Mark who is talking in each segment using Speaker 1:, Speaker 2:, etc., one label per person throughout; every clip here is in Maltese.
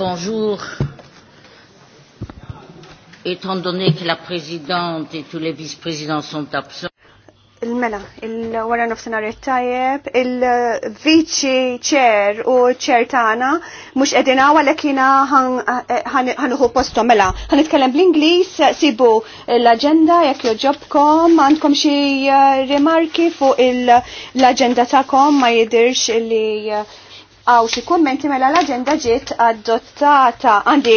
Speaker 1: bonjour. Étant donné que la présidente et tous les vice-présidents sont absents.
Speaker 2: Il-mela, il-wara nofsenar il-tajjeb, il-vici ċer u ċer tana, mux edina għalekina kina ħanuħu posto mela. itkellem bl-Inglis, sibu l-agenda, jek joġobkom, għandkom xie eh, rimarki fuq l-agenda ta'kom, ma jidirx li eh, għaw xie kummenti mela l-agenda ġiet adottata għandi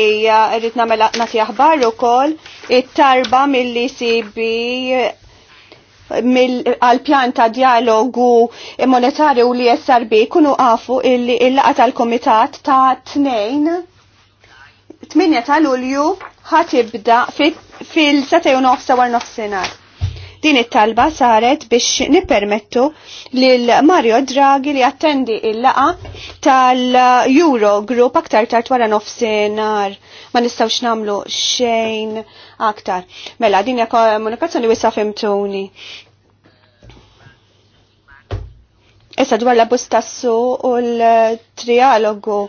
Speaker 2: rrid nagħmel nagħti aħbar ukoll it-tarba milli sibi għal pjan ta' dialogu monetarju li bi kunu għafu illi il-laqa tal-komitat ta' 2 8 ta' Lulju ħatibda fil-setej u nofsa war nofsinhar. Din it-talba saret biex nippermettu lil Mario Draghi li attendi il-laqa tal-Euro Group aktar tard wara nofsinhar. Ma nistgħux nagħmlu xejn aktar. Mela din hija komunikazzjoni wisa fimtuni. Issa dwar la bustassu u l-trialogu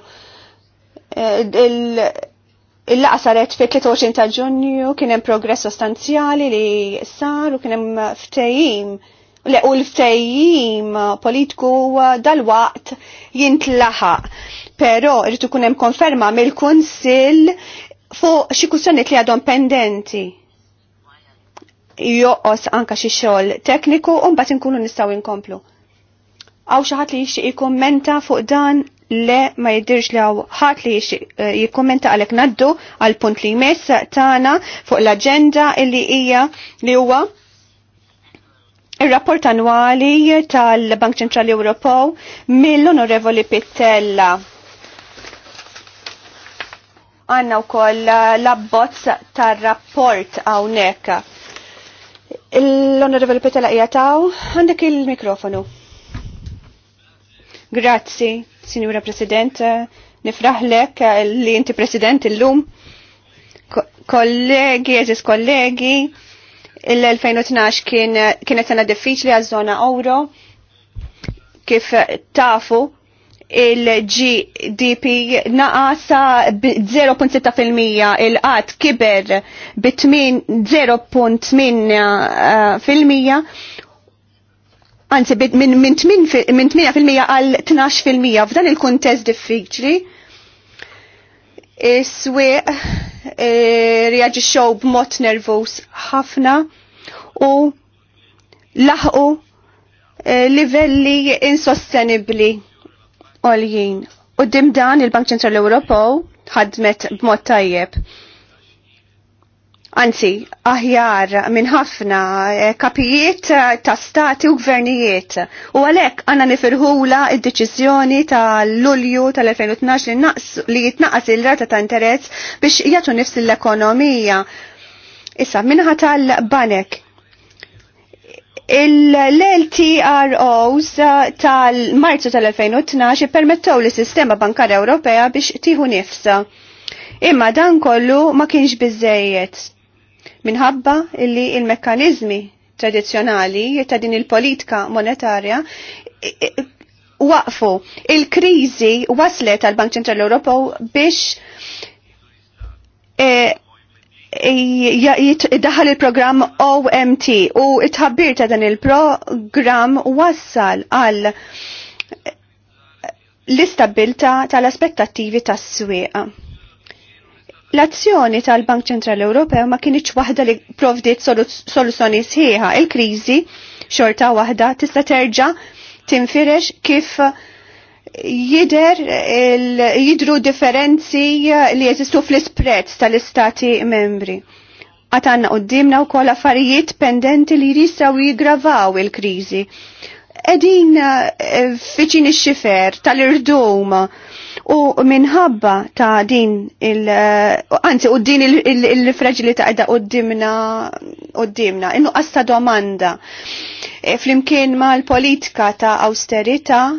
Speaker 2: eh, il Il-laqa saret fi 23 ta' ġunju kien hemm progress sostanzjali li sar u kien hemm ftehim. U l ftejim politiku dal-waqt jintlaħaq. Però rrid ikun hemm konferma mill-Kunsill fuq xi kwistjonijiet li għadhom pendenti. Joqos anka xi xogħol tekniku u mbagħad inkunu nistgħu inkomplu. Għaw xi ħadd li jixtieq jikkummenta fuq dan le ma jidirx li għaw ħat li eh, jikkommenta għalek naddu għal punt li jmess tana fuq l-agenda illi hija li huwa il-rapport annwali tal-Bank Ċentrali Ewropew mill-Onorevoli Pittella. Għanna u koll l-abbozz tal-rapport hawnhekk. L-Onorevoli Pittella jgħataw, għandek il-mikrofonu. Grazzi. Signora President, nifraħlek eh, li inti President illum. Kollegi, eżis kollegi, l-2012 kien, kienet sena diffiċli għaz żona euro. Kif tafu, il-GDP naqasa b-0.6% il-qat kiber b-0.8% anzi minn 8% għal 12% f'dan il-kuntest diffiċli. Is-swieq eh, xow reaġixxew b'mod nervus ħafna u laħqu eh, livelli insostenibbli għoljien. U dim dan il-Bank Ċentrali Ewropew ħadmet b'mod tajjeb anzi aħjar minn ħafna eh, kapijiet eh, ta' stati u gvernijiet. U għalek għanna nifirħula id-deċizjoni ta' lulju tal-2012 li jitnaqas il-rata ta' interess biex jgħatu nifs l-ekonomija. Issa, minnħa tal-banek. Il-LTROs eh, tal-Marzu tal-2012 permettow li sistema bankarja Ewropea biex tiħu nifsa. Imma dan kollu ma kienx bizzejiet minħabba illi il-mekkanizmi tradizjonali ta' din il-politika monetarja waqfu. Il-krizi waslet għal Bank Ċentrali Ewropew biex e, eh, jiddaħal il-program OMT u it-ħabbir ta' dan il-program wassal għal l-istabilta tal-aspettattivi tas-swieqa. L-azzjoni tal-Bank Ċentrali Ewropew ma kienx waħda li provdiet soluzzjoni sħiħa. Il-kriżi xorta waħda tista' terġa' tinfirex kif jider jidru differenzi li jeżistu fl-isprezz tal-istati membri. Għatanna d-dimna u kol affarijiet pendenti li jrisaw jigravaw il-krizi. Edin eh, fiċin ix-xifer tal-irduma u minħabba ta' din il- eh, anzi u din il-fragilità qiegħda qudiemna qudiemna innuqqas ta' domanda e, flimkien ma' l-politika ta' austerita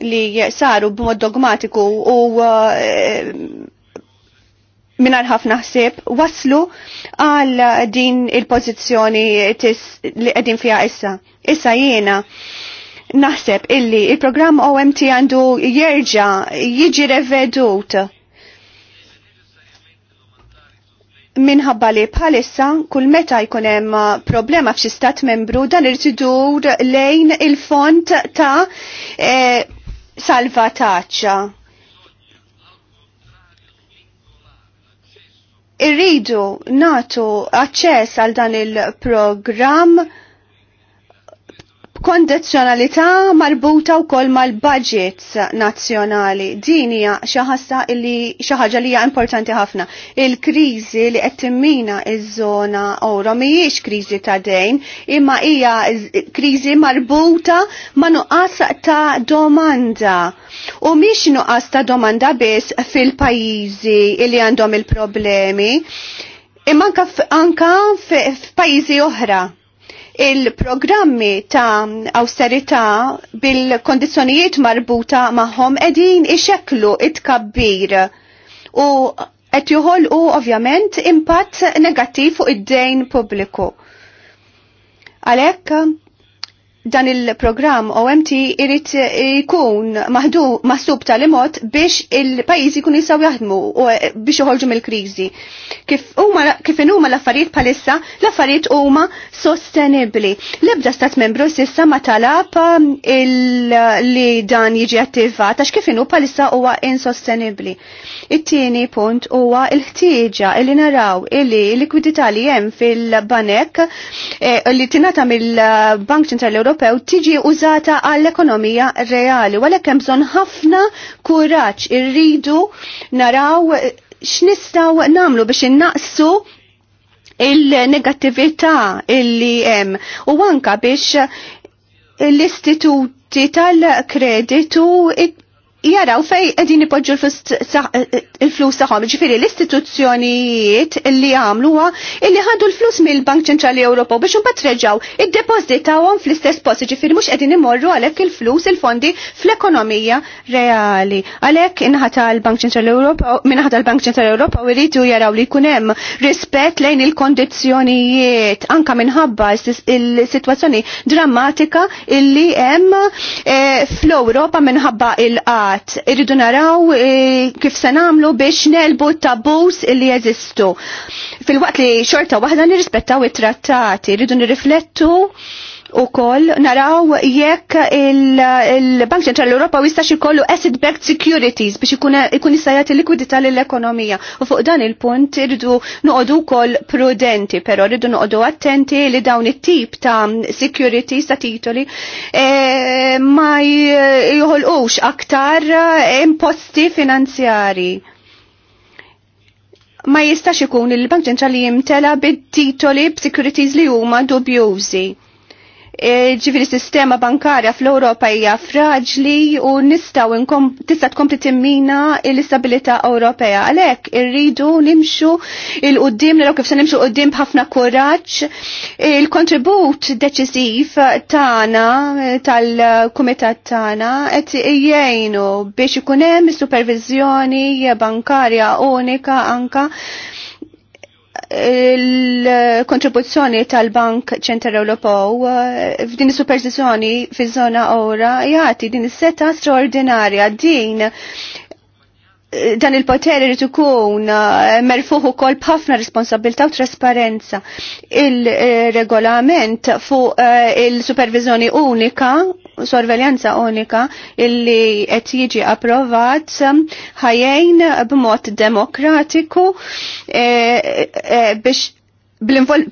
Speaker 2: li saru b'mod dogmatiku u eh, minar ħafna ħsieb waslu għal din il-pozizjoni li qegħdin fiha issa. Issa jiena naħseb illi il-programm OMT għandu jerġa jiġi revedut minħabba li bħalissa kull meta jkun hemm problema f'xi stat membru dan irtidur lejn il-font ta' e, salvataċċa. Irridu natu aċċess għal dan il-programm Kondizzjonalità marbuta wkoll mal-budgets nazzjonali. Din hija xi ħassa li xi ħaġa li hija importanti ħafna. Il-kriżi li qed timmina iż-żona oro mhijiex kriżi ta' dejn, imma hija kriżi marbuta ma' nuqqas ta' domanda. U miex nuqqas ta' domanda biss fil-pajjiżi li għandhom il-problemi, imma anka f'pajjiżi oħra il-programmi ta' austerità bil-kondizjonijiet marbuta magħhom edin ixeklu it-kabbir u qed joħolqu ovvjament impatt negattiv fuq id-dejn pubbliku. Għalhekk dan il-program OMT irrit ikun maħdu maħsub tal-imot biex il-pajizi kun jisaw jaħdmu u eh, biex uħolġu mill-krizi. Kif huma l-affarijiet palissa, l-affarijiet huma sostenibli. Lebda stat membru sissa ma talab um, li dan jiġi attiva għax kif inhu palissa huwa insostenibli. It-tieni punt huwa l-ħtieġa li naraw il l-likwidità li hemm fil-banek eh, li tingħata mill-Bank Ċentrali Ewropew tiġi użata għall-ekonomija reali, għalhekk hemm bżonn ħafna kuraġġ irridu naraw x'nistgħu nagħmlu biex innaqsu il-negattività illi hemm u anka biex l-istituti tal-kreditu jaraw fej edin ipoġġu l-flus eh, taħħom, ġifiri l-istituzzjonijiet li għamlu illi ħadu l-flus mill-Bank Ċentrali Ewropew biex un patreġaw id-deposit taħħom fl-istess posti, ġifiri mux edin imorru għalek il-flus il-fondi fl-ekonomija reali. Għalek inħata l-Bank Ċentrali Ewropew, minħata l-Bank Ċentrali Ewropew irridu jaraw li kunem rispet lejn il-kondizjonijiet anka minħabba il-situazzjoni drammatika illi hemm eh, fl-Ewropa minħabba il-qar Umbat, irridu naraw eh, kif se nagħmlu biex nelbu tabus illi jeżistu. Fil-waqt li xorta waħda nirrispettaw it-trattati, irridu nirriflettu u koll naraw jekk il-Bank il Ċentrali Ewropa jistax ikollu asset-backed securities biex ikun jistajat il-likwidità l-ekonomija. U fuq dan il-punt irridu noqogħdu wkoll prudenti, però rridu noqogħdu attenti li dawn it-tip ta' securities ta' titoli e, ma joħolqux aktar imposti finanzjari ma jistax ikun il-Bank Ċentrali jimtela bit-titoli b'securities li huma dubjużi E, ġifiri sistema bankarja fl-Europa hija fraġli u nistaw tista' tkompli timmina l-istabilità Ewropea. Għalhekk irridu nimxu il qudiem naraw kif se nimxu qudiem b'ħafna kuraġġ. Il-kontribut deċiżiv tagħna tal-kumitat tagħna qed jgħinu biex ikun hemm supervizjoni bankarja unika anka il-kontribuzzjoni tal-Bank Ċenter Ewropew eh, f'din is-supervizjoni fiż-żona ora jagħti din is-seta straordinarja din eh, dan il poteri irid ikun eh, merfuħ ukoll b'ħafna responsabilità u trasparenza. Il-regolament fuq il-supervizjoni unika sorveljanza unika illi qed jiġi approvat um, ħajjejn b'mod demokratiku eh, eh, biex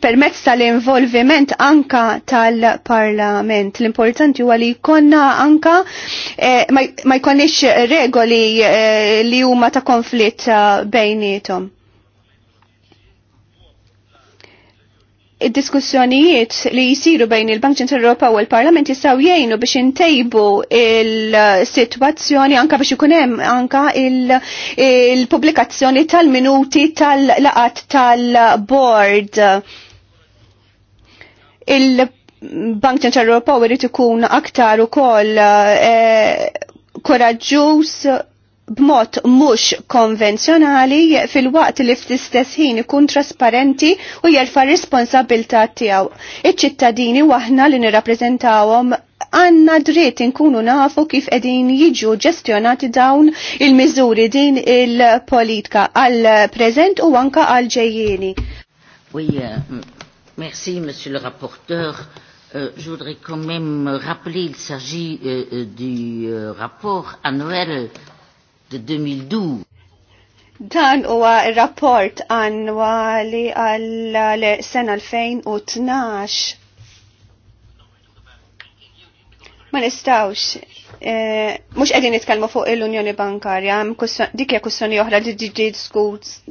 Speaker 2: permezz tal-involviment anka tal-parlament. L-importanti huwa li jkollna anka eh, ma jkonniex regoli li huma ta' konflitt bejniethom. bejnietom. id-diskussjonijiet li jisiru bejn il-Bank Ċentrali Ewropa u l-Parlament jistgħu jgħinu biex intejbu il-sitwazzjoni anka biex ikun hemm anka il-pubblikazzjoni il tal-minuti tal-laqat tal-board. Il-Bank Ċentrali Ewropa jrid ikun aktar ukoll e, koraġġuż b'mod mhux konvenzjonali fil-waqt li fl-istess ħin ikun trasparenti u jerfa' responsabilità tiegħu. Iċ-ċittadini waħna li nirrappreżentawhom għanna dritt inkunu nafu kif edin jiġu ġestjonati dawn il miżuri din il-politika għal-prezent u anka għal-ġejjeni.
Speaker 3: Oui, euh,
Speaker 1: merci, monsieur le rapporteur. Euh, je voudrais quand même rappeler, il s'agit euh, euh du euh, rapport annuel de 2012.
Speaker 2: Dan huwa r-rapport annwali għal sena 2012. Ma nistawx, eh, mux għedin nitkalmu fuq l-Unjoni Bankarja, dik hija kussjoni oħra li ġiġi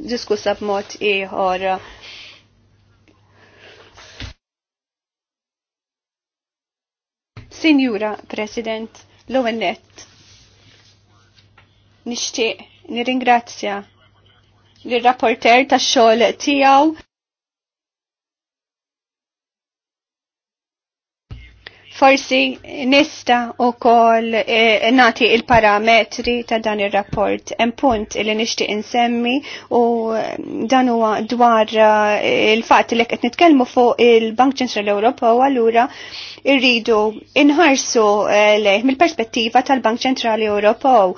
Speaker 2: diskussa b'mod ieħor. Sinjura President, l-ewwel nett Nixtieq nirringrazzja l-rapporter tax-xogħol tiegħu. forsi nista u kol e, eh, nati il-parametri ta' dan il-rapport. hemm punt li nishti insemmi u eh, dan huwa dwar eh, il-fat li qed nitkellmu fuq il-Bank Ċentrali Ewropa u allura irridu inħarsu eh, leħ mill-perspettiva tal-Bank Ċentrali Ewropew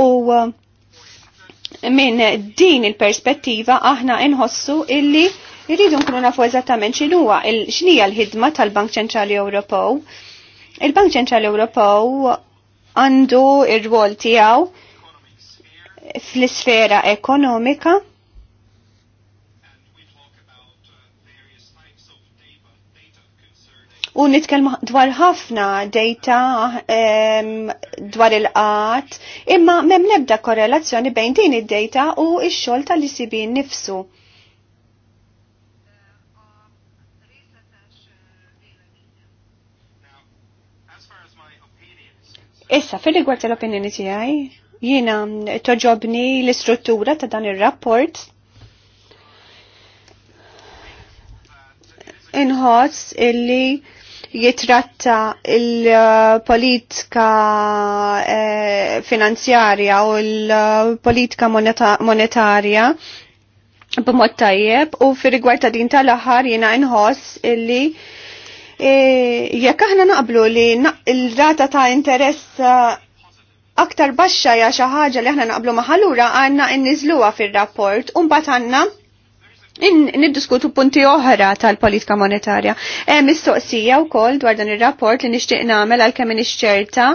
Speaker 2: u eh, minn din il-perspettiva aħna inħossu illi irridu nkunu nafu eżattament x'inhuwa x'inhija l-ħidma tal-Bank Ċentrali Ewropew. Il-Bank Ċentrali Ewropew għandu ir-rwol tiegħu fl-isfera ekonomika u nitkellmu dwar ħafna data dwar il-qat, imma m'hemm nebda korrelazzjoni bejn din id-data u x-xogħol tal-ICB nifsu. Issa, fil-rigward tal-opinjoni tiegħi, jiena toġobni l-istruttura ta' dan ir-rapport inħoss illi jitratta il-politika eh, finanzjarja u l-politika monetarja b'mod tajjeb u fir rigward ta' din tal-aħħar jiena inħoss illi eh, jekk aħna naqblu li il-rata ta' interess eh, aktar baxxa ja xi ħaġa li aħna naqblu maħalura għandna nniżluha fir-rapport u mbagħad għandna niddiskutu punti oħra tal-politika monetarja. Hemm eh, mistoqsija wkoll dwar dan ir-rapport li nixtieq nagħmel għalkemm nixċerta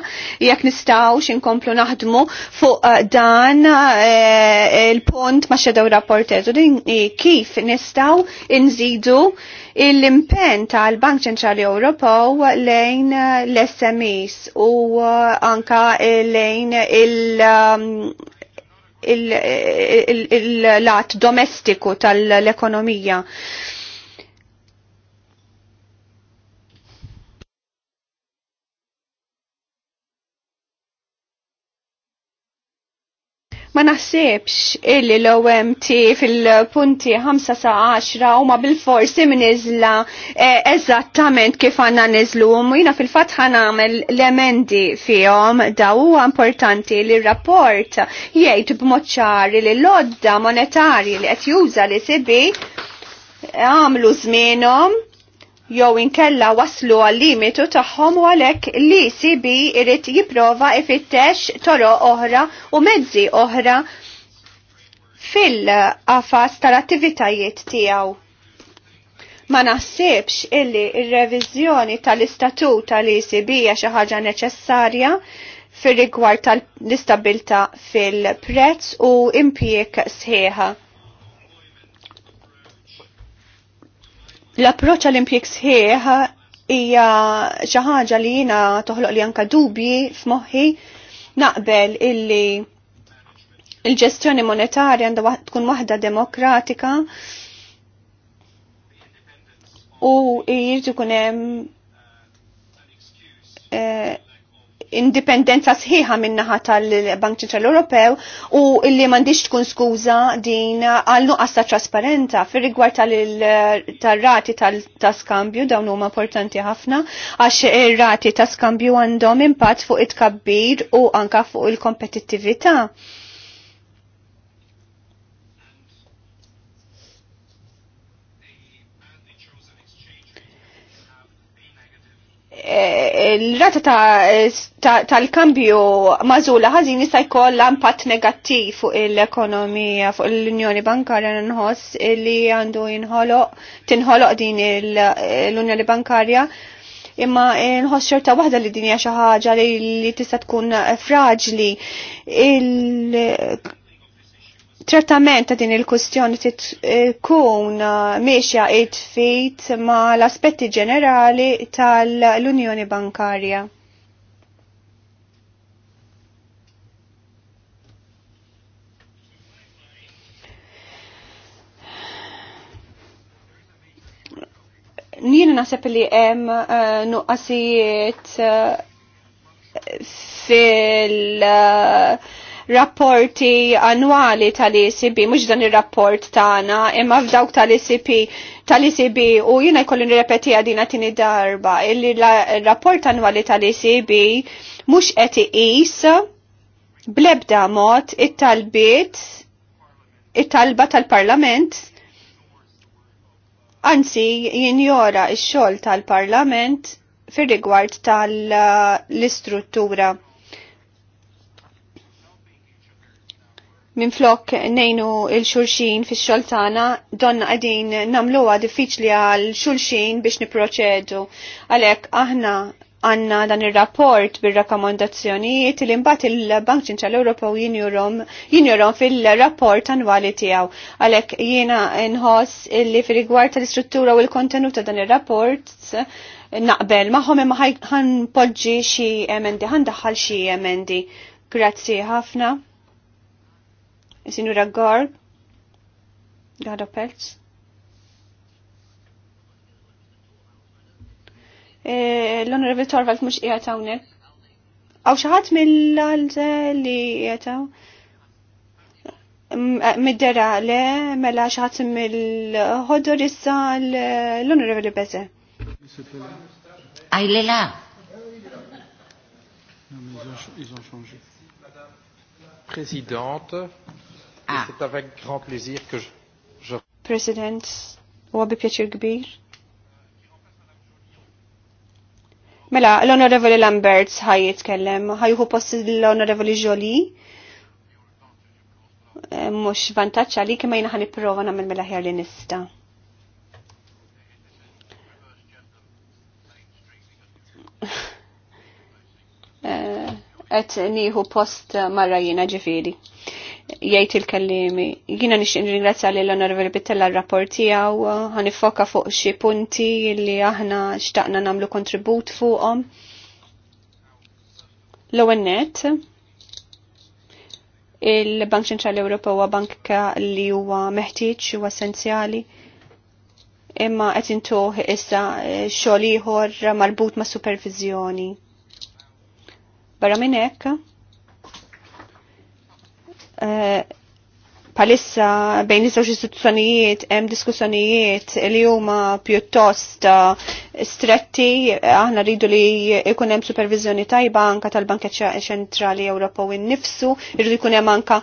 Speaker 2: jekk nistgħux inkomplu naħdmu fuq eh, dan eh, il-punt ma' xedew rapportez u din kif nistgħu inżidu l-impen tal-Bank Ċentrali Ewropew lejn l-SMEs u anka lejn il- um, il-lat domestiku tal-ekonomija. il lat domestiku tal ekonomija lat domestiku Ma naħsibx illi l-OMT fil-punti 5 sa 10 huma bil-forsi minizla eh, eżattament kif għanna nizlu u jina fil-fatt ħanamel l-emendi fihom da huwa importanti li r-rapport jgħid b'moċċari li l-odda monetarji li qed juża li sibi għamlu żmienhom jew inkella waslu għal-limitu tagħhom u għalhekk li ecb irid jipprova ifittex toro oħra u mezzi oħra fil-qafas tal-attivitajiet tiegħu. Ma naħsibx illi r reviżjoni tal-istatut tal-ECB hija xi ħaġa neċessarja fir-rigward tal-istabilta fil-prezz u impjieg sħiħa L-approċ għall-impjeg sħiħ hija xi ħaġa li jiena toħloq li anka dubji f'moħħi naqbel illi il-ġestjoni monetarja għandha tkun waħda demokratika u jrid kunem hemm eh, indipendenza sħiħa min-naħa tal-Bank Ċentrali Ewropew u illi m'għandix tkun skuża din għal nuqqas ta' trasparenza fir rigward tal-rati ta' skambju dawn huma importanti ħafna għax ir-rati ta' skambju għandhom impatt fuq it-kabbir u anka fuq il-kompetittività. Eh, il-rata tal-kambju mażula ħażin jista' jkollha impatt negattiv fuq l-ekonomija fuq l-Unjoni Bankarja nħoss li għandu jinħoloq tinħoloq din l-Unjoni Bankarja imma nħoss xorta waħda li dinja xi ħaġa li tista' tkun fraġli trattament ta' din il-kustjoni tkun eh, miexja id fit ma' l-aspetti ġenerali tal-Unjoni Bankarja. Nien naħseb li hemm eh, nuqqasijiet eh, fil- uh, rapporti annwali tal-ECB, mux dan il-rapport tana, imma f'dawk tal-ECB tal-ECB u jina jkollu nirrepeti għadina tini darba, illi l-rapport annwali tal-ECB mux qed is blebda mod it-talbiet it-talba tal-parlament anzi jinjora il xogħol tal-parlament fir-rigward tal-istruttura minn flok nejnu il-xulxin fis xoltana donna għadin namluwa diffiċli għal xulxin biex niproċedu. Għalek aħna għanna dan il-rapport bil-rakkomandazzjonijiet li mbagħad il-Bank Ċentrali Ewropew jinjurom fil-rapport annwali tiegħu. Għalhekk jiena nħoss li fir-rigward tal-istruttura u l-kontenut ta' dan ir-rapport naqbel magħhom imma poġġi xi emendi, daħħal xi emendi. Grazzi ħafna. Sinjura Gar, Gada Pelz. Eh, L-Onorevoli Torvald mux qiegħed hawnhekk. Għaw xaħat mill-għalze li jetaw. Eh, middera le, mela xaħat mill-ħodur issa l-onorevoli Beze. Għaj la.
Speaker 3: Présidente, Ah. C'est avec grand plaisir que je... je...
Speaker 2: President, u għabi pjaċir kbir. Mela, l-Onorevoli Lambert ħaj jitkellem, ħaj ħajħu post l-Onorevoli Joli. Eh, Mux vantaċ għali kima jina ħan iprova namil mela ħjar li nista. Eh, et niħu post marra jina ġifiri jgħid il-kallimi. Jina nixtieq ringrazzja l onorevoli Bittella r-rapport tiegħu, ħanifoka fuq xi punti li aħna xtaqna nagħmlu kontribut fuqhom. L-ewwel net il-Bank Ċentrali Ewropew huwa bank li huwa meħtieġ u essenzjali imma qed intuh issa e, xogħol ieħor marbut ma' supervizjoni. Barra minn hekk, Eh, palissa bejn iż-żewġ istituzzjonijiet hemm diskussjonijiet li huma pjuttost eh, stretti, aħna rridu li jkun hemm supervizjoni tajba anka tal banka Ċentrali Ewropew innifsu, irridu jkun hemm anka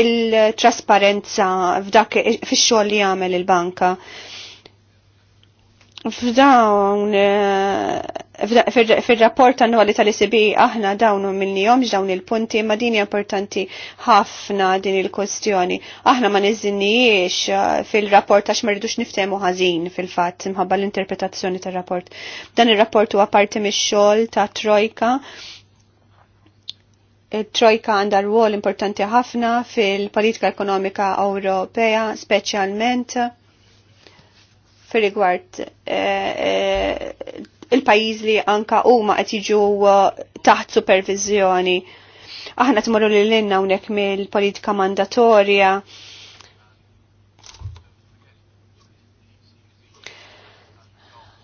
Speaker 2: il-trasparenza f'dak fix-xogħol li jagħmel il-banka. il banka F'dawn eh, fir-rapport annwali tal-ECB aħna dawn minnihom dawn il-punti ma din importanti ħafna din il-kwestjoni. Aħna ma niżinniex eh, fil-rapport għax ma rridux niftehmu ħażin fil-fatt imħabba l-interpretazzjoni tar-rapport. Dan ir-rapport huwa parti mix-xogħol ta' Trojka trojka għandha rwol importanti ħafna fil-politika ekonomika Ewropea, speċjalment fil-rigward eh, eh, il-pajiz li anka huma qed jiġu eh, taħt supervizjoni. Aħna tmorru li l-inna unek mill-politika mandatorja.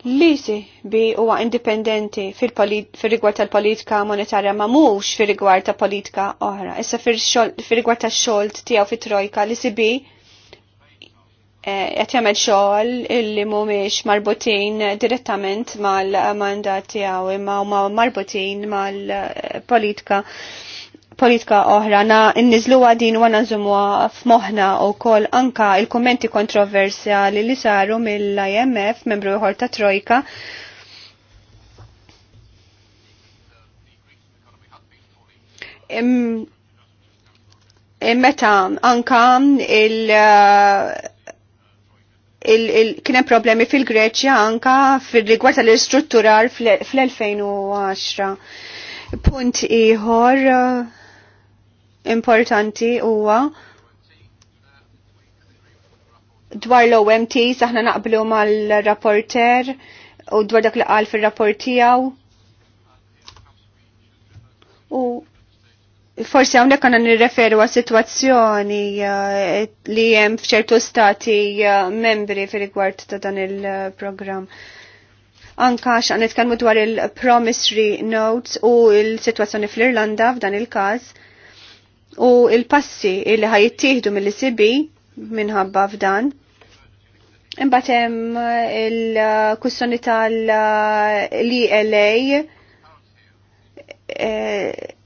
Speaker 2: Lisi bi huwa indipendenti fil-rigward tal-politika monetarja ma mux fil-rigward ta' politika oħra. Issa fil-rigward tax-xogħol tiegħu fil trojka li sibi bi qed jagħmel xogħol illi mhumiex marbutin direttament mal-mandat tiegħu imma huma marbutin mal-politika politika oħra na n-nizluwa din u għanazumwa f'moħħna u kol anka il-kommenti kontroversjali li saru mill-IMF, membru ieħor ta' Trojka, meta anka il- kienem problemi fil-Greċja anka fil-rigward tal-istrutturar fl-2010. Punt iħor eh, importanti huwa dwar l-OMT, saħna naqblu mal-rapporter u dwar dak li qal fil-rapport tiegħu. U Forsi hawnhekk għandna nirreferu għas sitwazzjoni eh, li hemm f'ċertu stati eh, membri fir-rigward ta' dan il-programm. Anka x'għan nitkellmu dwar il-promissory notes u l-sitwazzjoni fl-Irlanda f'dan il-każ u il-passi il ħajittieħdu mill-ICB minħabba f'dan. Imbagħad hemm il-kussjoni tal-ELA eh,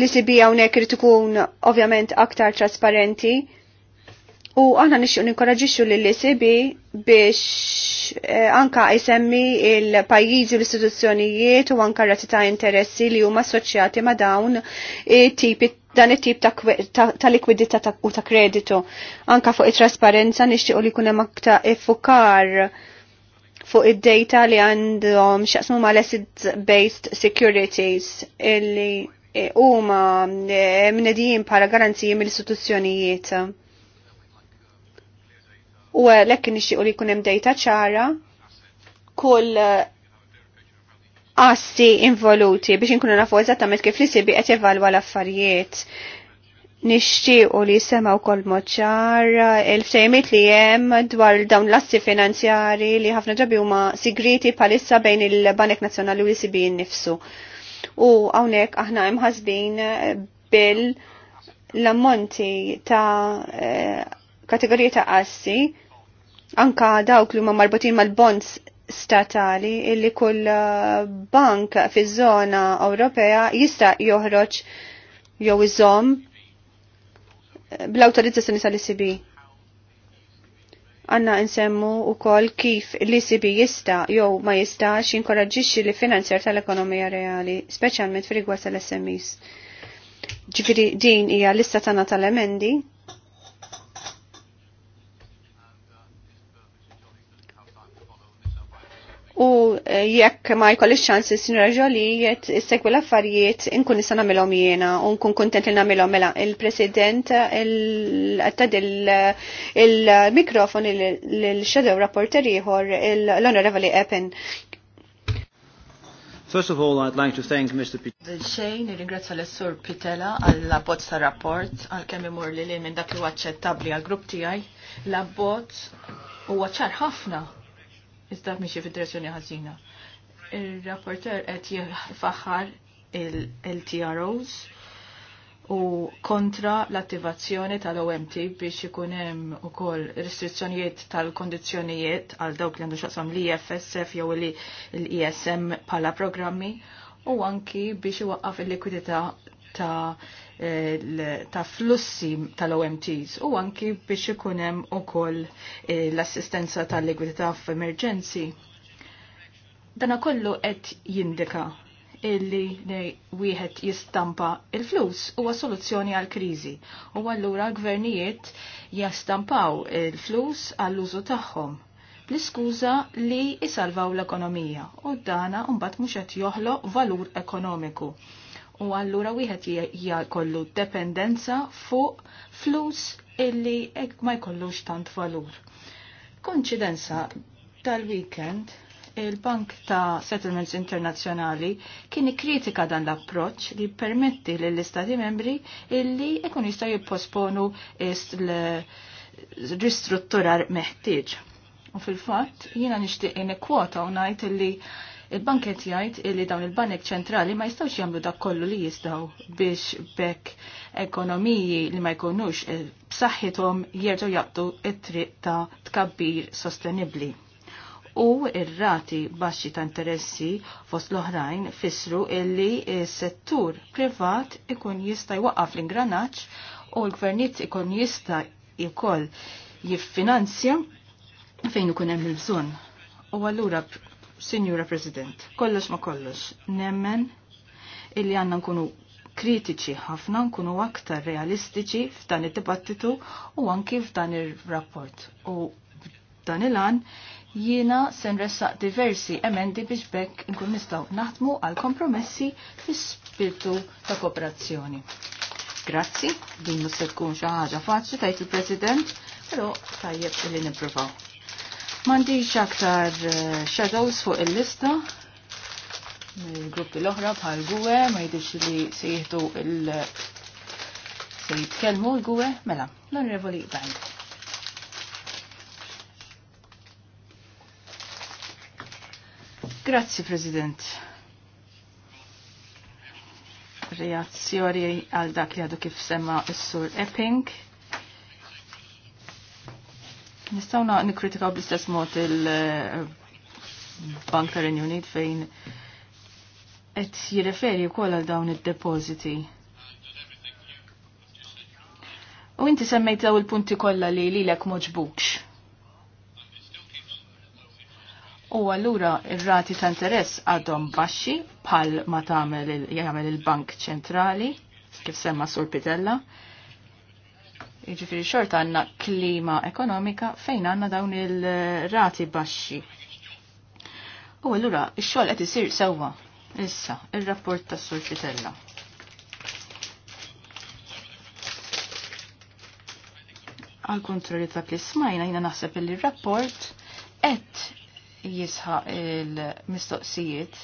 Speaker 2: li sibi hawnhekk irid ikun ovvjament aktar trasparenti. U aħna nixxu li lil sibi biex eh, anka jisemmi il-pajjiżi u l-istituzzjonijiet u anka ratita interessi li huma assoċjati ma' dawn tipi dan it-tip ta' likwidita u ta' kreditu. Anka fuq it-trasparenza nixtiequ li kunem aktar effukar fuq id-data li għandhom xaqsmu ma' asset-based securities illi E, huma e, mnedijin bħala garanziji mill-istituzzjonijiet. U lekk nixtiequ li jkun hemm dejta ċara kull assi involuti biex inkunu nafu eżattament kif li qed evalwa l-affarijiet. Nixtiequ li semaw kol moċar il-ftejmiet li hemm dwar dawn l-assi finanzjari li ħafna ġabi huma sigriti palissa bejn il-Banek Nazzjonali u l-ICB nifsu u hawnhekk aħna imħazbin eh, bil l-ammonti ta' eh, kategorija ta' assi anka dawk li huma marbutin mal-bonds statali illi kull eh, bank fi żona Ewropea jista' joħroġ jew iżomm bl-awtorizzazzjoni tal-ECB għanna nsemmu u kol kif li sibi jista jew ma jistax jinkoraġġixxi li finanzjar tal-ekonomija reali, speċjalment fil rigward tal-SMEs. Ġifiri din hija lista tagħna tal-emendi U eh, jekk ma jkollix ċans il-Sinjora s segwi l-affarijiet inkun nisa nagħmilhom jiena u nkun kontent li nagħmilhom mela il-President għattad il-mikrofon il-Shadow Rapporter ieħor l-Onorevoli Eppen.
Speaker 1: First of all, I'd like to thank Mr. Pitella.
Speaker 4: Xejn, ringrazzja l-Sur Pitella għall-abbozz ta' rapport, għal-kemm imur li li minn dak li għacċettabli għal-grupp tijaj. L-abbozz huwa ċar ħafna iżda mixi fid-direzzjoni ħażina. Il-rapporter qed jifaħħar il-LTROs u kontra l-attivazzjoni tal-OMT biex ikun hemm ukoll restrizzjonijiet tal-kondizzjonijiet għal dawk li għandu xaqsam l-IFSF jew li l-ISM bħala programmi u anki biex iwaqqaf il-likwidità ta' ta' flussi tal-OMTs u anki biex ikunem u koll eh, l-assistenza tal-likwidità f'emerġenzi. Dana kollu qed jindika illi wieħed jistampa il-flus huwa soluzzjoni għal kriżi u allura gvernijiet jastampaw il-flus għall-użu tagħhom l-iskuża li jisalvaw l-ekonomija u dana mbagħad mhux qed joħloq valur ekonomiku u allura wieħed jkollu dependenza fuq flus illi ek ma jkollux tant valur. Konċidenza tal-weekend il-Bank ta' Settlements Internazzjonali kien kritika dan l-approċ li permetti lill istati membri illi ikun jista' jipposponu l-ristrutturar meħtieġ. U fil-fatt jiena nixtieq kwota u illi Il-banket jgħid illi dawn il-banek ċentrali ma jistawx jagħmlu dak kollu li jistaw biex bekk ekonomiji li ma jkunux b'saħħithom jerġgħu jaqtu it-triq ta' tkabbir sostenibbli. U ir-rati baxxi ta' interessi fost l-oħrajn fissru illi settur privat ikun jista' jwaqqaf l-ingranaġġ u l-gvernijiet ikun jista' jkoll jiffinanzja fejn ikun hemm il-bżonn. U allura Signora President, kollox ma kollox, nemmen illi għanna nkunu kritiċi ħafna, nkunu aktar realistiċi f'dan id-dibattitu u anki f'dan ir-rapport. U dan il-għan jiena sen ressaq diversi emendi biex bekk nkun nistaw naħdmu għal kompromessi fis-spirtu ta' kooperazzjoni. Grazzi, din mus tkun xi ħaġa faċli tajt il-President, però tajjeb li nippruvaw. Mandiċ aktar eh, shadows fuq il-lista il-gruppi l-oħra bħal gwe ma jidix li se jieħdu il- se jitkellmu l-gwe mela l-onorevoli Bang. Grazzi, President. Reazzjoni għal dak li għadu kif semma s-sur Epping Nistawna nikritika bl-istess mod il-Bank tar Unit fejn qed jirreferi wkoll għal dawn id-depożiti. U inti semmejt daw il-punti kollha li lilek moġbux. U allura ir-rati ta' interess għadhom baxxi bħal ma tagħmel jagħmel il-Bank Ċentrali kif semma Sur Pitella Iġifiri xorta għanna klima ekonomika fejn għanna dawn il-rati baxxi. U għallura, il-xol għet jisir sewa, issa, il-rapport ta' Sur Fitella. Għal kontrolli ta' plismajna jina naħseb il-rapport għet jisħa il-mistoqsijiet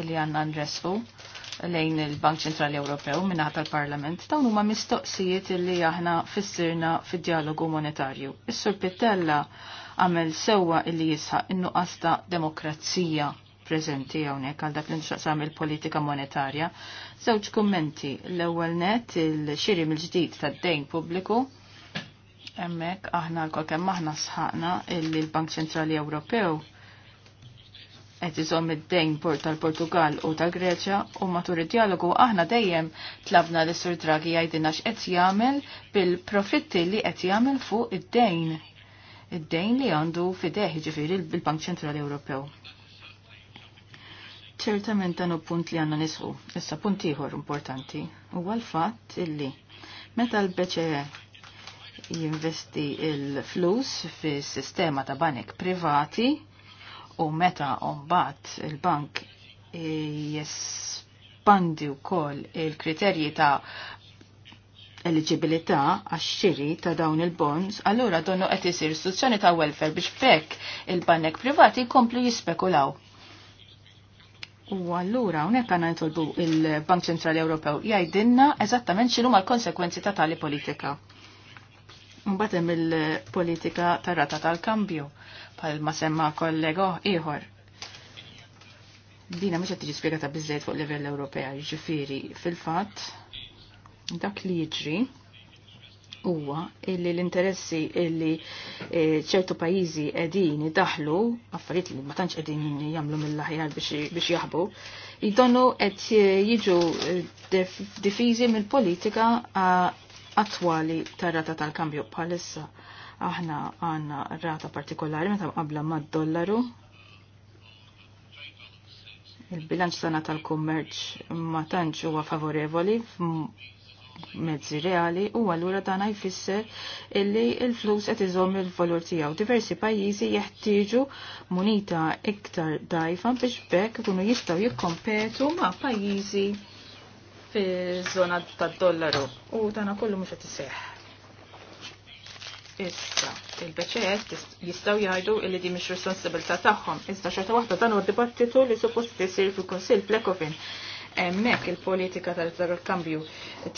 Speaker 4: il-li għanna nresfu lejn il-Bank Ċentrali Ewropew minna tal-Parlament dawn huma mistoqsijiet li aħna fissirna fid-dialogu monetarju. Is-Sur Pittella għamel sewwa illi jisħaq in-nuqqas ta' demokrazija preżenti hawnhekk għal dak li nxaqsam il-politika monetarja. Żewġ kummenti l-ewwel net il-xirim il-ġdid tad-dejn pubbliku Emmek aħna l-kol kemm aħna sħaqna illi bank Ċentrali Ewropew qed iżomm id-dejn port tal-Portugal u tal-Greċja u matur id-dialogu aħna dejjem tlabna l sur Draghi jgħidilna x'qed jagħmel bil-profitti li qed jagħmel fuq id-dejn. Id-dejn li għandu fideh ġifieri bil-Bank Ċentrali Ewropew. Ċertament dan punt li għanna nisħu, issa punt ieħor importanti, huwa l-fatt illi meta l-BCE jinvesti il-flus fis sistema ta' banek privati, u meta umbat il-bank jespandi u koll il-kriterji ta' eligibilità għax xiri ta' dawn il-bonds, allura donnu qed isir istituzzjoni ta' welfare biex fekk il-banek privati jkomplu jispekulaw. U allura hawnhekk għandna nitolbu il-Bank Ċentrali Ewropew jgħidilna eżattament x'inhuma l-konsekwenzi ta' tali politika. Mbagħad hemm il-politika tar-rata tal-kambju ma semma kollega ieħor. Dina mħiċa qed tiġi spjegata biżejjed fuq livell Ewropea, jiġifieri fil-fatt dak li jiġri huwa illi l-interessi illi e, ċertu pajjiżi qegħdin idaħlu affarijiet li ma tantx qegħdin jagħmlu mill-aħjar biex jaħbu, jidonu qed jiġu e, difizi mill-politika attwali tar-rata tal-kambju bħalissa aħna għanna rata partikolari meta qabla mad-dollaru. Il-bilanċ sana tal-kummerċ ma tantx huwa favorevoli mezzi reali u allura dana jfisser illi il-flus qed iżomm il-valur tiegħu. Diversi pajjiżi jeħtieġu munita iktar dajfa biex bekk ikunu jistgħu jikkompetu ma' pajjiżi fiż-żona tad-dollaru u dana kollu mhux qed iseħħ. Issa, il-BCS jistaw jgħidu illi di mhix responsabilità tagħhom. Iżda xorta waħda dan u dibattitu li suppost isir fil-Kunsill fl-Ekofin emmek il-politika tal-kambju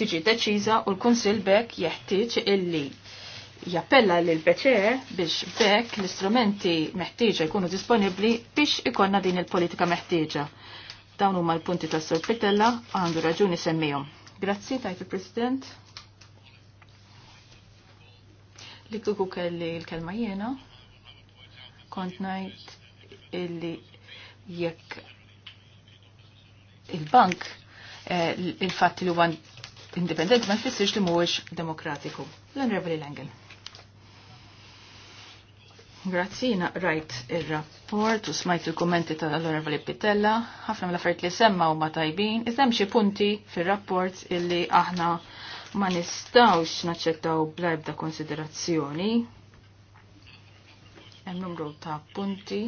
Speaker 4: tiġi deċiża u l-Kunsil Bek jeħtieġ illi jappella lil beċe biex bekk l-istrumenti meħtieġa jkunu disponibbli biex ikonna din il-politika meħtieġa. Dawn huma l-punti tas Sur Pitella għandu raġuni semmihom. Grazzi tajt il-President. Li kuku kelli l-kelma jiena kont ngħid illi jekk il-bank eh, il fatti li huwa indipendenti ma jfissirx li mhuwiex demokratiku. l honorable Langen. Grazzi, rajt il-rapport u smajt il-kommenti tal-Onorevoli Pitella, ħafna mill-affarijiet li semma u ma tajbin, iżem xi punti fil-rapport illi aħna ma nistawx naċċettaw bl-ebda konsiderazzjoni. Hemm numru ta' punti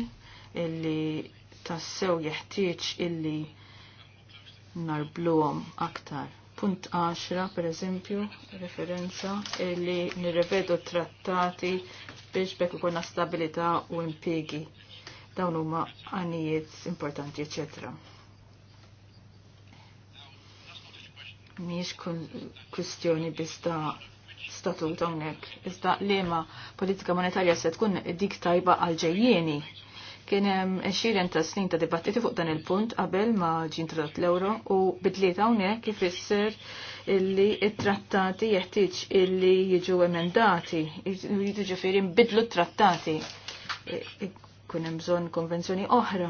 Speaker 4: illi tassew jeħtieġ illi narbluhom aktar. Punt 10, per eżempju, referenza illi nirrevedu trattati biex bekk ikonna stabilità u impiegi. Dawn huma għanijiet importanti, eċetera. miex kustjoni biex ta' statut hawnhekk. Iżda liema politika monetarja se tkun dik tajba għal ġejjieni Kien hemm xiren ta' snin ta' dibattiti fuq dan il-punt qabel ma ġi introdott l-euro u bidliet hawnhekk ifisser illi t trattati jeħtieġ illi jiġu emendati, jiġu ġifieri nbidlu t-trattati. E, e, kun hemm bżonn konvenzjoni oħra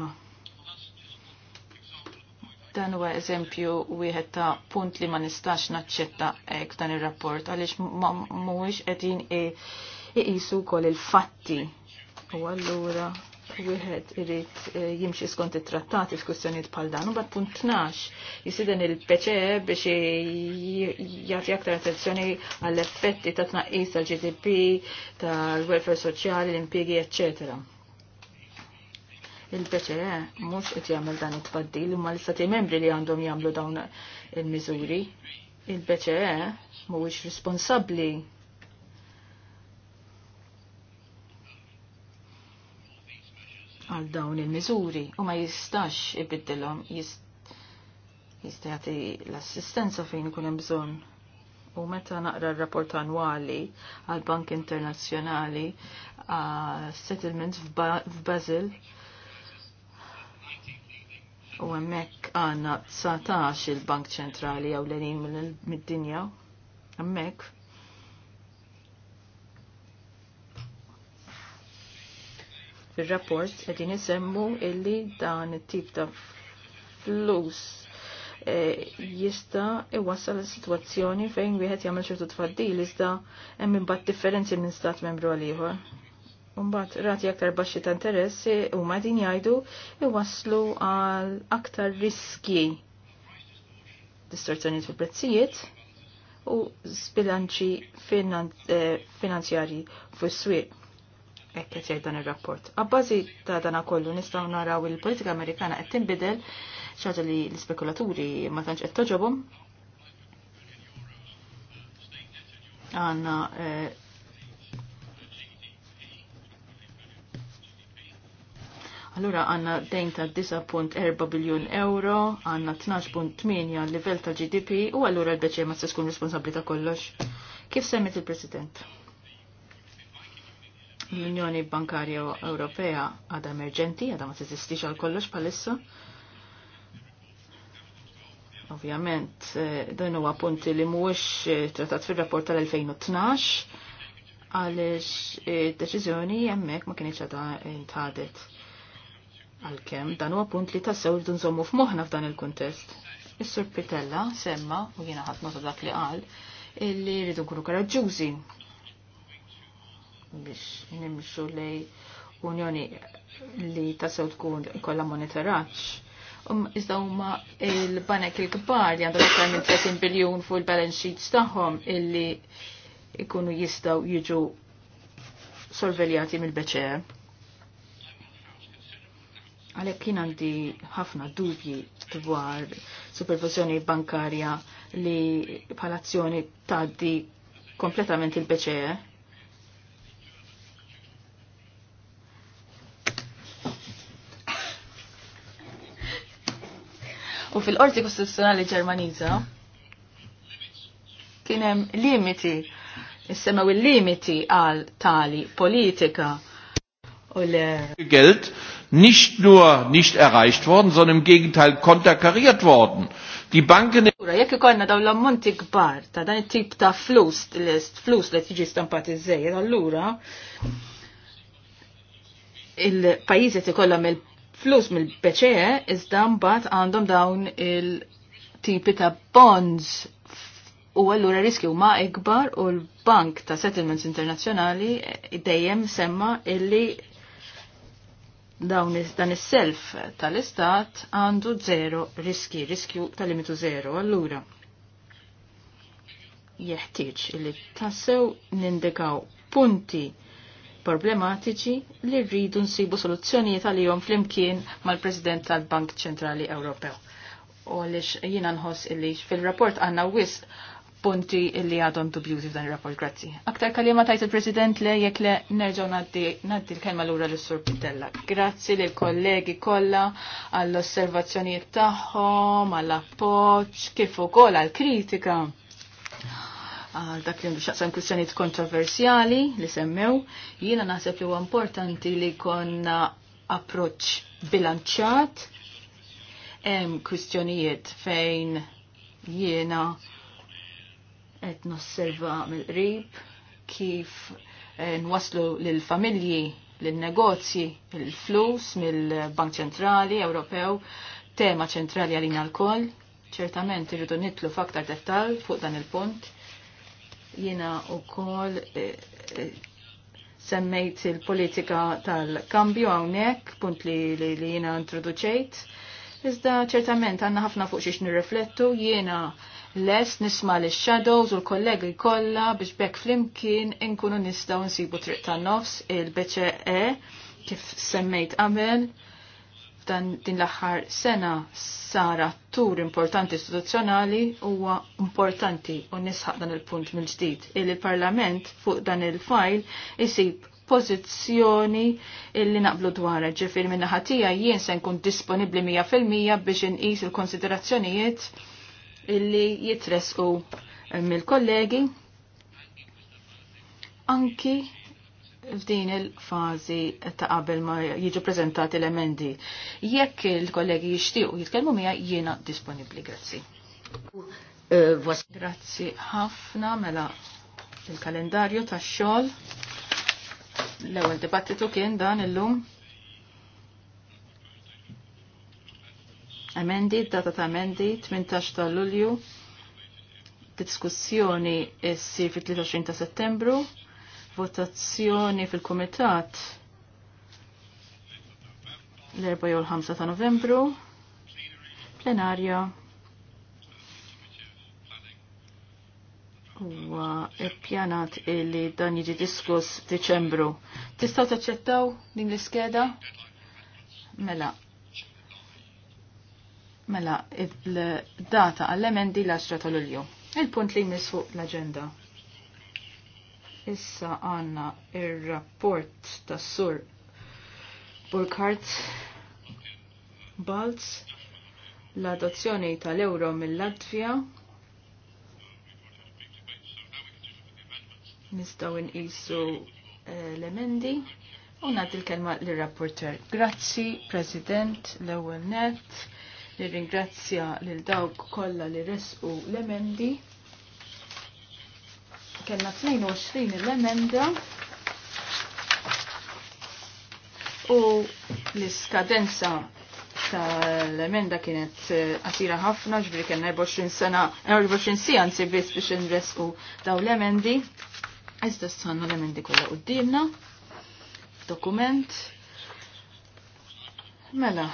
Speaker 4: dan huwa eżempju wieħed ta' punt li ma nistax naċċetta hekk dan ir-rapport għaliex mhuwiex qegħdin iqisu wkoll il-fatti. U allura wieħed irid eh, jimxi skont it-trattati f'kwistjonijiet bħal dan, u bad punt tnax jisiden il-PCE biex jagħti aktar attenzjoni għall-effetti ta' tnaqqis tal-GDP, tal-welfare soċjali, l-impjiegi, eċetera. Il-PCE mhux qed jagħmel dan it-tfaddil imma l-istati membri li għandhom jagħmlu dawn il-miżuri. Il-PCE mhuwiex responsabbli għal dawn il-miżuri u ma jistax ibiddilhom jista' jagħti l-assistenza fejn ikun hemm bżonn. U meta naqra r-rapport annwali għal Bank Internazzjonali settlements f'Basil u hemmhekk għandna 19 il-Bank Ċentrali għawlenin mid-dinja. Hemmhekk fil-rapport edin jisemmu illi dan it-tip ta' flus e, jista iwassal is situazzjoni fejn wieħed jagħmel ċertu tfaddil iżda hemm imbagħad differenzi minn stat membru għal ieħor. Mbagħad rati aktar baxxi ta' interessi huma din jgħidu iwasslu għal aktar riski Distorzjonijiet fil-prezzijiet u sbilanċi e, finanzjarji fuq is-swieq qed jgħid dan ir-rapport. Abbażi ta' dan kollu nistgħu naraw il-politika Amerikana qed tinbidel xaġa li l-spekulaturi ma tantx qed toġobhom. Għandna eh, Allura għanna dejn ta' 9.4 biljun euro, għanna 12.8 livell ta' GDP u allura l beċe ma' tkun responsabli ta' kollox. Kif semmet il-President? l-Unjoni Bankarja Ewropea għada emerġenti, għada ma t-esistix għal kollox palissu. Ovvjament, eh, dan huwa punti li mhuwiex eh, trattat fir-rapport tal-2012 għaliex id-deċiżjoni eh, hemmhekk ma kienx għadha intħadet. Għalkemm dan huwa punt li tassew rridu nżommu f'moħħna f'dan il-kuntest. Is-Sur Pitella semma u jiena ħadd nota dak li qal illi rridu nkunu karaġġużi biex nimxu lej unjoni li tasaw tkun kolla monitoraċ. Um, Iżda huma il-banek il-kbar li għandhom aktar minn 30 biljun fuq il-balance sheets tagħhom illi ikunu jistgħu jiġu sorveljati mill beċer Għalhekk kien għandi ħafna dubji dwar supervizjoni bankarja li palazzjoni tgħaddi kompletament il-beċe U fil-Qorti Kostituzzjonali ġermaniza kien hemm limiti issemmew il-limiti għal tali politika. u
Speaker 3: Geld nicht nur nicht erreicht worden, sondern im Gegenteil konterkariert worden. Die Banken...
Speaker 4: Ura, Jekk ikonna daw l-ammonti kbar ta' dan it-tip ta' flus, l-est flus li tiġi stampati zzejjed, allura il-pajizet ikollam il flus mill-BCE iżda mbagħad għandhom dawn il-tipi ta' bonds u allura riskju ma' ikbar u l-Bank ta' Settlements Internazzjonali dejjem semma illi dawn dan is-self tal-istat għandu zero riski, riskju tal-limitu zero. Allura, jeħtieġ li tassew nindikaw punti problematiċi li rridu nsibu soluzzjonijiet għalihom flimkien mal-President tal-Bank Ċentrali Ewropew. U lix jiena nħoss illi fil-rapport għandna wis punti illi għadhom dubjuti f'dan ir-rapport, grazzi. Aktar kalima tajt il-President le jekk le nerġgħu ngħaddi l-kelma l-ura lis sur Pitella. Grazzi l kollegi kollha għall-osservazzjonijiet tagħhom, għall-appoġġ, kif ukoll għall-kritika għal dak li għandu xaqsam kwistjonijiet kontroversjali li semmew, jiena naħseb li huwa importanti li konna approċ bilanċat, hemm kwistjonijiet fejn jiena qed nosserva mill-qrib kif eh, nwaslu lill-familji, lin negozji il-flus mill-Bank Ċentrali Ewropew, tema ċentrali għalina l-koll, ċertament irridu nitlu f'aktar dettal fuq dan il-punt jina u kol eh, eh, semmejt il-politika tal-kambju għawnek, punt li, li, li jina introduċejt. Iżda ċertament għanna ħafna fuq xiex nirriflettu, jiena les nisma l shadows u l-kollegi kolla biex bekk flimkien inkunu nistaw nsibu triq ta' nofs il-BCE kif semmejt għamel. Dan din l-aħħar sena sara tur importanti istituzzjonali huwa importanti u nisħaq dan il-punt mill-ġdid il punt mill ġdid il parlament fuq dan il-fajl isib pozizjoni illi naqblu dwar ġifir minna ħatija jien se nkun disponibli 100% biex inqis il-konsiderazzjonijiet illi jitresqu mill-kollegi anki f'din il-fazi ta' qabel ma jiġu prezentati l-emendi. Jekk il-kollegi jixtiequ jitkellmu mija jiena disponibbli, grazzi. Grazzi ħafna mela il-kalendarju tax-xogħol. L-ewwel dibattitu kien dan illum. Emendi, data ta' emendi, 18 ta' Lulju. Diskussjoni ssir fit-23 ta' Settembru votazzjoni fil-Kumitat l-4 jew l-5 ta' Novembru, plenarja huwa ppjanat li dan jiġi diskuss Diċembru. Tistgħu taċċettaw din l-iskeda? Mela, Mela, il-data għall-emendi l-10 ta' ulju Il-punt li jmiss fuq l-agenda. Issa għanna il-rapport ta' sur Burkhardt Balz l-adozzjoni tal-euro mill-Latvija nistaw nqisu eh, l-emendi u nagħti l-kelma lir-rapporter. Grazzi, President, l-ewwel net, nirringrazzja lil dawk kollha li resqu l-emendi kellna 22 l-emenda u l-iskadenza tal-emenda kienet għasira eh, ħafna ġbri kellna 24 sena 24 sija nsi biss biex nresqu daw l-emendi. Iżda stanna l-emendi kollha dimna dokument. Mela,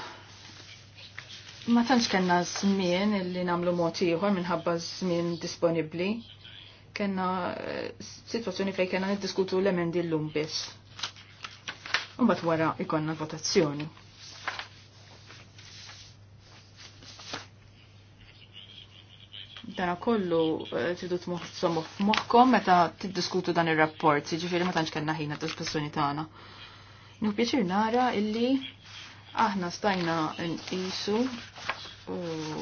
Speaker 4: ma tantx kellna żmien illi nagħmlu mod ieħor minħabba żmien disponibbli kena situazzjoni fej kena niddiskutu l-emendi l-lum biss. Umbat wara ikonna votazzjoni. Dana kollu eh, tridu t-moħsomu f-moħkom meta t-diskutu dan il-rapport, ġifiri ma tanċ kena ħina t-diskussjoni tana. Nuk pieċir nara illi aħna stajna n-isu uh,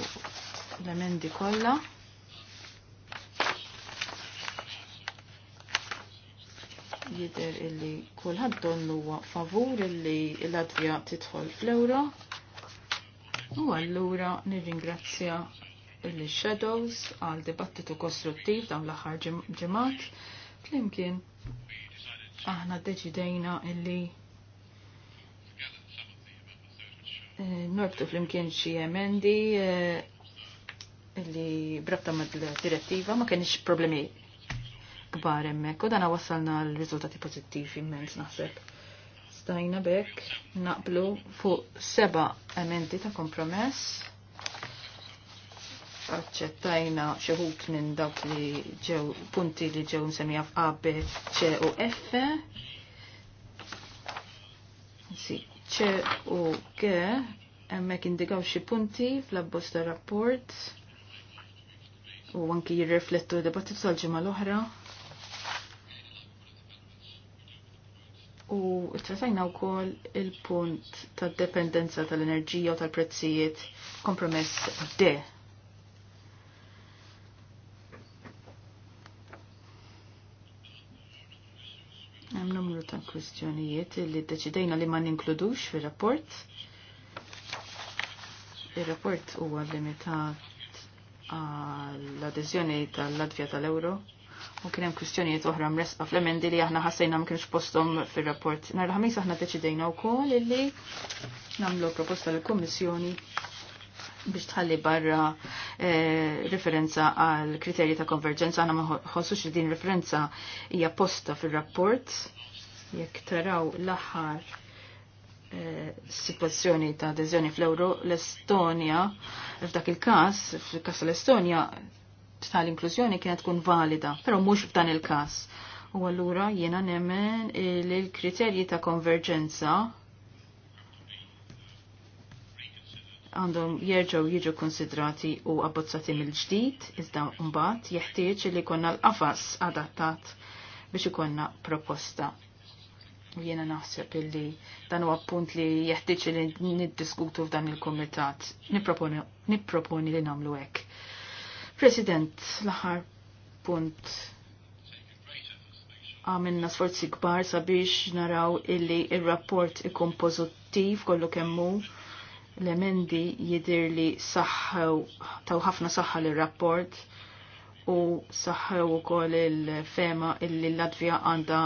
Speaker 4: l-emendi kolla. jider illi kullħad donnu huwa favur illi l-Latvija titħol fl-Ewro. U allura nirringrazzja illi Shadows għal dibattitu kostruttiv dawn l-aħħar ġemat. Flimkien aħna deċidejna illi eh, Norbtu flimkien xie emendi eh, illi brabta mad direttiva ma kienx problemi kbar hemmhekk u dana wassalna l-riżultati pozittivi immens naħseb. Stajna bekk naqblu fuq seba' emendi ta' kompromess. Aċċettajna xi minn dawk li ġew punti li ġew msemmija f'A, B, C u F. Si, C u G hemmhekk indigaw xi punti fl-abbozz tar rapport u anki jirriflettu debattit tal-ġimgħa l-oħra U u wkoll il-punt tad dependenza tal-enerġija u tal-prezzijiet kompromess de. Hemm numru ta' kwistjonijiet li ddeċidejna li ma ninkludux fir-rapport. Ir-rapport huwa limitat għall-adeżjoni tal-Latvja tal-Euro U kien hemm kwistjonijiet oħra mresqa fl-emendi li aħna ħassejna ma kienx postom fir-rapport. Nar il-ħamis aħna deċidejna wkoll illi nagħmlu proposta lill-Kummissjoni biex tħalli barra eh, referenza għal kriterji ta' konverġenza. Għana ma ħossux li din referenza hija posta fil-rapport. Jekk taraw l-aħħar eh, situazzjoni ta' adeżjoni fl-Euro, l-Estonja, f'dak il-kas, fil-kas l-Estonja, tal-inklużjoni kienet tkun valida, però mhux f'dan il-każ. U allura jiena nemmen li l-kriterji ta' konverġenza għandhom jerġgħu jiġu konsidrati u abbozzati mill-ġdid, iżda mbagħad jeħtieġ li konna l-qafas adattat biex ikonna proposta. U jiena naħseb illi dan huwa punt li jeħtieġ li niddiskutu f'dan il-kumitat. Nipproponi li nagħmlu hekk. President, l-aħħar punt għamilna sforzi kbar sabiex naraw illi il-rapport ikun pozittiv kollu kemmu l-emendi jidir li saħħew, taw ħafna saħħa l-rapport u saħħew u koll il-fema illi l-Latvija għanda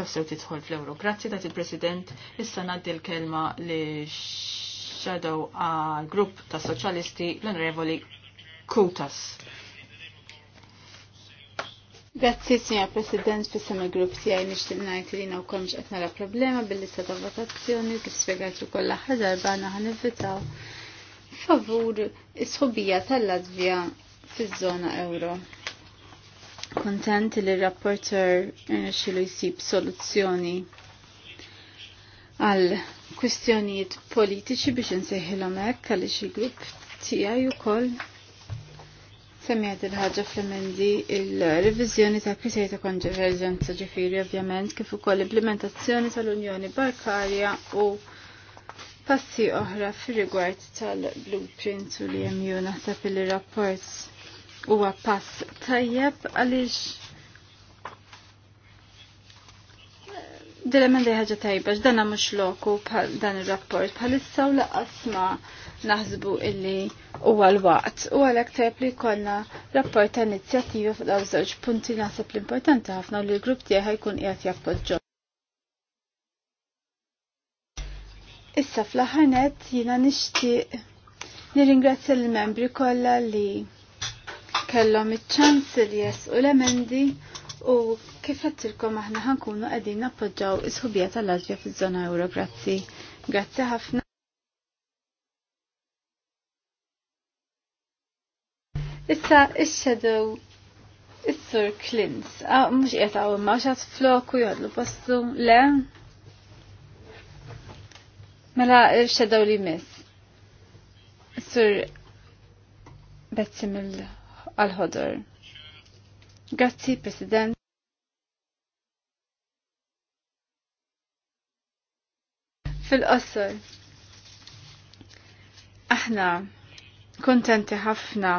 Speaker 4: tassew titħol fl-Euro. Grazzi dat il-President, issa naddi l-kelma li xadaw għal grupp ta' soċalisti l-onorevoli Kutas.
Speaker 1: Grazzi, signor President, fissam il-grupp di Aini najt li na u kolmx etnara problema bil-lista ta' votazzjoni kif spiegħat u kolla ħazar bana ħan invitaw favur isħobija tal-Latvija fiż-żona euro. Kontent li rapporter xilu jisib soluzzjoni għal kwistjonijiet politiċi biex nsejħilhom hekk għaliex il-grupp tiegħi wkoll Semmijat il-ħagġa fl-emendi il-revizjoni ta' kriterji ta' konverġenza ġifiri ovvjament kif ukoll implementazzjoni tal-Unjoni Bankarja u passi oħra fir-rigward tal-blueprint u li hemm naħseb il-rapport huwa pass tajjeb għaliex Dilemma li ħaġa tajba x'dana mhux loku bħal dan ir-rapport bħalissa u laqas ma' naħsbu illi huwa l-waqt. U għalhekk tajb li jkollna rapport ta' inizjattivi fuq dawn żewġ punti naħseb l-importanti ħafna u li l-grupp tiegħi jkun qiegħed jappoġġja. Issa fl-aħħar nett jiena nixtieq nirringrazzja l-membri kollha li kellhom iċ-ċans li jesqu l-emendi u Kif għattilkom aħna ħankunu għedin nappoġġaw is-ħubija tal aġja fiż-żona Euro, grazzi. Grazzi ħafna. Issa, ix-shadow Is-sur Klins. Ah, Mux jgħetaw imma xat floku jgħadlu postu. Le? Mela xedaw li mis. Is-sur Betsim għal-ħodor. Grazzi, President. Fil-qosor, aħna kontenti ħafna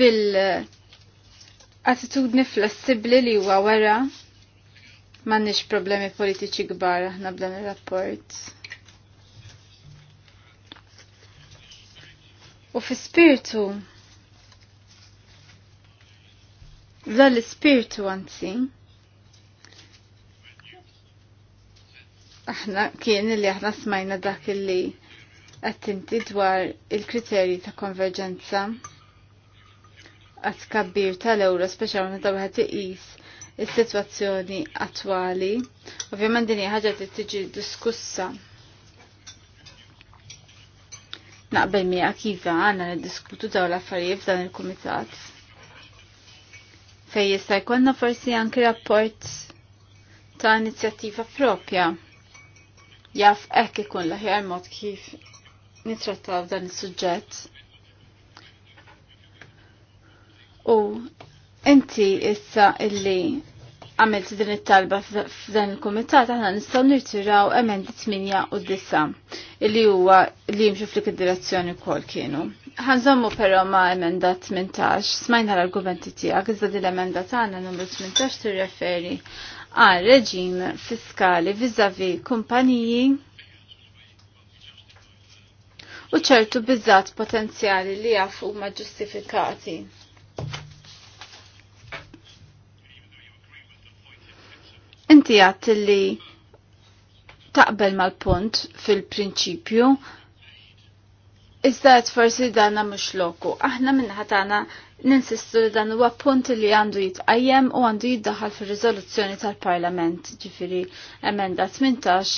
Speaker 1: bil-attitudni flessibli li huwa wara m'għandniex problemi politiċi kbar aħna b'dan ir-rapport. U fi spiritu dan l-spiritu anzi, aħna kien li aħna smajna dak li attinti dwar il-kriterji ta' konverġenza għat kabbir tal-euro speċjalment ta' wieħed iqis is-sitwazzjoni attwali. Ovvjament din hija ħaġa li tiġi diskussa. Naqbel mija kiva għandna niddiskutu dawn l-affarijiet f'dan il-kumitat. Fejn jista' jkollna forsi anki rapport ta' inizjattiva propja jaf hekk ikun l ħjar mod kif nitrattaw dan is-suġġett. U inti issa illi għamilt din it-talba f'dan il-komitat aħna nistgħu nirtiraw emendi 8 u 9 illi huwa li jimxu flik id-direzzjoni wkoll kienu. Ħanżommu però ma' emenda 18, smajna l-argumenti tiegħek iżda din l-emenda tagħna numru 18 tirreferi għal reġim fiskali vizavi kumpaniji u ċertu bizzat potenzjali li jafu ma ġustifikati. Inti għat li taqbel mal-punt fil-prinċipju, iżda forsi dana mux loku. Aħna minna ħatana ninsistu li dan huwa punt li għandu jitqajjem u għandu jiddaħal fir-riżoluzzjoni tal-Parlament, ġifiri emenda 18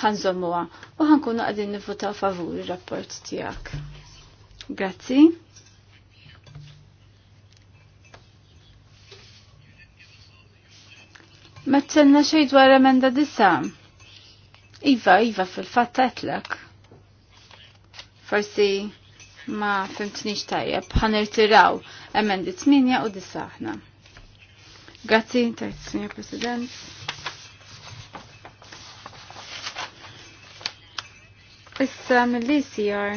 Speaker 1: ħanżommuha u ħankunu qegħdin nivvutaw favur ir-rapport tiegħek. Grazzi. Ma tsenna xejn dwar emenda disa. Iva, iva fil-fatt għetlek. Forsi ma fimtnix tajjeb, irtiraw emendi 8 u disaħna. Grazzi, tajt, Signor President. Issa mill-ECR.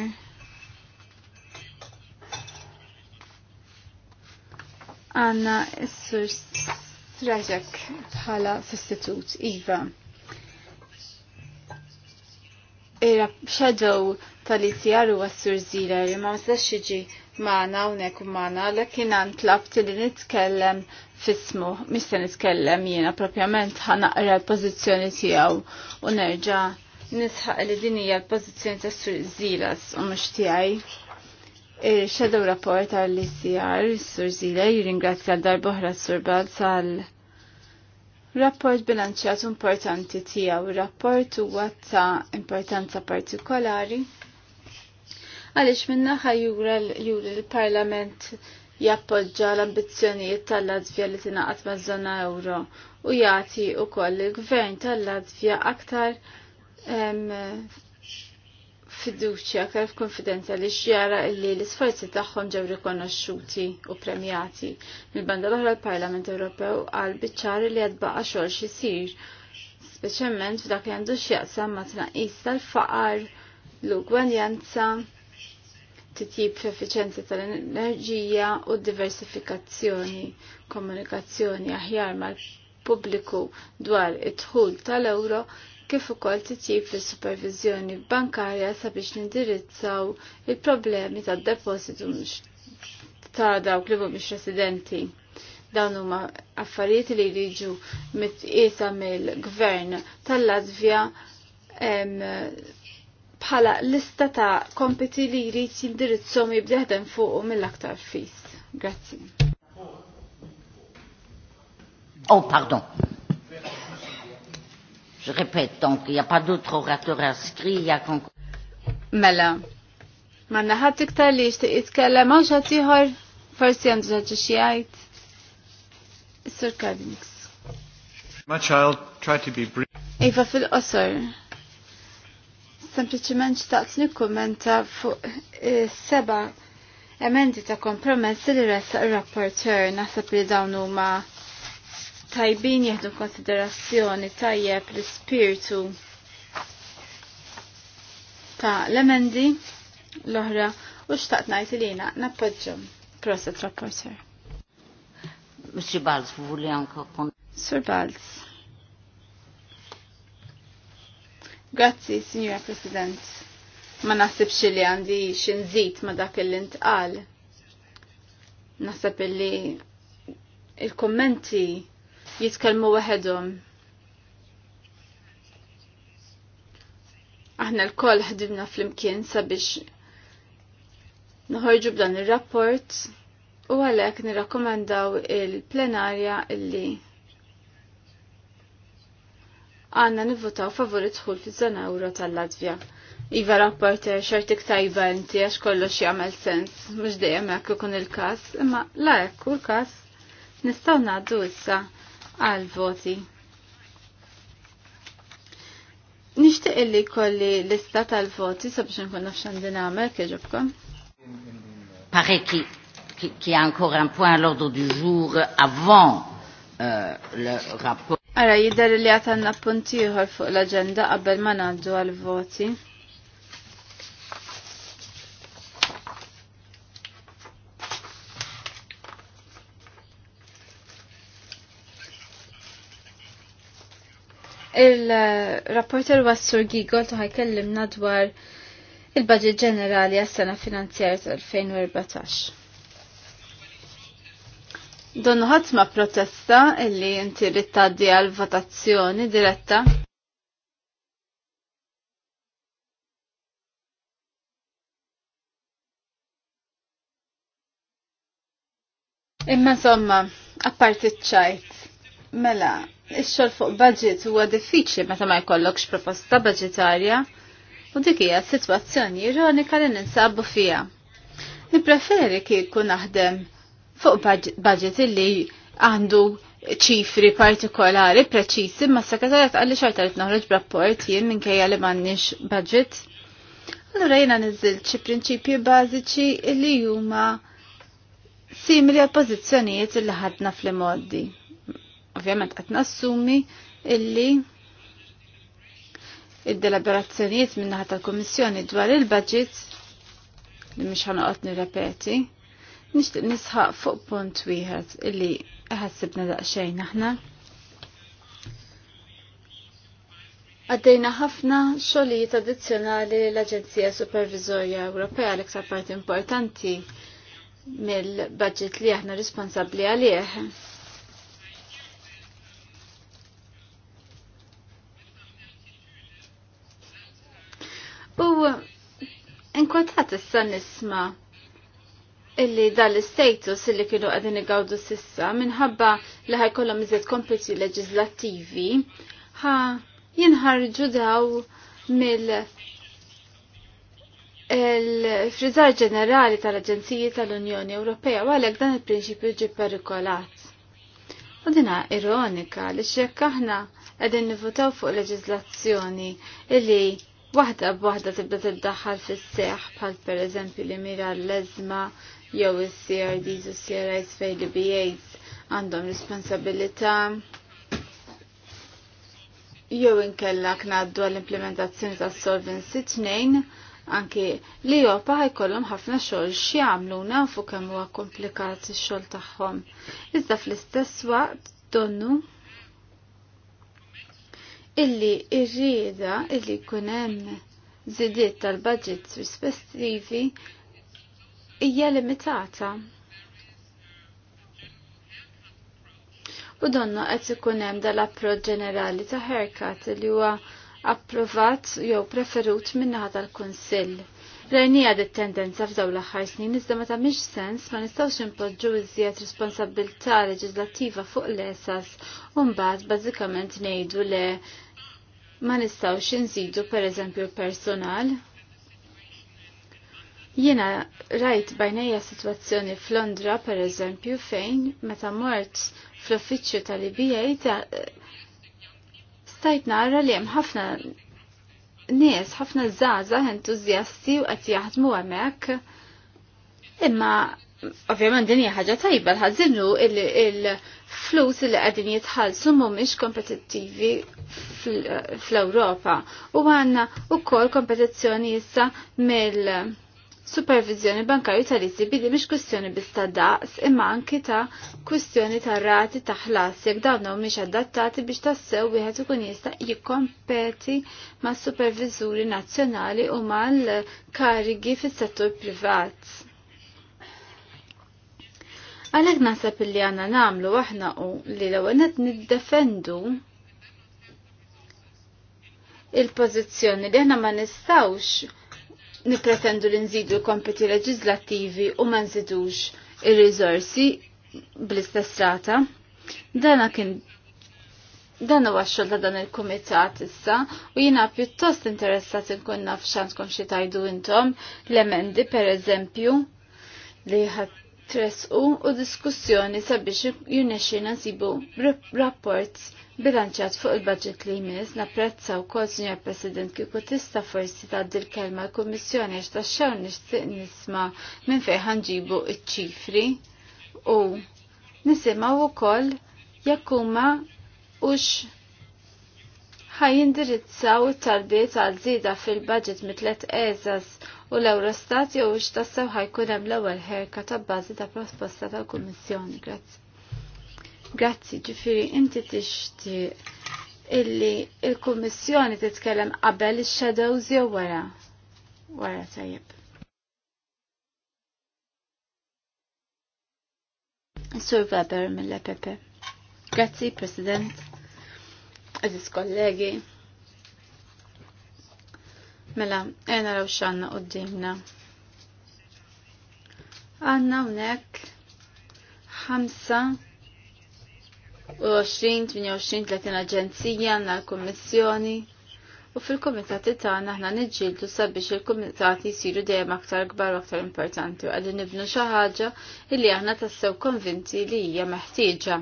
Speaker 1: Għanna, issur straġek bħala sostitut, Iva. Era shadow tal-ICR u għassur zila li ma msax iġi maħna unek u maħna lekin ekin għan li nitkellem fismu, mista nitkellem jena propjament ħanaqra l-pozizjoni tijaw u nerġa nisħaq li din hija l-pozizjoni ta' sur zilas u mux tijaj. Il-shadow rapport tal icr sur zila, jirringrazzja l darboħra sur bal tal Rapport bilanċjat importanti tiegħu, rapport huwa ta' importanza partikolari għaliex minnaħa jura l-Parlament jappoġġa l-ambizzjonijiet tal-Latvja li tingħaqad maż-żona euro u jagħti wkoll il-Gvern tal-Latvja aktar fiduċja kif konfidenza li xjara illi l-isforzi tagħhom ġew rikonoxxuti u premjati. Mill-banda l-oħra l-Parlament Ewropew qal biċċari li qed baqa' xogħol xisir, speċjalment f'dak li għandu x'jaqsam ma' tnaqqis tal-faqar, l-ugwanjanza, titjib f'effiċenza tal-enerġija u diversifikazzjoni, komunikazzjoni aħjar mal-pubbliku dwar id-dħul tal-euro kif ukoll titjib fis-supervizjoni bankarja sabiex nindirizzaw il-problemi tad-depositu ta' dawk li mhumiex residenti. Dawn huma affarijiet li jriġu mitqiesa mill-Gvern tal-Latvja bħala lista ta' kompiti li jrid jindirizzhom jibdeħdem fuq mill-aktar fis. Grazzi. Oh, pardon. Je répète, donc, il n'y a pas d'autre orateur inscrit, il y a concours. Mela, manna ħat iktar li jishtiq jitkellem għax ħat jħor forsi għandu ġaġi xijajt. Sir Kadnix.
Speaker 3: My child, try to be brief.
Speaker 1: Iva fil-qosor. Sempliciment xtaqt nikkummenta fuq eh, seba emendi ta' kompromessi li ressa il-rapporter naħseb li dawn huma tajbin jieħdu konsiderazzjoni tajjeb l-spiritu ta' l-emendi l-oħra u xtaqt najt li jina nappoġġom proset rapporter. Mr. Balz, vuli anka kon. Sir Balz. Grazzi, Signora President. Ma nasibx li għandi xinżit ma dak l-intqal. Nasab li il-kommenti jitkellmu waħedhom. Aħna l-koll ħdibna fl-imkien sabiex nħorġu b'dan ir-rapport u għalhekk nirrakkomandaw il-plenarja illi għanna nivvotaw favur idħul fiż-żona euro tal-Latvja. Iva rapporter xartik tajba iva inti għax kollox jagħmel sens, mhux dejjem hekk ikun il-każ, imma la hekk u l-każ nistgħu ngħaddu issa għal voti. Nishtiq illi kolli lista tal-voti sabiex nkun nafx għandi nagħmel kieġobkom. Pare ki ki a encore un point l'ordre du jour avant l euh, le rapport. Ara jidher li għatanna puntiħor fuq l-agenda qabel ma ngħaddu għal-voti. Il-rapporter Wassur Gigol tuħaj kellimna dwar il-budget ġenerali għas-sena finanzjar tal-2014. Donnu ħatma protesta illi inti rittaddi għal votazzjoni diretta. Imma somma, apparti ċajt, mela, ix-xogħol fuq budget huwa diffiċli meta ma jkollokx proposta budgetarja u dik hija sitwazzjoni ironika li ninsabu fiha. Nippreferi kun naħdem fuq budget illi għandu ċifri partikolari preċisi ma s-sekretarjat għalli xorta t-noħroġ b'rapport jien minkejja li m'għandniex budget. Allura jiena niżilt xi prinċipji bażiċi li huma simili għal pożizzjonijiet li ħadna fl moddi Ovvjament qed nassumi illi id-deliberazzjonijiet min-naħa tal-Kummissjoni dwar il-budget li mhux ħanoqgħod nirrepeti, nixtieq nisħaq fuq punt wieħed illi ħassibna daqsxejn aħna. Għaddejna ħafna xogħlijiet addizzjonali l-Aġenzija Supervizorja Ewropea l-iktar part importanti mill-budget li aħna responsabbli għalih. U inkwetat issa nisma illi dal-status illi kienu għadin igawdu sissa minħabba li kollom iżjed kompeti leġislattivi ħa jinħarġu daw mill il frizar ġenerali tal-Aġenziji tal-Unjoni Ewropea u għalhekk dan il-prinċipju ġi perikolat. U dina ironika li xekk aħna qegħdin nivutaw fuq leġiżlazzjoni illi waħda b'waħda tibda tiddaħħal fis-seħ bħal pereżempju li mira l-leżma jew is-CRDs u CRIs fejn li BAs għandhom responsabilità jew inkella ngħaddu għall-implementazzjoni tas Solvency tnejn anki li jopa ħajkollhom ħafna xogħol x'jagħmlu nafu kemm huwa komplikat ix-xogħol tagħhom. Iżda fl-istess waqt donnu illi irrida illi kunem zidiet tal-budget rispettivi hija limitata. U donna qed ikun hemm dal-approċċ ġenerali ta' haircut li huwa approvat jew preferut minnaħa tal-Kunsill għad il tendenza f'daw l-aħħar snin iżda ma tagħmilx sens ma nistgħux impoġġu iżjed responsabilità leġislattiva fuq l-esas u mbagħad bażikament ngħidu le ma nistgħux per pereżempju personal. Jiena rajt bajnejja sitwazzjoni f'Londra pereżempju fejn meta mort fl-uffiċċju tal-IBA stajt nara li hemm ħafna nies ħafna zaza entużjasti u qed jaħdmu hemmhekk. Imma ovvjament din hija ħaġa tajba l-ħażinu il-flus li qegħdin jitħallsu mhumiex kompetittivi fl-Ewropa u għandna wkoll kompetizzjoni issa mill- supervizjoni bankarju tal-ECB bidi mhix kwistjoni biss ta' daqs imma anki ta' kwistjoni ta' rati ta' ħlas jekk dawn mhumiex adattati biex tassew wieħed ikun jista' jikkompeti ma' supervizuri nazzjonali u l karigi fis-settur privat. Għalhekk naħseb li għanna nagħmlu aħna u li l-ewwel qed niddefendu il-pożizzjoni li aħna ma nistgħux nipretendu li nżidu l-kompeti leġislattivi u ma nżidux ir-riżorsi bl-istess strata. Dana kien dan huwa xogħol ta' dan il-kumitat issa u jiena pjuttost interessat inkun naf x'għandkom xi tajdu intom l-emendi pereżempju li ħadd tresqu u diskussjoni sabiex junexxina nsibu rapports bilanċat fuq il-budget li jmiss napprezza wkoll Sinjor President kieku tista' forsi tgħaddi l-kelma l-Kummissjoni għax taxxew nixtieq nisma' minn fejn ħanġibu ċ-ċifri u nisimgħu wkoll jekk huma ux ħajindirizzaw it-talbiet għal żieda fil-budget mitlet eżas u l-Eurostat jew tassew ħajkun hemm l-ewwel ħerka ta' bażi ta' proposta tal-Kummissjoni. Grazzi. Grazzi, ġifieri inti tixti illi il-Kummissjoni titkellem qabel ix-shadows jew wara. Wara tajjeb. Sur Weber mill-EPP. Grazzi, President. Aziz kollegi. Mela, ena raw xanna qoddimna. Għanna unek 25 28 30 aġenzija għanna l-Kommissjoni u fil-Komitati tagħna aħna niġġieldu sabiex il-Komitati jsiru dejjem aktar kbar u aktar importanti u qegħdin nibnu xi ħaġa li aħna tassew konvinti li hija meħtieġa.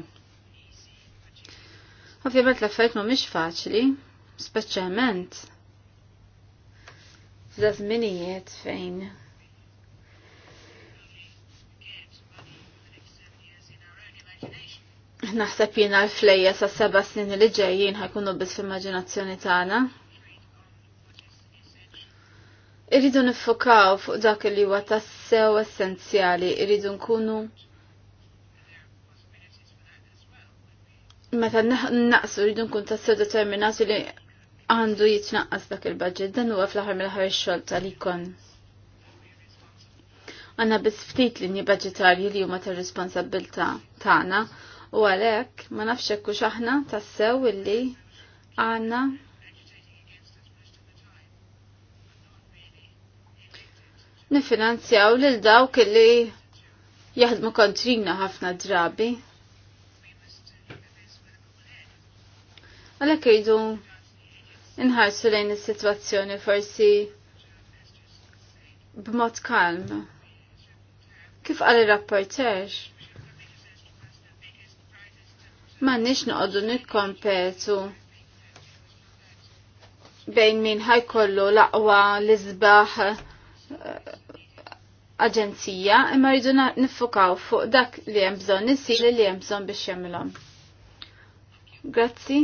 Speaker 1: Ovvjament l-affarijiet mhumiex faċli, speċjalment da żminijiet fejn Naħseb jiena l-flejja sa' seba' snin li ġejjin ħajkunu biss fl-immaġinazzjoni tagħna. Irridu nifokaw fuq dak li huwa tassew essenzjali, irridu nkunu meta naqsu rridu nkun tassew determinati li għandu jitnaqqas dak il-budget dan huwa fl-aħħar mill-aħħar xogħol tal-ikon. Għanna biss ftit linji budgetarji li huma tar-responsabilità tagħna u għalhekk ma nafx hekk aħna tassew illi għandna nifinanzjaw lil dawk illi jaħdmu kontrina ħafna drabi. Għalhekk jridu inħarsu lejn is-sitwazzjoni forsi b'mod kalm. Kif qal ir-rapporter? M'għandniex noqogħdu nikkompetu bejn min ħajkollu l-aqwa l-izbaħ eh, aġenzija imma rridu nifukaw fuq dak li hemm bżonn isir li hemm bżonn biex jagħmilhom. Grazzi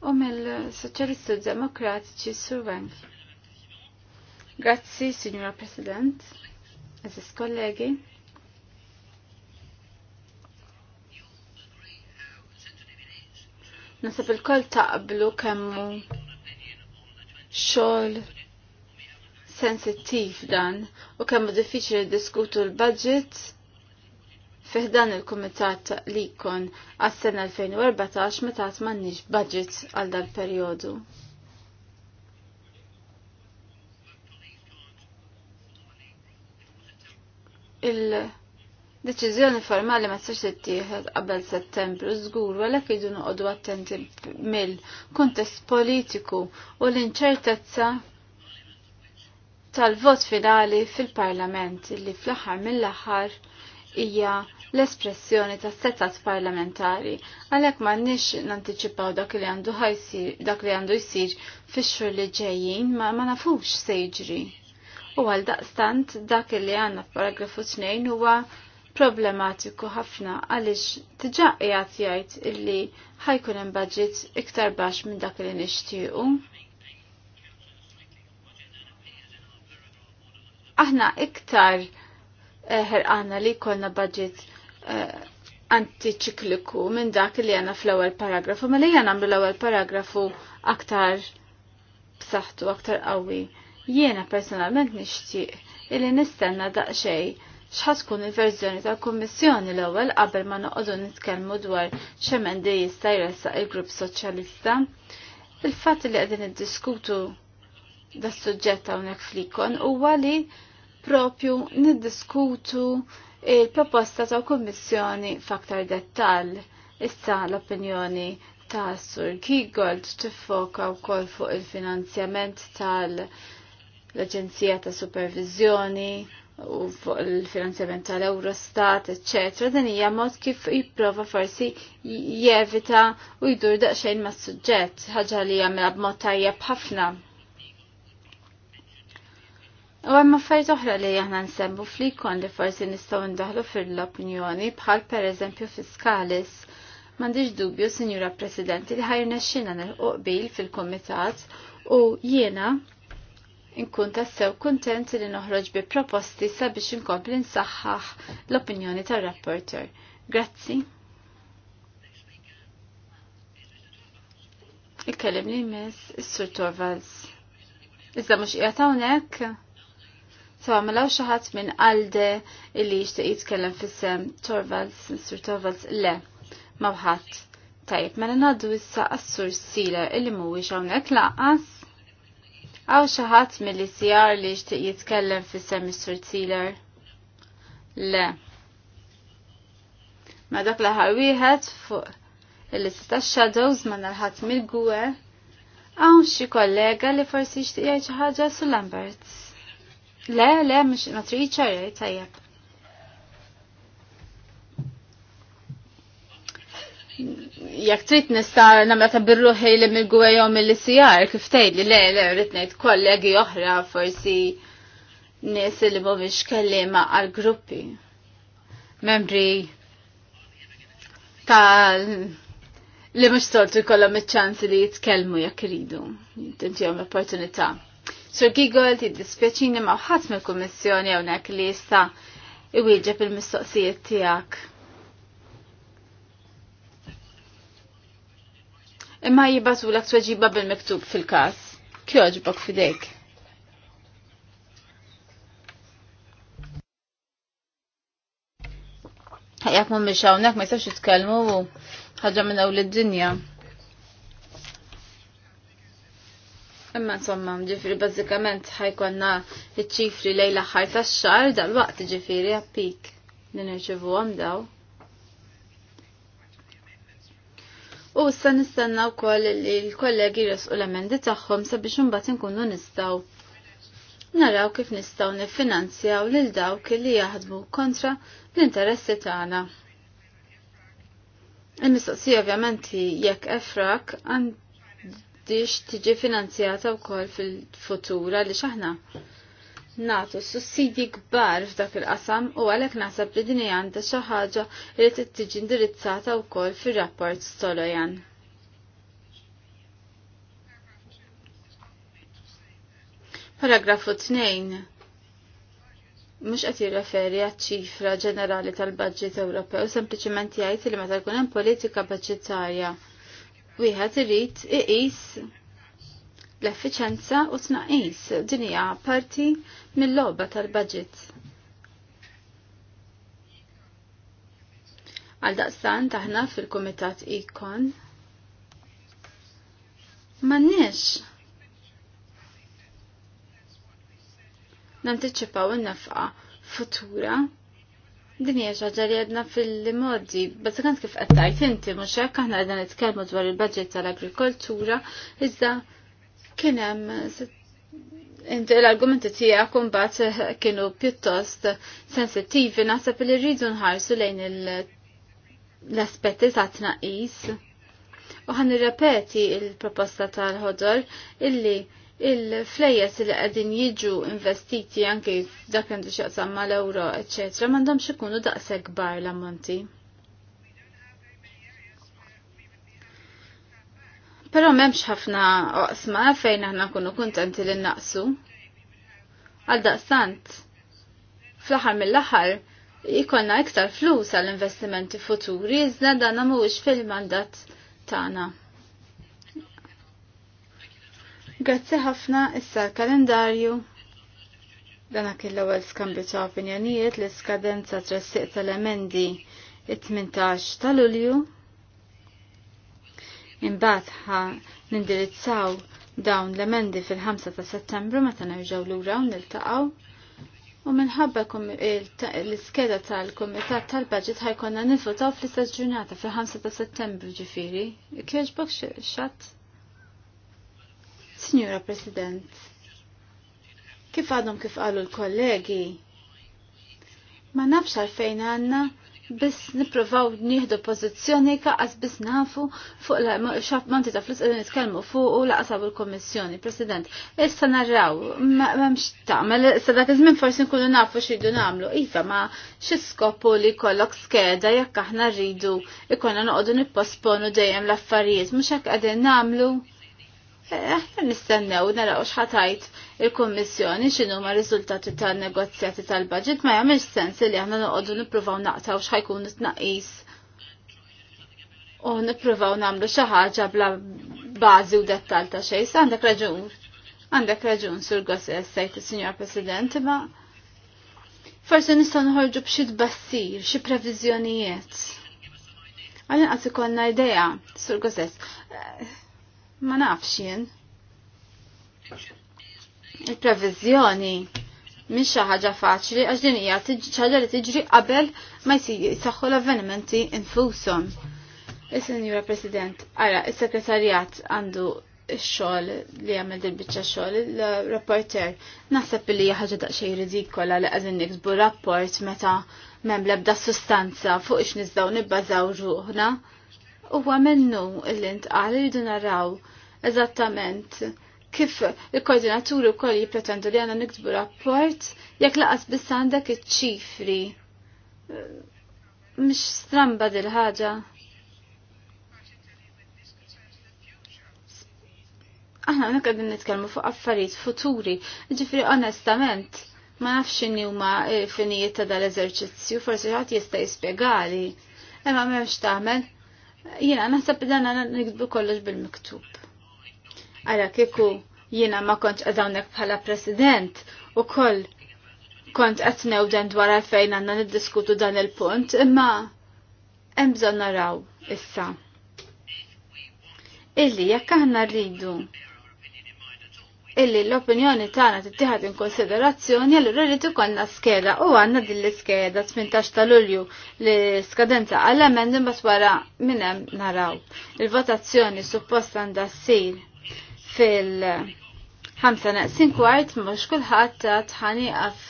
Speaker 1: u mill Soċjalisti Demokratiċi Survang. Grazzi, Signora President, eżis kollegi. Nasab il-koll taqblu kemmu xogħol sensitiv dan u kemm diffiċli diskutu l-budget fiħdan il-Kumitat li kon għas-sena 2014 meta għat m'għandniex budget għal dal-perjodu. Il-deċiżjoni formali ma t tittieħed qabel Settembru żgur għalhekk idu noqogħdu attenti mill-kuntest politiku u l-inċertezza tal-vot finali fil-Parlament li fl-aħħar mill-aħħar hija l-espressjoni ta' setat parlamentari għalhekk m'għandniex nanticipaw dak li għandu dak li għandu jsir fix-xhur li ġejjin ma ma nafux sejġri. jiġri. U għal daqstant dak li għandna f'paragrafu 2 huwa problematiku ħafna għaliex diġà qiegħed jgħid illi ħajkun hemm budget iktar baxx minn dak li nixtiequ. aħna iktar eh, ħerqana li konna budget Eh, antiċikliku minn dak li għana fl-ewwel paragrafu, ma li għana l-ewwel paragrafu aktar b'saħħtu, aktar qawwi. Jiena personalment nixtieq illi nistenna daqsxejn x'ħad tkun il-verżjoni tal-Kummissjoni l-ewwel qabel ma noqogħdu nitkellmu dwar x'emendi jista' jressaq il-Grupp Soċjalista. Il-fatt li qegħdin iddiskutu das suġġett hawnhekk flikon huwa li propju niddiskutu il-proposta ta' kummissjoni f'aktar dettall. Issa l-opinjoni ta' Sur Kigold tiffoka wkoll fuq il-finanzjament tal-Aġenzija ta' Supervizjoni u fuq il-finanzjament tal-Eurostat, ecc. Dan hija mod kif jipprova forsi jevita u jdur daqsxejn mas-suġġett, ħaġa li jagħmilha b'mod tajjeb ħafna U għemma fajt oħra li jahna nsembu flikon li forsi nistaw ndaħlu fil-opinjoni bħal per eżempju fiskalis. Mandiġ dubju, Sinjura Presidenti, li ħajrna xina nil-qbil fil-komitat u jiena inkun tassew kontent li noħroġ bi proposti sabiex inkompli nsaħħaħ l-opinjoni tal-rapporter. Grazzi. Ikkellimni miss is-Sur Torvalds. Iżda mhux qiegħed hawnhekk? tagħmilha xi ħadd minn qalde illi jixtieq jitkellem fis-sem Torvalds, Mr. Torvalds, le, ma ħadd Tajjeb, mela ngħaddu issa għas-sur Sila illi mhuwiex hawnhekk laqas. Għaw xi ħadd mill-ICR li jixtieq jitkellem fis-sem Mr. Tealer? Le. Ma dak l-aħħar wieħed fuq il-lista shadows ma nalħat mill-gwe Għaw xi kollega li forsi jixtieq jgħid xi ħaġa su Lamberts. Le, le, mux matriċa, le, tajjeb. Jek trid nista' nagħmel ta' birruħi li mill-gwejhom mill-ICR kif tgħidli le le rrid ngħid kollegi oħra forsi nies li mhumiex kelliema għal gruppi. Membri ta' li mhux soltu jkollhom iċ-ċans li jitkellmu jekk iridu. Tintihom l-opportunità. Sur Gigol tiddispjaċini ma' ħadd mill-Kummissjoni hawnhekk li jista' iwieġeb il-mistoqsijiet tiegħek. Imma jibatulek tweġiba bil-miktub fil-każ. Kjoġbok fidejk. Ħajjak mhumiex hawnhekk ma jistax jitkellmu ħaġa minn hawn lid-dinja. Imma insomma, ġifiri bazzikament ħajkonna iċ-ċifri lejn l-aħħar tax-xahar dal-waqt ġifiri għappik li nirċevuhom daw. U issa nistenna wkoll li l-kollegi jresqu l-emendi tagħhom sabiex imbagħad inkunu nistgħu naraw kif nistgħu niffinanzjaw lil dawk li jaħdmu kontra l-interessi tagħna. Il-mistoqsija ovvjament jekk efrak għand tix tiġi finanzjata wkoll fil-futura li xaħna natu sussidji kbar f'dak il-qasam u għalhekk naħseb li din għandha xi ħaġa li trid tiġi indirizzata wkoll fir-rapport Stolojan. Paragrafu 2 mux qed jirreferi għaċ-ċifra ġenerali tal-budget Ewropew, sempliċiment jgħid li meta jkun hemm politika budġetarja wieħed irid iqis l-effiċenza u tnaqis din hija parti mill-logħba tal-budget. Għal daqstan taħna fil-Kumitat Ikon Mannix. Nantiċipaw n-nafqa futura Din hija xi ħaġa li għedna fil-modi, bażikant kif qed tajt inti mhux hekk aħna qegħda nitkellmu dwar il budget tal-agrikoltura, iżda kien hemm Inti l-argumenti tiegħek imbagħad kienu pjuttost sensittivi naħseb li rridu nħarsu lejn l-aspetti ta' tnaqis. U ħan irrepeti il-proposta tal-ħodor illi il-flejjes li qegħdin jiġu investiti anke dak għandu x'jaqsam mal-ewro, eċċetera, m'għandhomx ikunu daqshekk kbar l-ammonti. Però m'hemmx ħafna oqsma fejn aħna nkunu kuntenti li naqsu. Għal daqstant, fl-aħħar mill-aħħar jkollna iktar flus għall-investimenti futuri iżda dan mhuwiex fil-mandat tagħna. Grazzi ħafna issa l-kalendarju. Dan kien l-ewwel skambju ta' opinjonijiet l iskadenza tressiq tal-emendi 18 ta' Lulju. Imbagħad ħa nindirizzaw dawn l-emendi fil-5 ta' Settembru meta nerġgħu lura u niltaqgħu. U minħabba l-iskeda tal-Komitat tal-Budget ħajkonna nifutaw fl-istess ġurnata fil-5 ta' settembru ġifiri. Kieġbok xatt? Signora President, kif għadhom kif qalu l-kollegi, ma nafx għalfejn għanna biss niprofaw nieħdu pożizzjoni kaqas biss nafu fuq la xafmanti ta' flus għedin nitkellmu fuq u laqsabu l-Kommissjoni, President. Issa narraw, m'hemmx ta' sa dak iż-żmien forsi nkunu nafu x'ridu nagħmlu. Iva ma xi skopu li jkollok skeda jekk aħna rridu ikonna noqogħdu nipposponu dejjem l-affarijiet mhux hekk qegħdin nagħmlu. Eh, nistennew naraw xħatajt il-Kommissjoni xinu ma' riżultati tan-negozjati tal-budget ma jagħmilx sens li aħna noqogħdu nippruvaw naqtaw x'ħajkun it-tnaqqis. U nippruvaw nagħmlu xi ħaġa bla bażi u dettal ta' xejn. Għandek raġun. Għandek raġun sur Gossess sajt il signor President ma' forsi nistgħu noħorġu b'xi tbassir, xi previżjonijiet. Għalin qas ikollna idea, sur Gossess Ma nafx jien. Il-previżjoni mhix xi ħaġa faċli għax din hija ħaġa li tiġri qabel ma jsaħħu l-avvenimenti infushom. Is-Sinjura President, ara, is-Sekretarjat għandu xogħol li għamil dil-bicċa xogħol il-rapporter. Naħseb li ħaġa daqsxejn ridikola li qegħdin niksbu rapport meta m'hemm l-ebda sustanza fuq ix nibbażaw ruħna huwa minnu l-intqal irridu naraw eżattament kif il-koordinaturi wkoll jippretendu li għanna niktbu rapport jekk laqas biss għandek iċ-ċifri. Mx stramba dil-ħaġa. Aħna nek nitkellmu fuq affarijiet futuri, ġifri onestament ma nafx inni huma eh, finijiet ta' dal-eżerċizzju, forsi ħadd jista' jispjegali. Imma m'hemmx tagħmel Jiena naħseb dan għana nikdbu kollox bil-miktub. Għara kieku jiena ma kontx għadawnek bħala president u koll kont għatnew dan dwar fejn għanna niddiskutu dan il-punt, imma emżon naraw issa. Illi jekk aħna rridu illi l-opinjoni tagħna tittieħed in konsiderazzjoni allura rrid ikollna skeda u għandna din l-iskeda 18 ta' Lulju li skadenza għal emendi imbagħad wara minn hemm naraw. Il-votazzjoni suppost għandha ssir fil- 5 naqsin kwart mhux kulħadd tat qaf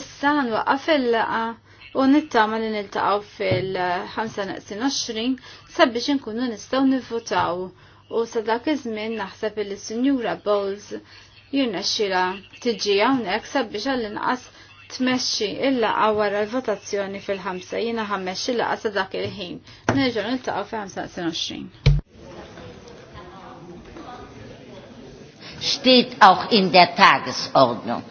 Speaker 1: issa nwaqaf il-laqa u nittama li niltaqgħu fil 5 naqsin 20 sabiex inkunu nistgħu nivvutaw u sa dak iż-żmien naħseb li Sinjura Bowles jirna xira tiġi hawnhekk sabiex għall-inqas tmexxi il-laqa wara l-votazzjoni fil-ħamsa jina ħammex il-laqa sa dak il-ħin. Nerġa' niltaqgħu fil-25.
Speaker 3: Steht auch in der Tagesordnung.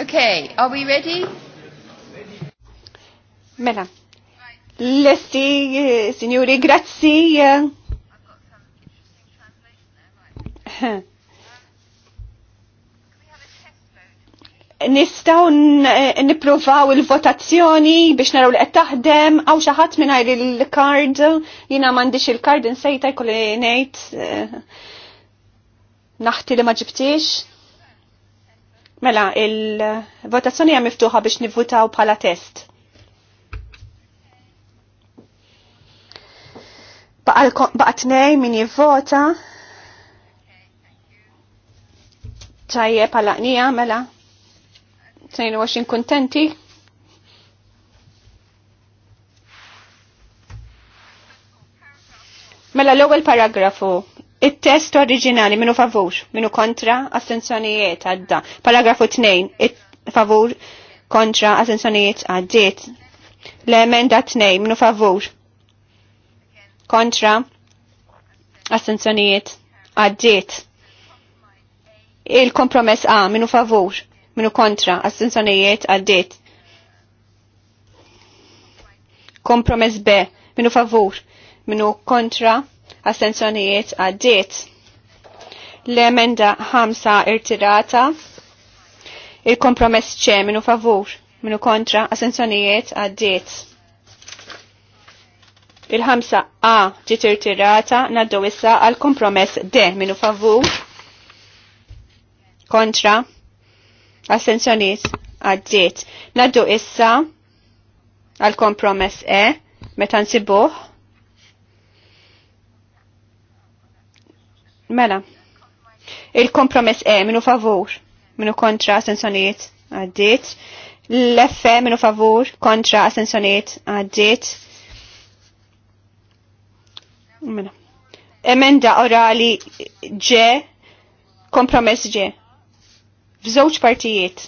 Speaker 2: Okay, are we ready? Mela. Lesti, signori, grazzi. Nistaw niprofaw il-votazzjoni biex naraw li qed taħdem għaw xi ħadd il-kard jiena m'għandix il-kard insejta jkoli ngħid eh, naħti li ma ġibtix. Mela, il-votazzjoni hija miftuħa biex nivvutaw bħala test. Baqa nej min jivvota. Tajje pala nija, mela. għaxin kontenti. Mela l-ewwel paragrafu it-test oriġinali minu favur, minu kontra, astenzjonijiet għadda. Paragrafu 2, favur, kontra, astenzjonijiet għaddiet. L-emenda 2, minu favur, kontra, astenzjonijiet għaddiet. Il-kompromess A, minu favur, minu kontra, astenzjonijiet għaddiet. Kompromess B, minu favur, minu kontra, Astenzjonijiet għaddiet. L-emenda 5 irtirata. Il-kompromess ċe minu favur, minu kontra, astenzjonijiet għaddiet. il 5 A ġiet irtirata naddu issa għal kompromess D minu favur. Kontra. astenzjonijiet għaddiet. Naddu issa għal kompromess E meta nsibuh Mela. Il-kompromess E minu favur, minu kontra sensoniet għaddit. L-F minu favur, kontra sensoniet għaddit. Mela. Emenda orali G, kompromess G. F'żewġ partijiet.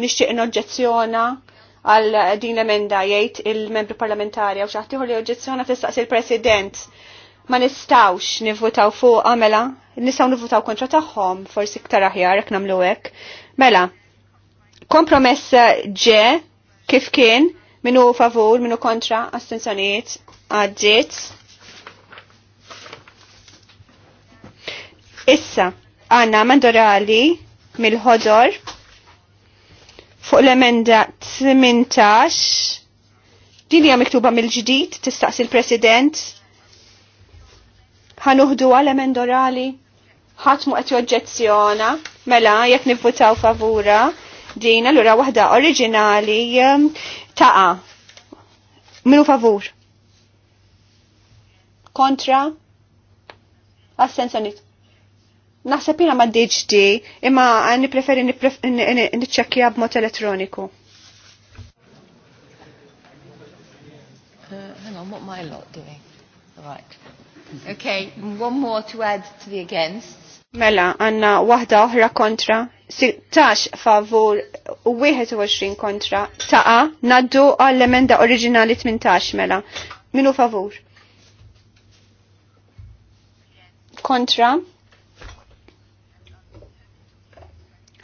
Speaker 2: Nixtieq noġġezzjona għal din l-emenda jgħid il-membru parlamentari għaw xaħtiħu li oġġezzjona tistaqsi il-President ma nistawx nivvutaw fuq mela, nistaw nivvutaw kontra tagħhom forsi ktar aħjar jekk nagħmlu hekk. Mela, kompromess ġe kif kien minu favur, minu kontra, astenzjoniet, għadġiet. Issa, għanna mandorali mill-ħodor fuq l-emenda 18 din hija miktuba mill-ġdid tistaqsi l-President ħanuħdu għal emendorali ħatmu qed joġġezzjona mela jekk nivvutaw favura din allura waħda oriġinali um, taqa. Minu favur? Kontra? Assenzjoniet. Naħseb jina ma diġdi, imma nipreferi niċċekkja b'mod elettroniku.
Speaker 4: Uh, hang on, what my lot
Speaker 3: doing? Right.
Speaker 2: Okay, one more to add to the against. Mela, għanna wahda oħra kontra, 16 favur u 21 kontra, taqa, naddu għall-emenda oriġinali 18 mela. Minu favur? Kontra?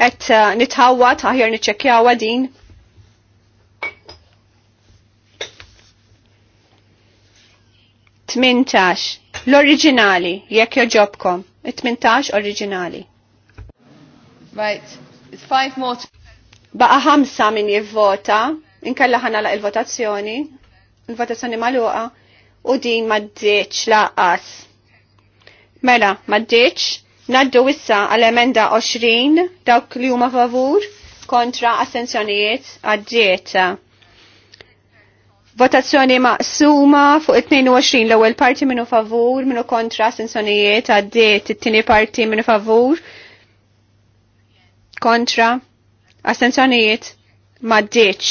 Speaker 2: Et uh, nitħawwa taħjar niċċekkjawa din. Tmintax. L-oriġinali, jekk joġobkom. 18 oriġinali. Right, it's five more. Baqa ħamsa min jivvota, inkella la il-votazzjoni, il-votazzjoni maluqa, u din maddiċ laqas. Mela, maddiċ, naddu wissa għal-emenda 20, dawk li huma favur, kontra assenzjonijiet għaddieta. Votazzjoni maqsuma fuq 22 l-ewwel parti minnu favur, minnu kontra sensonijiet għaddiet it-tieni parti minnu favur. Kontra astensjonijiet maddiċ.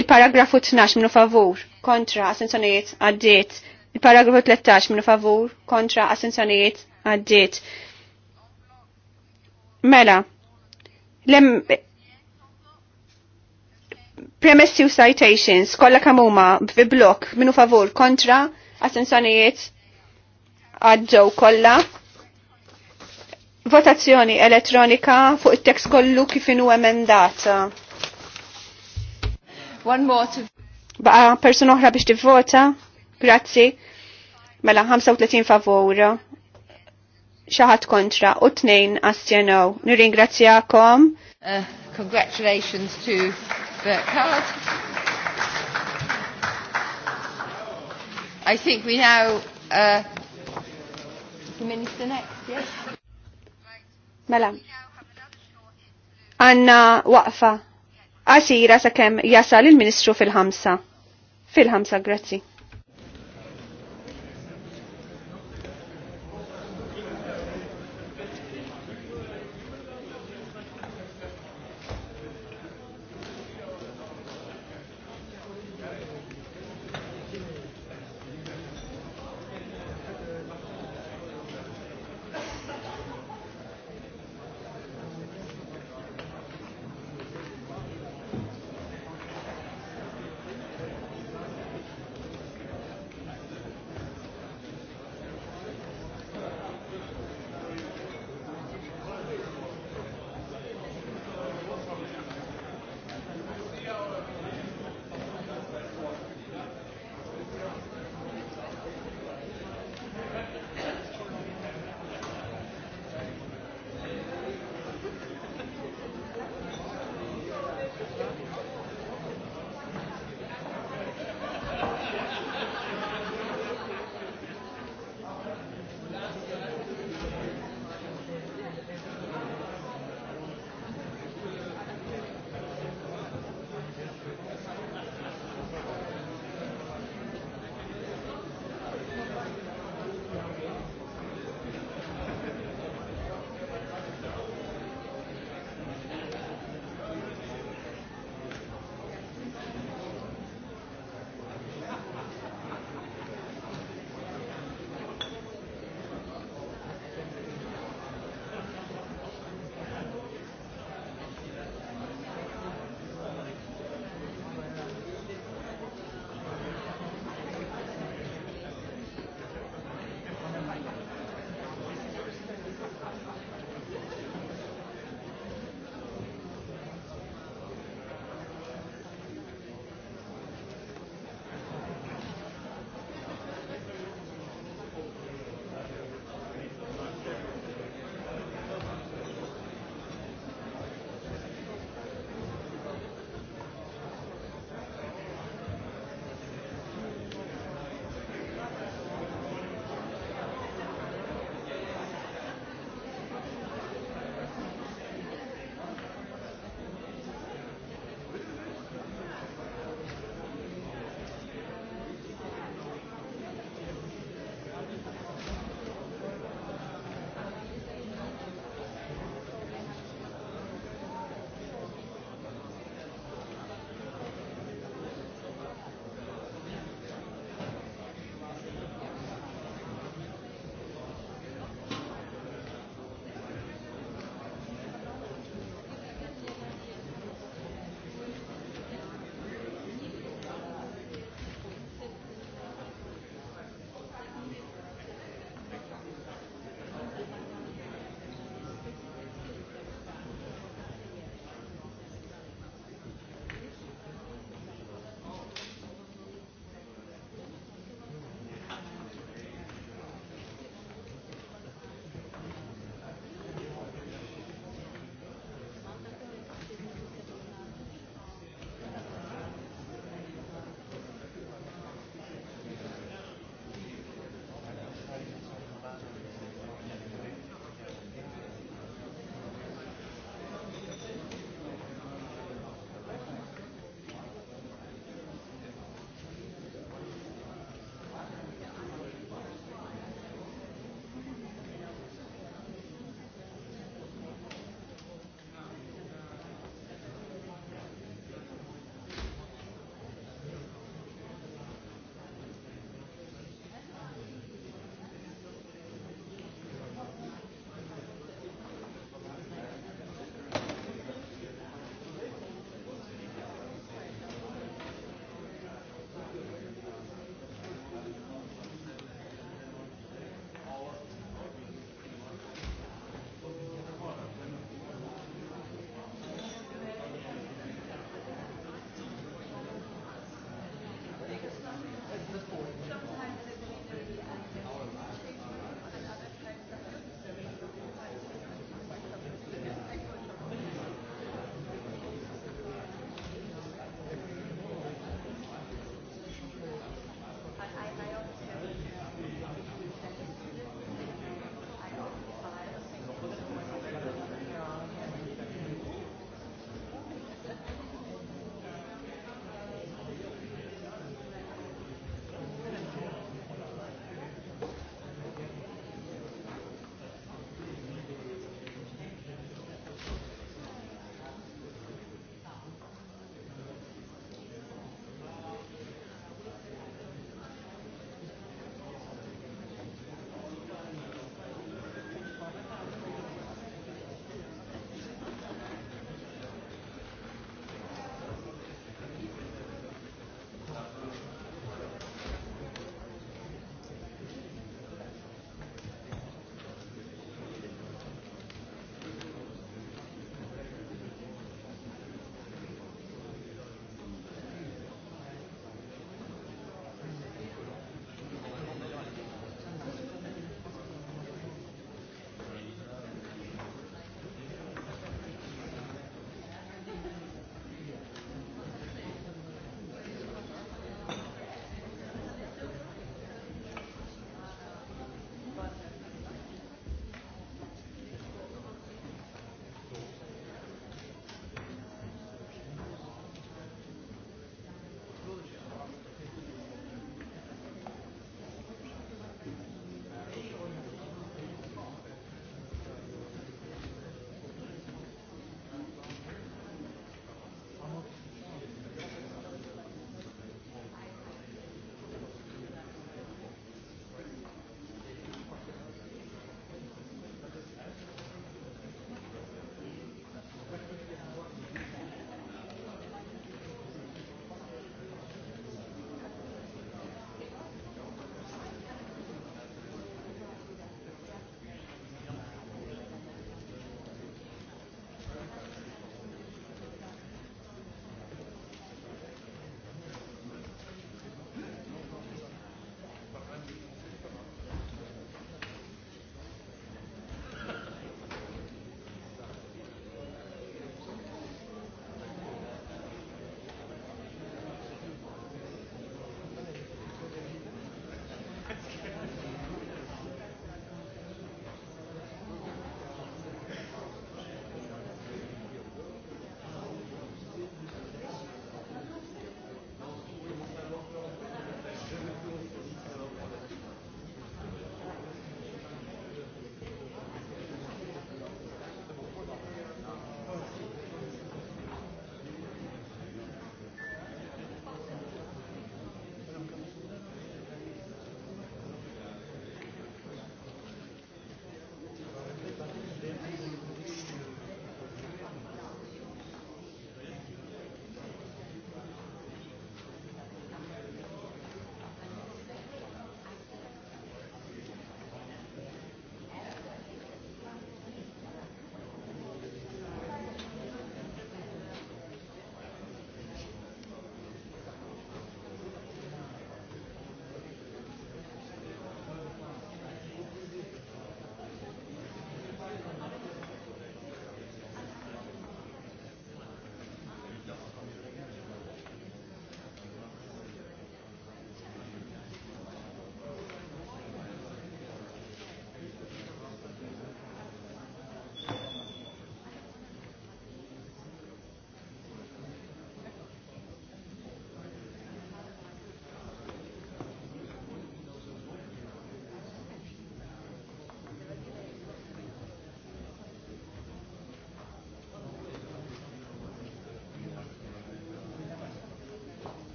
Speaker 2: Il-paragrafu 12 minnu favur, kontra astensjonijiet għaddiet. Il-paragrafu 13 minnu favur, kontra astensjonijiet għaddiet. Mela, Premessi u citations, kolla kamuma, fi blok, minu favur, kontra, assenzjonijiet għadġew kolla. Votazzjoni elettronika fuq it-tekst kollu kif inhu emendat. One more to... Baqa person oħra biex tivvota. Grazzi. Mela 35 favur. Xaħat kontra u tnejn astjenaw. Nirringrazzjakom. Uh, congratulations to Burkhardt. I think we now... Uh, the minister next, yes? Mela. Għanna waqfa. Għasira sa' kem jasal il-ministru fil-ħamsa. Fil-ħamsa, grazie.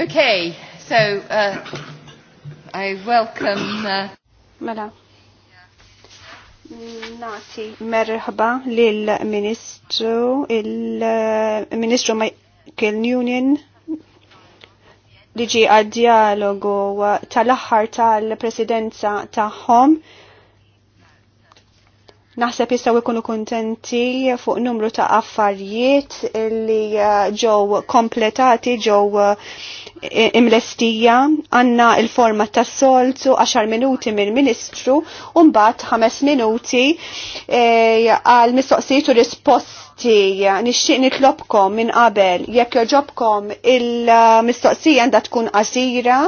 Speaker 1: Okay, so uh,
Speaker 2: I welcome. Uh... Mela. Nati merħba lill-Ministru, il-Ministru uh, Michael Union li ġi għad-dialogu tal-axħar tal-presidenza tagħhom. Naħseb jistgħu jkunu kuntenti fuq numru ta' affarijiet li uh, ġew kompletati ġew uh, imlestija għanna il-forma tas solzu 10 minuti minn ministru un bat 5 minuti eh, għal mistoqsijiet u risposti Kollegi, eh, nixtieq nitlobkom minn qabel jekk joġobkom il-mistoqsija għandha tkun qasira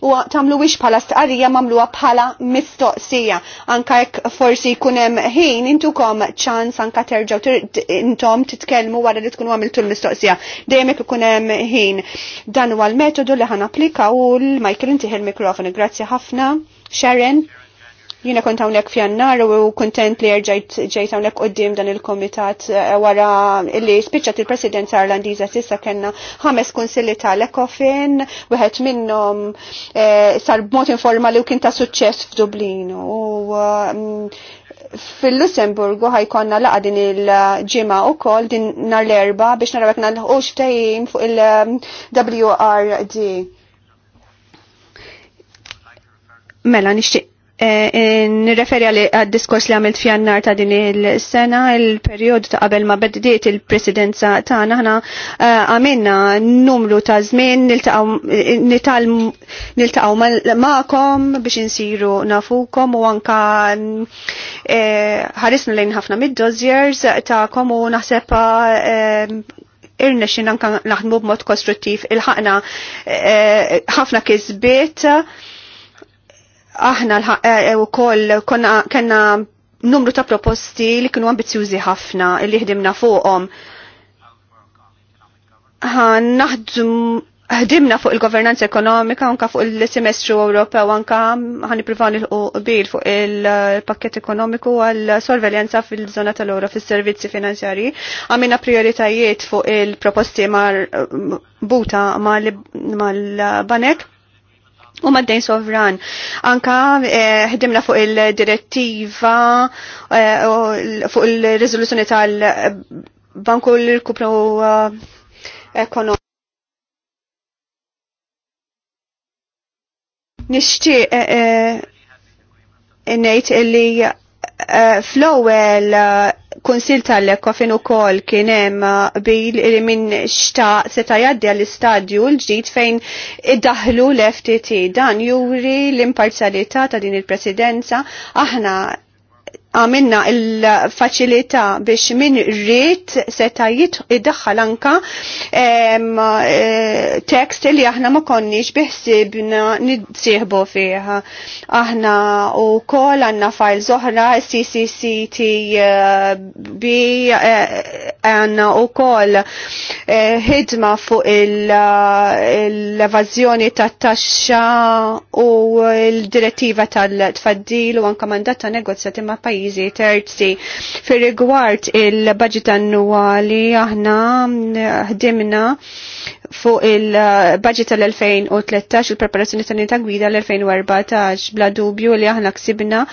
Speaker 2: u tagħmlu wix bħala stqarrija mamluha bħala mistoqsija. Anka jekk forsi jkun hemm ħin intukom ċans anka terġgħu intom titkellmu wara li tkunu għamiltu l-mistoqsija. Dejjem jekk ikun hemm ħin. Dan huwa l-metodu li ħanaplika u l-Michael intiħi il mikrofon Grazzi ħafna. Sharon. Jina kont hawnhekk f'jannar u kuntent li rġajt ġejt hawnhekk qudiem dan il-komitat eh, wara li spiċċat il-Presidenza Irlandiża sissa kellna ħames kunsilli tal-Ekofin, wieħed minnhom eh, sar b'mod informali u kien ta' suċċess f'Dublinu U mm, fil-Lussemburgu ħajkonna laqa din il-ġimma u kol din nar l-erba biex naraw jekk nalħu xtejjim fuq il-WRD. Mela, nixtieq Eh, eh, nirreferi għal diskors li għamilt fjannar ta' din il-sena, il-period ta' qabel ma' beddiet il-presidenza ta' naħna eh, għamilna numru ta' zmin niltaqaw ma'kom biex insiru nafukom u anka ħarisnu lejn ħafna mid-dozjers ta' komu naħseb irna xin anka naħdmu b'mod kostruttiv il-ħakna ħafna kizbiet aħna eh, eh, u koll kena numru ta' proposti li kienu ambizjużi ħafna li ħdimna fuqhom. Ħan ħdimna fuq il-governanza ekonomika, anka fuq il-semestru Ewropew, anka ħani privan il-qbil fuq il-pakket ekonomiku għal-sorveljanza fil-zona tal-Euro fil-servizzi finanzjari. Għamina prioritajiet fuq il-proposti mar buta mal-banek. U maddejn sovran. Anka eh, ħdimna fuq il-direttiva, eh, fuq il-rizoluzjoni tal-Banku l-Kupru eh, Ekonomiku. Nishtiq nejt ngħid illi Eh, fl-ewwel eh, kunsil tal-ekofin ukoll kien hemm eh, bil li minn xta seta jgħaddi għall-istadju l-ġdid fejn iddaħlu l-FTT. Dan juri l-imparzjalità ta' din il-presidenza aħna għamilna il facilita biex min rrit seta jiddaħħal anka eh, tekst li aħna ma konniex biħsibna nidsieħbu fih. Aħna u kol għanna fajl zoħra CCCTB eh, għanna u kol eh, ħidma fuq l-evazjoni tat taxxa u l-direttiva tal-tfaddil u anka mandata negozjati ma' pajjiż pajizi terzi. Fir-rigward il-budget annwali aħna ħdimna fuq il-budget tal-2013 il-preparazzjoni tal ta' gwida l-2014 bla dubju li aħna ksibna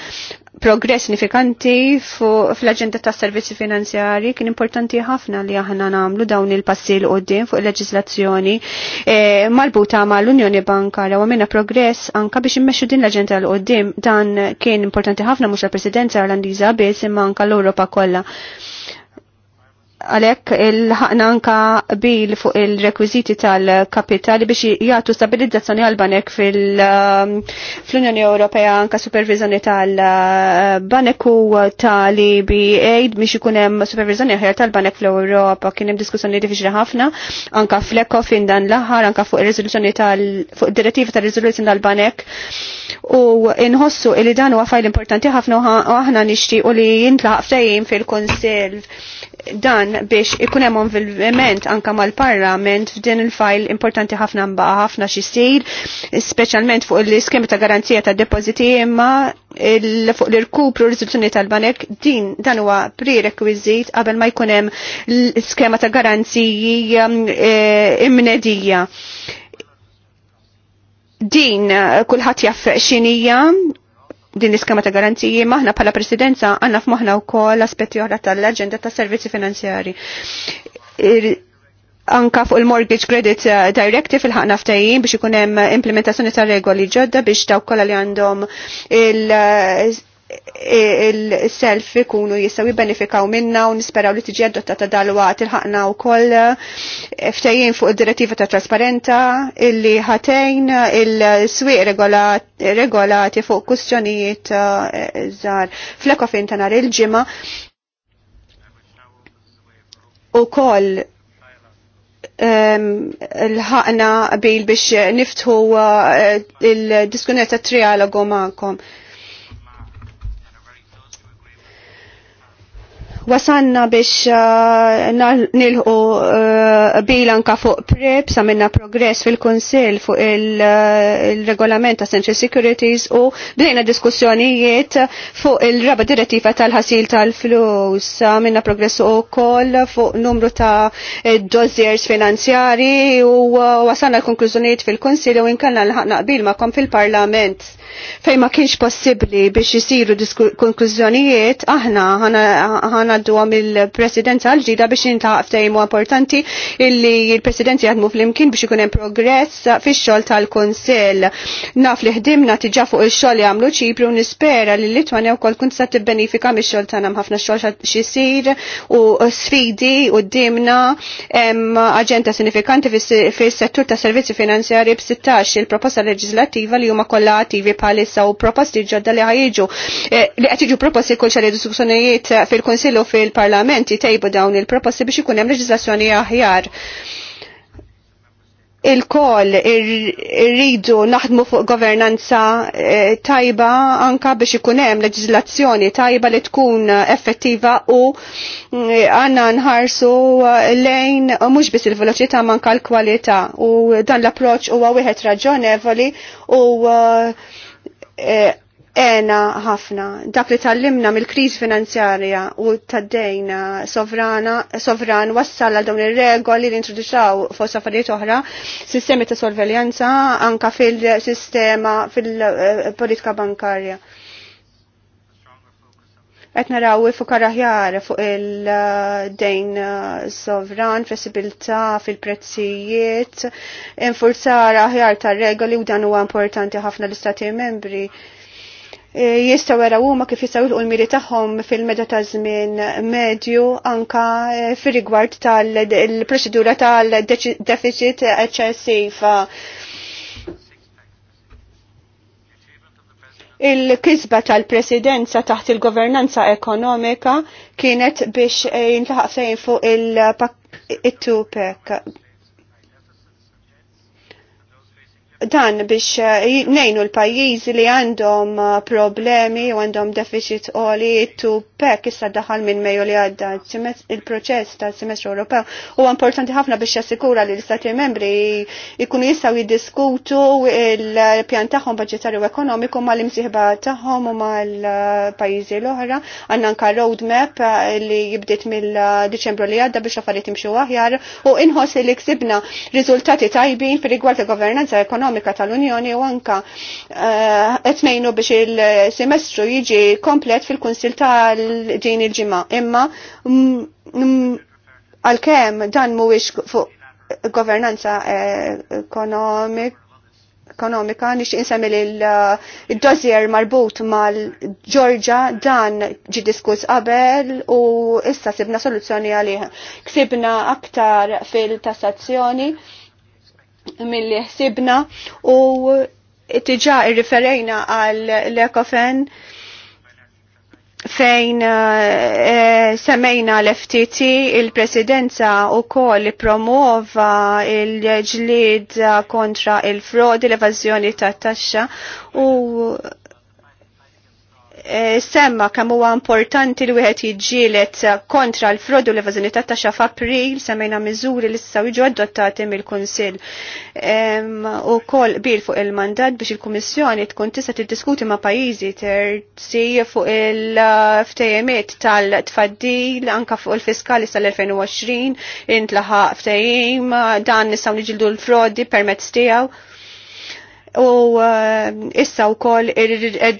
Speaker 2: progress signifikanti fl-agenda ta' servizzi finanzjari kien importanti ħafna li aħna namlu dawn il-passi l qoddim fuq il-leġislazzjoni e, eh, malbuta ma' l-Unjoni Bankara u għamina progress anka biex immexxu din l-agenda l qoddim dan kien importanti ħafna mhux la presidenza Irlandiża biss imma anka l-Ewropa kollha għalek il-ħakna bil fuq il-rekwiziti tal-kapitali biex jgħatu stabilizzazzjoni għal-banek fil-Unjoni um, Ewropea anka supervizjoni tal-banek u tali bi aid biex hemm supervizjoni ħjar tal-banek fl-Europa kien hemm diskussjoni diffiċli ħafna anka fl fin dan l-aħħar anka fuq ir-riżoluzzjoni tal fuq id-direttiva tal-riżoluzzjoni tal-banek u inħossu li dan huwa fajl importanti ħafna u aħna nixtiequ li jintlaħaq fil-Konsilv dan biex ikun hemm involviment anka mal-Parlament f'din il-fajl importanti ħafna mbaqa ħafna xistir, speċjalment fuq l-iskemi ta' garanzija ta' depoziti imma fuq l-irkupru rizultuni tal-banek din dan huwa prerequisit qabel ma jkun hemm l-iskema ta' garanziji um, e, imnedija. Din kulħadd jaff xinija din l-iskema ta' garanziji maħna pala presidenza għanna f'maħna u koll aspetti oħra tal-agenda ta' servizzi finanzjari. Anka fuq il-Mortgage Credit eh, Directive il-ħakna ftajin biex ikun hemm implementazzjoni ta' regoli ġodda biex dawk kollha li għandhom il- il-self ikunu jistaw jibbenefikaw minna u nisperaw li tiġi adottata dal-waqt tilħakna u koll eh, ftajjien fuq il-direttiva ta' trasparenta illi ħatejn il-swiq regolati fuq kustjonijiet zar eh, flekofin ta' nar il-ġima u koll eh, l-ħakna bil biex niftħu il diskunetta trialogu ma'kom. Wasanna biex uh, nilħu uh, bilanka fuq PREP, samenna progress fil-Konsil fuq uh, il-regolament ta' Central Securities u bdejna diskussjonijiet fuq il-raba direttiva tal-ħasil tal-flus, samenna progress u koll fuq numru ta' dossiers finanzjari u wasanna l-konklużjonijiet fil-Konsil u inkanna l-ħakna qbil ma' kom fil-Parlament Fej ma kienx possibli biex jisiru konklużjonijiet, aħna ħana d il mill-presidenza għal-ġida biex jintaqf tejmu importanti illi il-presidenzi jgħadmu fl-imkien biex ikun hemm progress fix-xogħol tal-Kunsell. Naf li ħdimna tiġa fuq il-xogħol li ċipru nispera li Litwanja wkoll kun sa tibbenifika mix-xogħol tagħna ħafna xogħol xisir u sfidi u d-dimna aġenda sinifikanti fis-settur ta' servizzi finanzjari b-16 il-proposta leġislattiva li huma kollha attivi palissa u proposti ġodda li ħajġu eh, li qed jiġu proposti kull xar diskussjonijiet eh, fil konsillu u fil-Parlament jtejbu dawn il-proposti biex ikun hemm leġislazzjoni aħjar il-kol irridu naħdmu fuq governanza eh, tajba anka biex ikun hemm leġiżlazzjoni tajba li tkun effettiva u għanna nħarsu lejn mhux biss il-veloċità manka l-kwalità u dan l-approċċ huwa wieħed raġonevoli u uh, Eh, ena ħafna. Dak li tallimna mill-kriż finanzjarja u tad-dejn sovrana, sovran wassal għal dawn ir-regoli li introduċaw fost affarijiet oħra, sistemi ta' sorveljanza anka fil-sistema fil-politika eh, bankarja qed naraw fuq aħjar fuq il-dejn uh, sovran, flessibilità fil-prezzijiet, infurzar aħjar tar-regoli u dan huwa importanti ħafna l-istati membri e, jistaw era huma kif jistaw ilqu l-miri tagħhom fil-meda ta' żmien medju anka e, fir-rigward tal-proċedura tal-deficit eċċessiv Il-kisba tal-presidenza taħt il-governanza ekonomika kienet biex jintlaħaq sejn fuq il-tupek dan biex eh, nejnu l-pajjiżi li għandhom eh, problemi u għandhom deficit oli tu pek issa daħal minn Mejju li għadda il-proċess ta' semestru Ewropew u importanti ħafna biex jassikura li l-istati membri jkunu jistaw jiddiskutu il-pjan tagħhom budgetarju ekonomiku mal imsiħba tagħhom u mal-pajjiżi l-oħra għandna anka roadmap eh, li jibdiet mill-Diċembru li għadda biex affarijiet imxu aħjar u inħoss li ksibna riżultati tajbin fir-rigward il-governanza ekonomika Ekonomika tal-Unjoni u anka qed eh, biex il-semestru jiġi komplet fil-Kunsil tal-din il-ġimgħa. Imma mm, mm, għalkemm dan mhuwiex fuq governanza eh, ekonomika ekonomika nixtieq insemmi il-dossier eh, marbut mal-Ġorġa dan ġi diskuss qabel u issa sibna soluzzjoni għalih. Ksibna aktar fil-tassazzjoni mill-li ħsibna u tiġa irriferejna għal l-Ekofen fejn e, semmejna l-FTT il-presidenza u koll promuva il-ġlid kontra il-frodi, l-evazjoni ta' taxxa u E, semma kemm huwa importanti li wieħed jiġġielet kontra l-frodu l evażjoni ta' taxxa f'April semmejna miżuri li issa jiġu adottati mill-Kunsill. U bil fuq il-mandat biex il-Kummissjoni tkun tista' tiddiskuti ma' pajjiżi terzi fuq il-ftejemiet tal-tfaddil anka fuq il-fiskali sal-2020 intlaħaq ftejim dan nistgħu niġildu l-frodi permezz tiegħu u eh, issa u koll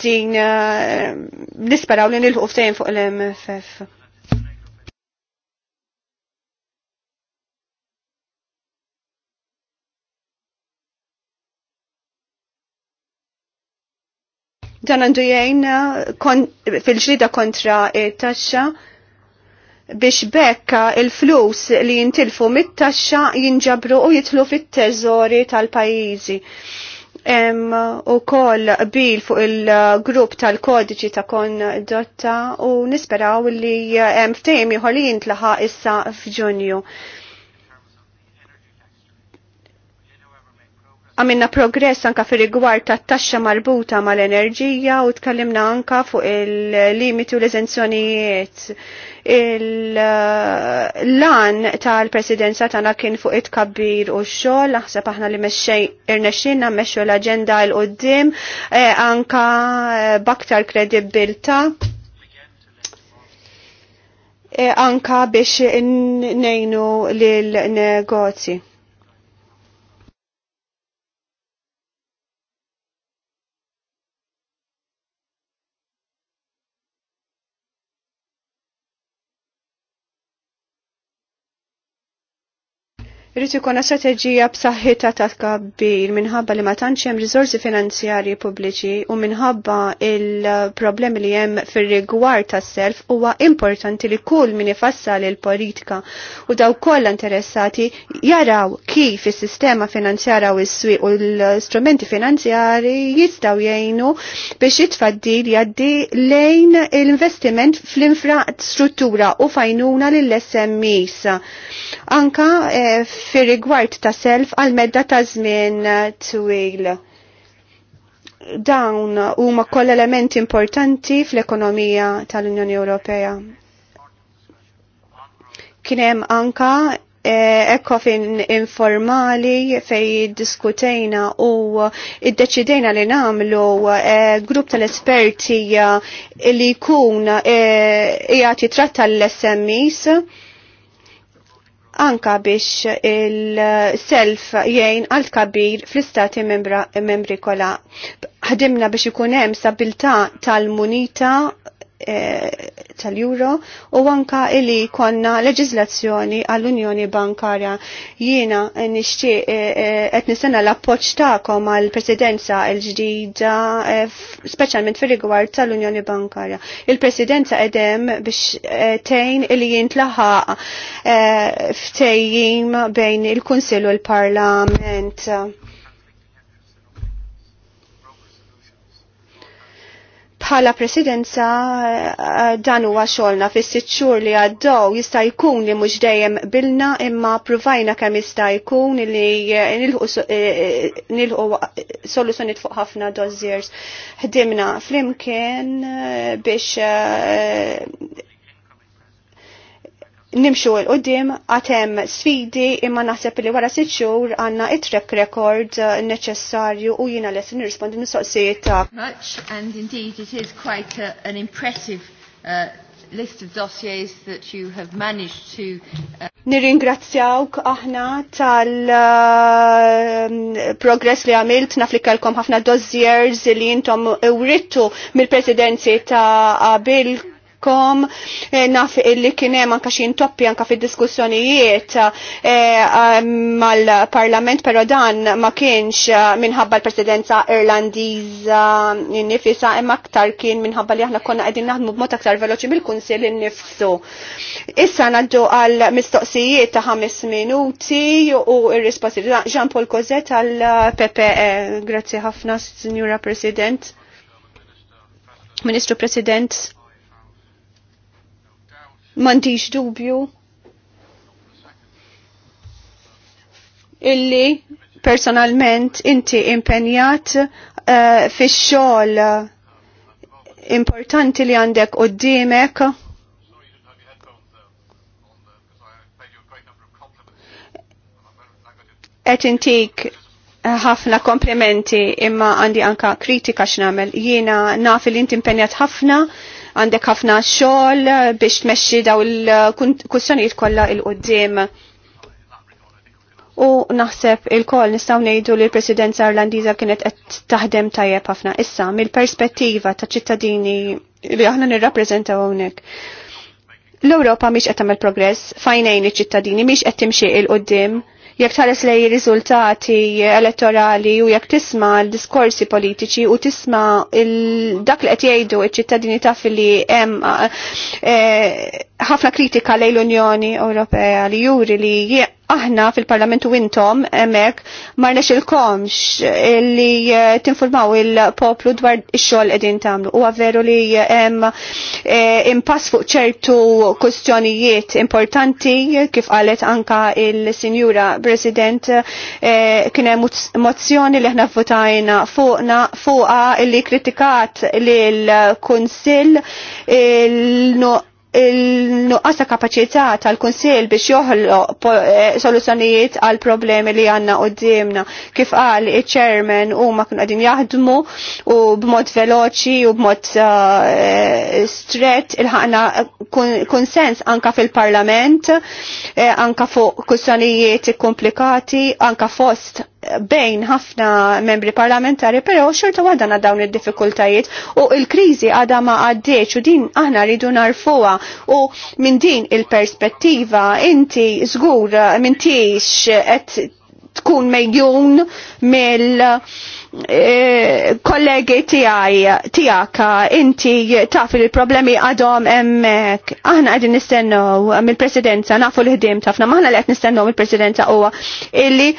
Speaker 2: din eh, nisperaw li nilħu ftejn fuq l-MFF. Dan għandu jgħin eh, fil-ġlida kontra il taxxa biex bekka il-flus li jintilfu mit-taxxa jinġabru u jitlu fit-teżori tal-pajjiżi. Em, u koll bil fuq il-grupp tal-kodiċi ta' kon dotta u nisperaw li ftejm jħor li jintlaħa issa f'ġunju. Għamilna progress anka fir rigward ta' taxxa marbuta mal-enerġija u tkellimna anka fuq il-limiti u l-eżenzjonijiet. Il-lan tal-presidenza tagħna kien fuq it-kabbir u x-xogħol, naħseb aħna li meċċej irnexxinna meċċu l-aġenda l qudiem eh, anka eh, baktar kredibilta eh, anka biex nejnu l negozji Irrid ikun strateġija b'saħħitha ta' tkabbir minħabba li ma tantx hemm riżorsi finanzjarji pubbliċi u minħabba il-problemi li hemm fir-rigward tas-self huwa importanti li kull min ifassal il-politika u daw kollha interessati jaraw kif is-sistema finanzjarja u s-swieq u l-strumenti finanzjarji jistgħu jgħinu biex it jgħaddi lejn l-investiment fl-infrastruttura u fajnuna lill-SMEs. Anka eh, fir rigward ta' self għal medda ta' żmien eh, twil. Dawn huma koll elementi importanti fl-ekonomija tal-Unjoni Ewropea. Kien hemm anka ekofin eh, informali fej diskutejna u id-deċidejna li namlu eh, grupp tal-esperti li kun jgħati tratta l-SMIs anka biex il-self jgħin għal kabir fl-istati membri kola. ħdimna biex ikun hemm tal-munita Eh, tal-Euro u anka illi konna leġizlazzjoni għall-Unjoni Bankarja. Jiena nixtieq eh, eh, qed nistenna l-appoġġ tagħkom għall-Presidenza l-ġdida, speċjalment fir-rigward tal-Unjoni Bankarja. Il-Presidenza qedem biex tgħin illi jintlaħaq ftejjim bejn il-Kunsill u l-Parlament. bħala presidenza eh, dan huwa xogħolna fis-sitt xhur li għaddew jista' jkun li mhux dejjem bilna imma pruvajna kemm jista' jkun li eh, eh, nilħu soluzzjonijiet fuq ħafna dossiers ħdimna flimkien biex nimxu l-qoddim għatem sfidi imma naħseb li wara sitt xhur għandna it-track record uh, neċessarju u jiena les nirrispondi mistoqsijiet ta' much and indeed it is quite a, an impressive uh,
Speaker 3: list of dossiers that you have managed to
Speaker 2: uh... Nirringrazzjawk aħna tal-progress uh, li għamilt, naflikalkom ħafna dossiers li jintom urittu mill-presidenzi ta' qabilk tagħkom. Eh, naf illi kien hemm anke xi intoppi anke fid-diskussjonijiet eh, mal-Parlament, però dan ma kienx eh, minħabba l-Presidenza Irlandiża nifisa imma aktar kien minħabba li aħna konna qegħdin naħdmu b'mod aktar veloċi mill-Kunsill innifsu. Issa ngħaddu għal mistoqsijiet ta' ħames minuti u ir-risposti Jean-Paul Cosette għal PPE. Grazzi ħafna, Signora President. Ministru President, M'għandix dubju illi personalment inti impenjat uh, eh, fi xol importanti li għandek u d-dimek. Et intik ħafna komplimenti imma għandi anka kritika x'namel. Jena naf li inti impenjat ħafna Uh, għandek ħafna xogħol biex tmexxi daw il-kussjonijiet kollha il-qudiem. U naħseb il-koll nistgħu ngħidu li l-Presidenza Irlandiża kienet qed taħdem tajjeb ħafna issa mill-perspettiva ta' ċittadini li aħna nirrappreżentaw hawnhekk. L-Ewropa mhix qed tagħmel progress, fajnejn iċ-ċittadini mhix qed timxi il-qudiem. il qudiem jekk tħares lej riżultati elettorali u jekk tisma' l-diskorsi politiċi u tisma' dak li qed jgħidu ċ-ċittadini taf li hemm eh, ħafna kritika lej l-Unjoni Ewropea li juri li aħna fil-Parlamentu intom emek marnex il-komx eh, li eh, tinformaw il-poplu dwar ix-xogħol qegħdin tagħmlu. Huwa veru li eh, hemm impass fuq ċertu kustjonijiet importanti kif qalet anka il-Sinjura President kien hemm mozzjoni li ħna votajna fuqna fuqha li kritikat l kunsill il il-nuqqas ta' kapaċità tal kunsil biex joħloq eh, soluzzjonijiet għal problemi li għandna dimna Kif qal ċermen u huma kun qegħdin jaħdmu u b'mod veloċi u b'mod eh, stret il-ħana konsens anka fil-Parlament, eh, anka fuq kussjonijiet komplikati, anka fost bejn ħafna membri parlamentari, pero xorta għadana dawn il-difikultajiet u il-krizi għadama ma għaddeċ u din aħna rridu narfuwa u minn din il-perspettiva inti żgur m'intix qed tkun mejjun mill eh, kollegi tijaj, tijaka, inti taf il-problemi għadhom emmek. Aħna għadin nistennu mill-presidenza, nafu l-ħdim tafna, maħna li għed nistennu mill-presidenza u illi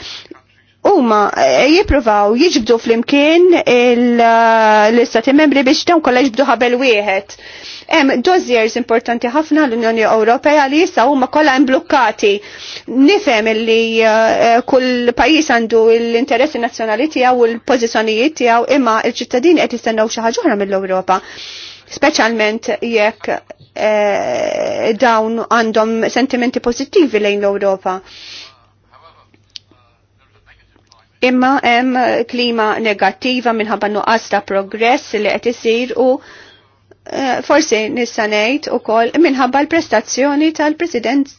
Speaker 2: huma eh, jippruvaw jiġbdu flimkien eh, l-istati membri biex dawn kolla jiġbdu ħabel wieħed. Hemm dossiers importanti ħafna l-Unjoni Ewropea li issa huma kollha mblukkati. Nifhem li eh, kull pajjiż għandu l-interessi nazzjonali tiegħu u l-pożizzjonijiet tiegħu imma l-ċittadini qed jistennaw xi ħaġa mill-Ewropa. Speċjalment jekk dawn għandhom sentimenti pożittivi lejn l-Ewropa. Imma hemm klima negattiva minħabba nuqqas ta' progress li qed isir u eh, forsi nista' ngħid ukoll minħabba l-prestazzjoni tal-President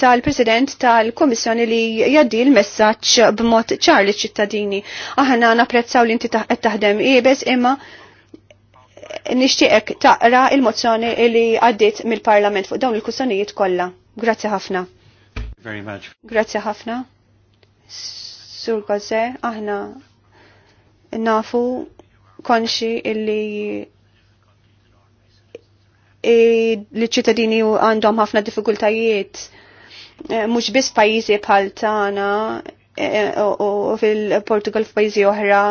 Speaker 2: tal-President tal-Kummissjoni li jaddi l-messaġġ b'mod ċar liċ ċittadini. Aħna napprezzaw li inti qed taħdem qiebes imma nixtieqek taqra il-mozzjoni li għaddiet mill-Parlament fuq dawn il-kustonijiet kollha. Grazzi ħafna. Very much. Grazzi ħafna. Sur Gose, aħna nafu konxi illi li ċittadini għandhom ħafna diffikultajiet eh, mhux biss pajjiżi bħal tagħna eh, u fil-Portugal f'pajjiżi oħra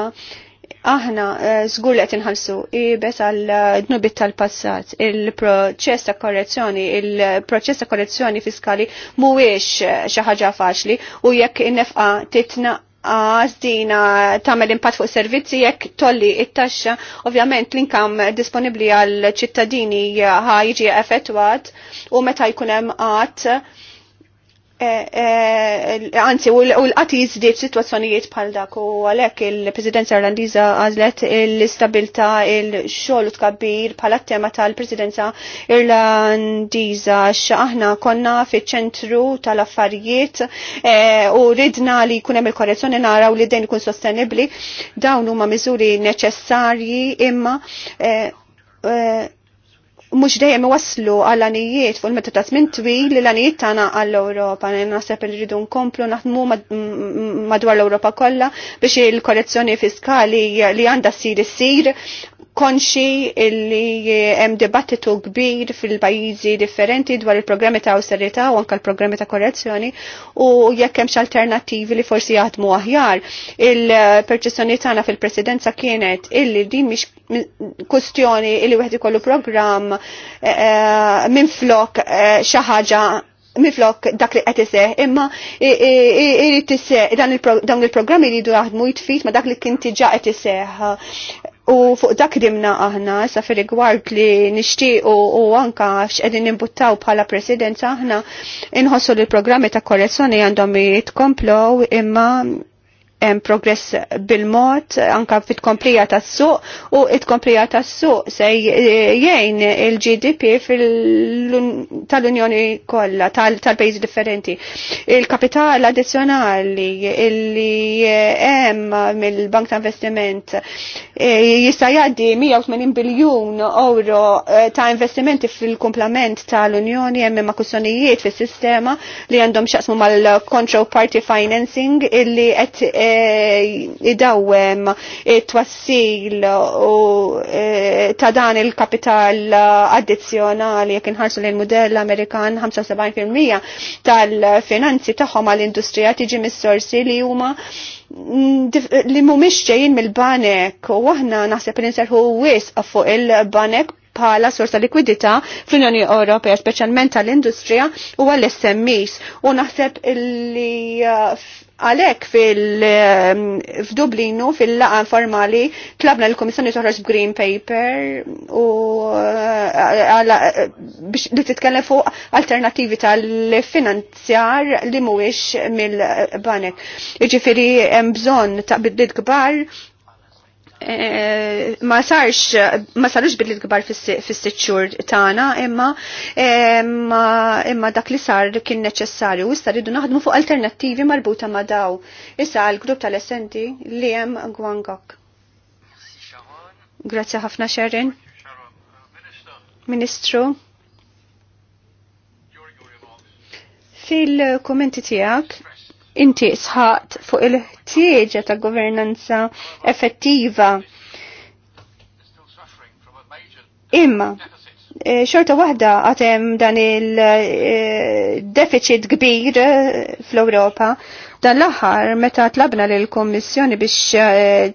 Speaker 2: aħna eh, żgur li qed inħallsu ibes għal dnubit tal-passat, il-proċess ta' korrezzjoni, il-proċess ta' korrezzjoni fiskali mhuwiex xi ħaġa faċli u jekk innefqa' titnaq titna inqas dina tagħmel impatt fuq servizzi jekk tolli it-taxxa, ovvjament l-inkam disponibbli għal ċittadini ħa jiġi effettwat u meta jkun hemm qatt Eh, eh, anzi, u l-qati jizdiet situazzjonijiet bħal dak u għalek il-Presidenza Irlandiża għazlet l-istabilta il-xogħol tkabbir bħala tema tal-Presidenza Irlandiża x'aħna konna fiċ-ċentru tal-affarijiet eh, u ridna li jkun hemm il-korrezzjoni naraw li dejn ikun sostenibbli dawn huma miżuri neċessarji imma mux dejjem waslu għall-anijiet fuq il-meta ta' tmin twil li l-anijiet tagħna għall-Ewropa. Naħseb li rridu nkomplu naħdmu madwar l-Ewropa kollha biex il-korrezzjoni fiskali li għandha ssir issir konxi li hemm dibattitu kbir fil-pajjiżi differenti dwar il-programmi ta' awsterità u anke l-programmi ta' korrezzjoni u jekk hemmx alternattivi li forsi jaħdmu aħjar. Il-perċessjoni tagħna fil-presidenza kienet illi din mhix kustjoni li wieħed ikollu programm eh, eh, minn flok eh, xi ħaġa minn flok dak li qed iseħ, imma irid iseħ dawn il-programmi li jridu jaħdmu jitfit ma dak li kien diġà qed iseħ. U fuq dak dimna aħna, sa fi rigward li nishtiqu u anka x'edin nimbuttaw bħala presidenza aħna inħossu li l-programmi ta' korrezzjoni għandhom jitkomplow imma hemm progress bil-mod anka fit-komplija tas-suq u it-komplija tas-suq se jgħin il-GDP tal-Unjoni kollha tal-pajjiżi differenti. Il-kapital addizzjonali illi hemm mill-Bank ta' Investiment e, jista' jgħaddi 180 biljun euro e, ta' investimenti fil-kumplament tal-Unjoni hemm ma' kussjonijiet fis-sistema li għandhom x'aqsmu mal-control party financing illi qed e, Eh, idawem it-twassil u eh, ta' dan il-kapital addizzjonali jekk inħarsu lejn mudell Amerikan 75% tal-finanzi tagħhom għall-industrija tiġi mis-sorsi li huma mm, li mhumiex ġejjin mill-banek u aħna naħseb li nserħu wisq fuq il-banek bħala sorsa likwidità fl-Unjoni Ewropea, speċjalment tal-industrija u għall-SMEs. U naħseb li eh, Għalek fil-Dublinu ehm, fil-laqa formali tlabna l-Komissjoni toħraġ Green Paper u eh, eh, biex li titkellem fuq alternativi tal-finanzjar li mhuwiex mill-banek. Jiġifieri hemm bżonn ta' bidliet kbar Eh, ma sarx ma sarux bidli kbar fis-sitt xhur tagħna imma eh, imma dak li sar kien neċessarju u issa rridu naħdmu fuq alternattivi marbuta ma' daw. Issa l-grupp tal-essenti li hemm Gwangok. Grazie ħafna Sharon. Ministru. Fil-kommenti tiegħek Inti sħat fuq il-ħtieġa ta' governanza effettiva. Imma, e, xorta wahda għatem dan il-deficit e, kbir e, fl-Europa, dan l-aħħar meta tlabna l kommissjoni biex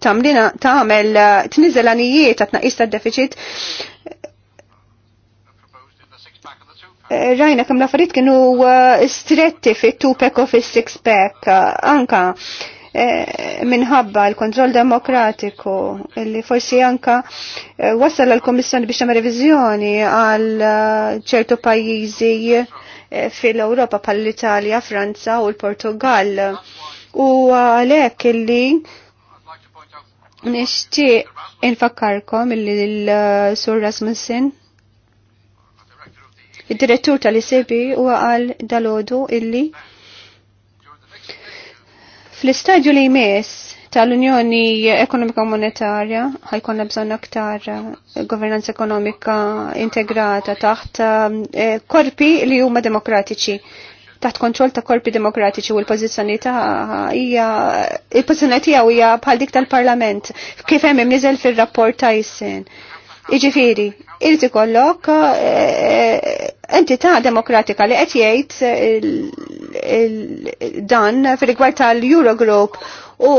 Speaker 2: tamlina tamel tniżelanijiet ta' għatna ta' deficit rajna kemm l-affarijiet kienu eh, stretti fit two pack u fis six pack anka eh, minħabba l-kontroll demokratiku illi forsi anka eh, wassal l-Komissjoni biex tagħmel reviżjoni għal ċertu pajjiżi fil-Ewropa pal l-Italja, Franza u l-Portugal. U għalhekk illi nixtieq infakkarkom illi l-Sur Rasmussen Id-direttur tal-ICB u għal dalodu illi fl-istadju li jmess tal-Unjoni Ekonomika Monetarja ħajkonna bżonn aktar eh, governanza ekonomika integrata taħt eh, korpi li huma demokratiċi taħt kontroll ta' korpi demokratiċi u l-pożizzjoni ta' hija il-pożizzjoni tiegħu hija bħal dik tal-Parlament kif hemm imniżel fir-rapport ta' jissen. Iġifiri, irti ikollok eh, entità demokratika li qed jgħid eh, dan fil rigward tal-Eurogroup u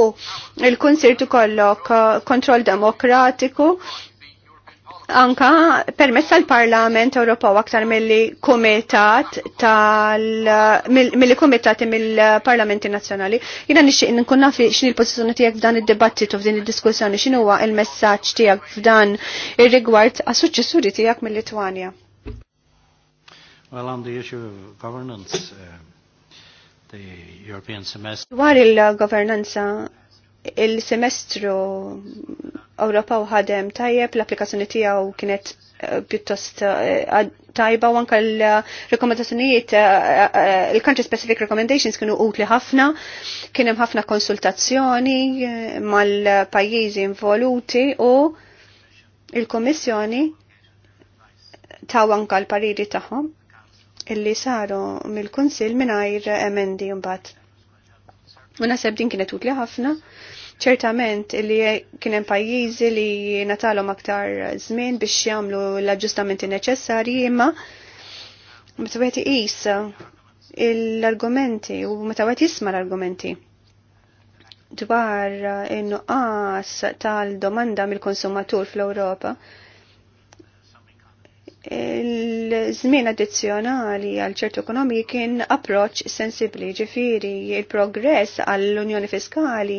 Speaker 2: l-kunsir kollok eh, kontroll demokratiku anka permess tal-Parlament Ewropew aktar mill-li komitat tal mill-li kumitati mill-Parlamenti Nazzjonali. Jiena nixtieq nkun naf x'in l-pożizzjoni tiegħek f'dan id-dibattitu f'din id-diskussjoni x'in huwa l-messaġġ tiegħek f'dan ir-rigward għas-suċċessuri tiegħek mill-Litwanja.
Speaker 3: Well, on the issue of governance, uh, the European semester.
Speaker 2: Dwar il-governanza il-semestru Ewropa u ħadem tajjeb, l-applikazzjoni tiegħu kienet eh, pjuttost eh, tajba u anka l-rekomendazzjonijiet, eh, il-country specific recommendations kienu utli ħafna, kien hemm ħafna konsultazzjoni mal-pajjiżi involuti u il-Kommissjoni taw anka l-pariri tagħhom illi saru mill-Kunsill mingħajr emendi mbagħad. U naseb din kienet utli ħafna ċertament li kien hemm pajjiżi li natalhom aktar żmien biex jagħmlu l-aġġustamenti neċessari imma meta wieħed l-argumenti u meta wieħed jisma' l-argumenti dwar in-nuqqas tal-domanda mill-konsumatur fl-Ewropa il-żmien addizzjonali għal ċertu ekonomi kien approċ sensibli ġifiri il-progress għall-Unjoni Fiskali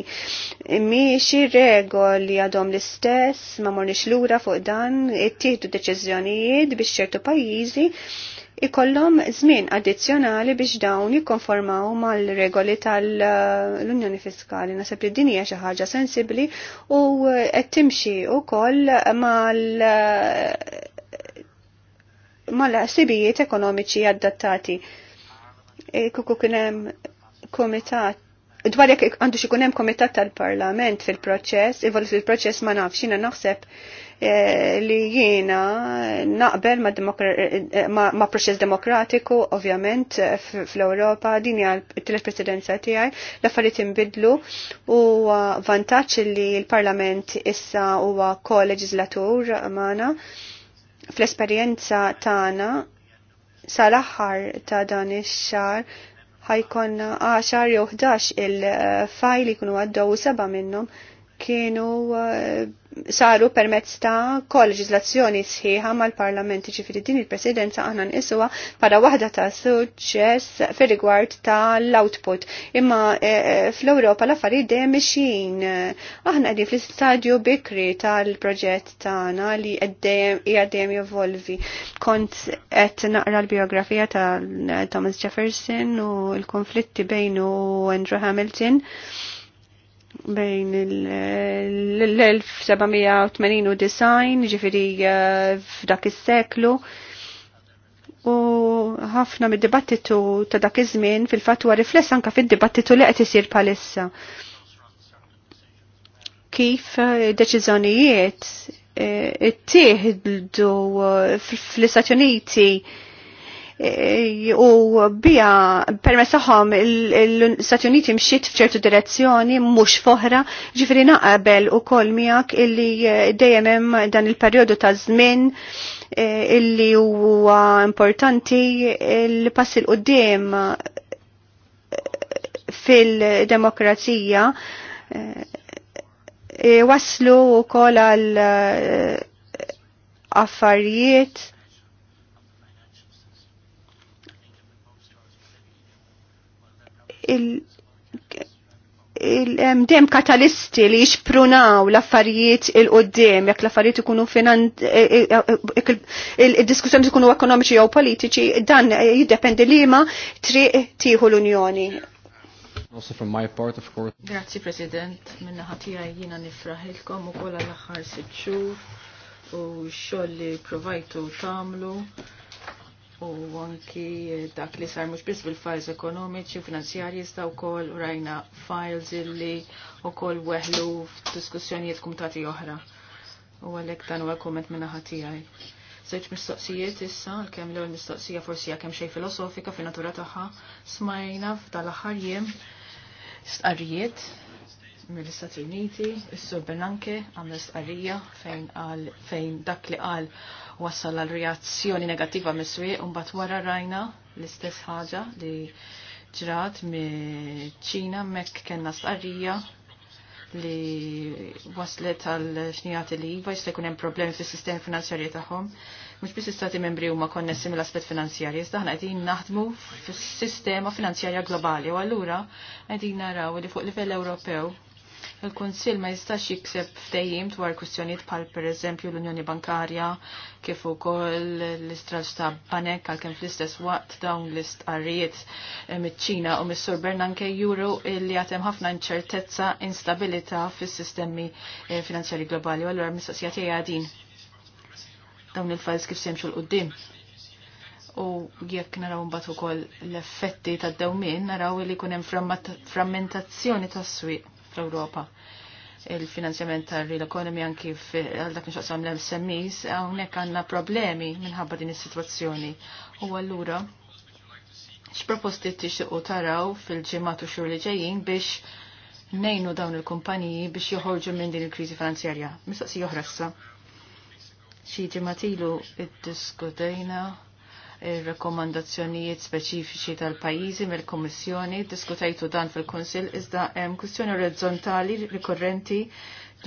Speaker 2: miex regoli għadhom l-istess ma morniex lura fuq dan it-tieħdu deċiżjonijiet biex ċertu pajjiżi ikollhom żmien addizzjonali biex dawn jikkonformaw mal-regoli tal-Unjoni Fiskali. Naseb li din hija xi ħaġa sensibbli u qed timxi wkoll mal- mal-sibijiet ekonomiċi adattati. E, kuku kunem komitat dwar jekk għandu xi hemm komitat tal-Parlament fil-proċess, evolu fil-proċess ma nafx, jiena naħseb e, li jiena naqbel e, ma, ma proċess demokratiku, ovvjament, fl-Ewropa, din hija t presidenza tiegħi, l-affarijiet inbidlu u vantaġġ li l-Parlament issa huwa koleġislatur magħna fl-esperjenza tagħna sal-aħħar ta' dan ix-xar ħajkonna 10 jew 11 il-fajli kunu għaddew seba' minnhom kienu eh, saru permezz ta' leġislazzjoni sħiħa mal-parlamenti ġifiri din il-presidenza aħna nqisuha para waħda ta' suċċess fir rigward tal-output. Imma eh, eh, fl-Ewropa l-affarijiet dejjem mixin. Aħna qegħdin fl-istadju bikri tal-proġett tagħna li qed dejjem jevolvi. Kont qed naqra l-biografija ta' eh, Thomas Jefferson u l-konflitti bejnu Andrew Hamilton bejn l-1780 u design, ġifiri uh, f'dak is-seklu. U ħafna mid-dibattitu ta' dak iż-żmien fil fatt huwa rifless anka fid-dibattitu li qed isir bħalissa. Kif uh, deċiżjonijiet uh, ittieħdu fl-Istati Uniti Eh, u bija permessaħom l-Stati Uniti mxiet fċertu direzzjoni mux foħra ġifri naqabel u kol miak illi eh, dejjem dan il-periodu ta' żmien eh, illi huwa importanti il-pass il-qoddim fil-demokrazija waslu u kol għal affarijiet dem katalisti li jixprunaw l-affarijiet il-qoddim, jekk l-affarijiet ikunu finan e- e- e- il-diskussjoni ikunu ekonomiċi jew politiċi, dan jiddependi li ma triq tieħu l-Unjoni. Also from my part, of course.
Speaker 4: Grazie, President. Minna ħatija jina nifraħilkom u kolla l-axar u xolli provajtu tamlu u anki dak li sar mhux biss bil files ekonomiċi u finanzjarji sta wkoll rajna files illi wkoll weħlu f'diskussjonijiet kumtati oħra. U għalhekk dan huwa kumment minna ħati tiegħi. Żewġ mistoqsijiet issa l-kem l għol mistoqsija forsi għakem xej xejn filosofika fin-natura tagħha smajna f'dal-aħħar jiem stqarrijiet mill-Istati Uniti, is-Sur Bernanke għamel stqarrija fejn fejn dak li qal wasal għal reazzjoni negattiva mis-swieq u mbagħad wara rajna l-istess ħaġa li ġrat me ċina mek kena starija li waslet għal xnijat li jiva jista jkun hemm problemi fis-sistemi finanzjarji tagħhom. Mhux bis istati membri huma konnessi mill-aspett finanzjarji, iżda ħna qegħdin naħdmu fis-sistema finanzjarja globali u allura qegħdin naraw li fuq livell Ewropew il-Kunsill ma jistax jikseb ftehim dwar kwistjonijiet bħal pereżempju l-Unjoni Bankarja kif ukoll l-istraġ ta' Banek għalkemm fl-istess waqt dawn l-istqarrijiet eh, miċ-Ċina u mis-Sur Bernanke juru li għatem ħafna inċertezza instabilità fis-sistemi eh, finanzjari globali u allura mistoqsija tiegħi għadin dawn il-files kif semxu l qudiem u jekk naraw mbagħad ukoll l-effetti tad-dewmien naraw li jkun hemm frammentazzjoni tas-swieq fl-Ewropa il-finanzjament tar real economy anki għal dak nixaqsam l-SMEs, hawnhekk għandna problemi minħabba din is-sitwazzjoni. U allura x'proposti u taraw fil-ġimgħat u xhur li ġejjin biex nejnu dawn il-kumpaniji biex joħorġu minn din il-kriżi finanzjarja. Mistoqsi joħra Xi ġimgħat ilu iddiskutejna rekomandazzjonijiet speċifiċi tal-pajjiżi mill-Kummissjoni, diskutajtu dan fil-Kunsill iżda hemm kwistjoni orizzontali rikorrenti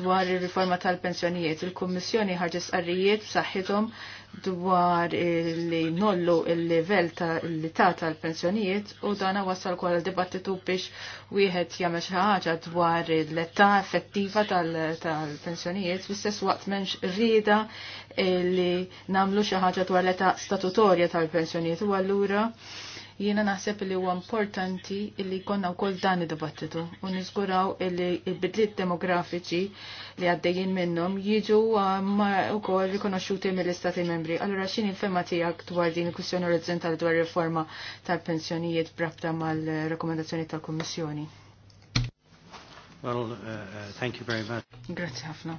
Speaker 4: dwar il-riforma tal-pensjonijiet. Il-Kummissjoni ħarġis qarrijiet b'saħħithom dwar li nollu il-livell tal-età tal-pensjonijiet u dana wasal kwa dibattitu biex wieħed jagħmel xi ħaġa dwar l-età effettiva tal-pensjonijiet fl-istess waqt m'hemmx rieda li nagħmlu xi ħaġa dwar l-età statutorja tal-pensjonijiet u allura Jiena naħseb li huwa importanti li jkollna wkoll dan id-dibattitu u niżguraw li l-bidliet demografiċi li għaddejjin minnhom jiġu uh, wkoll rikonoxxuti mill-Istati Membri. Allura x'in il-fema tiegħek dwar din il-kwistjoni orizzontali dwar riforma tal-pensjonijiet brabta mal-rekomendazzjoni tal-Kummissjoni?
Speaker 2: Well, uh, uh, thank you very much.
Speaker 4: Grazie ħafna.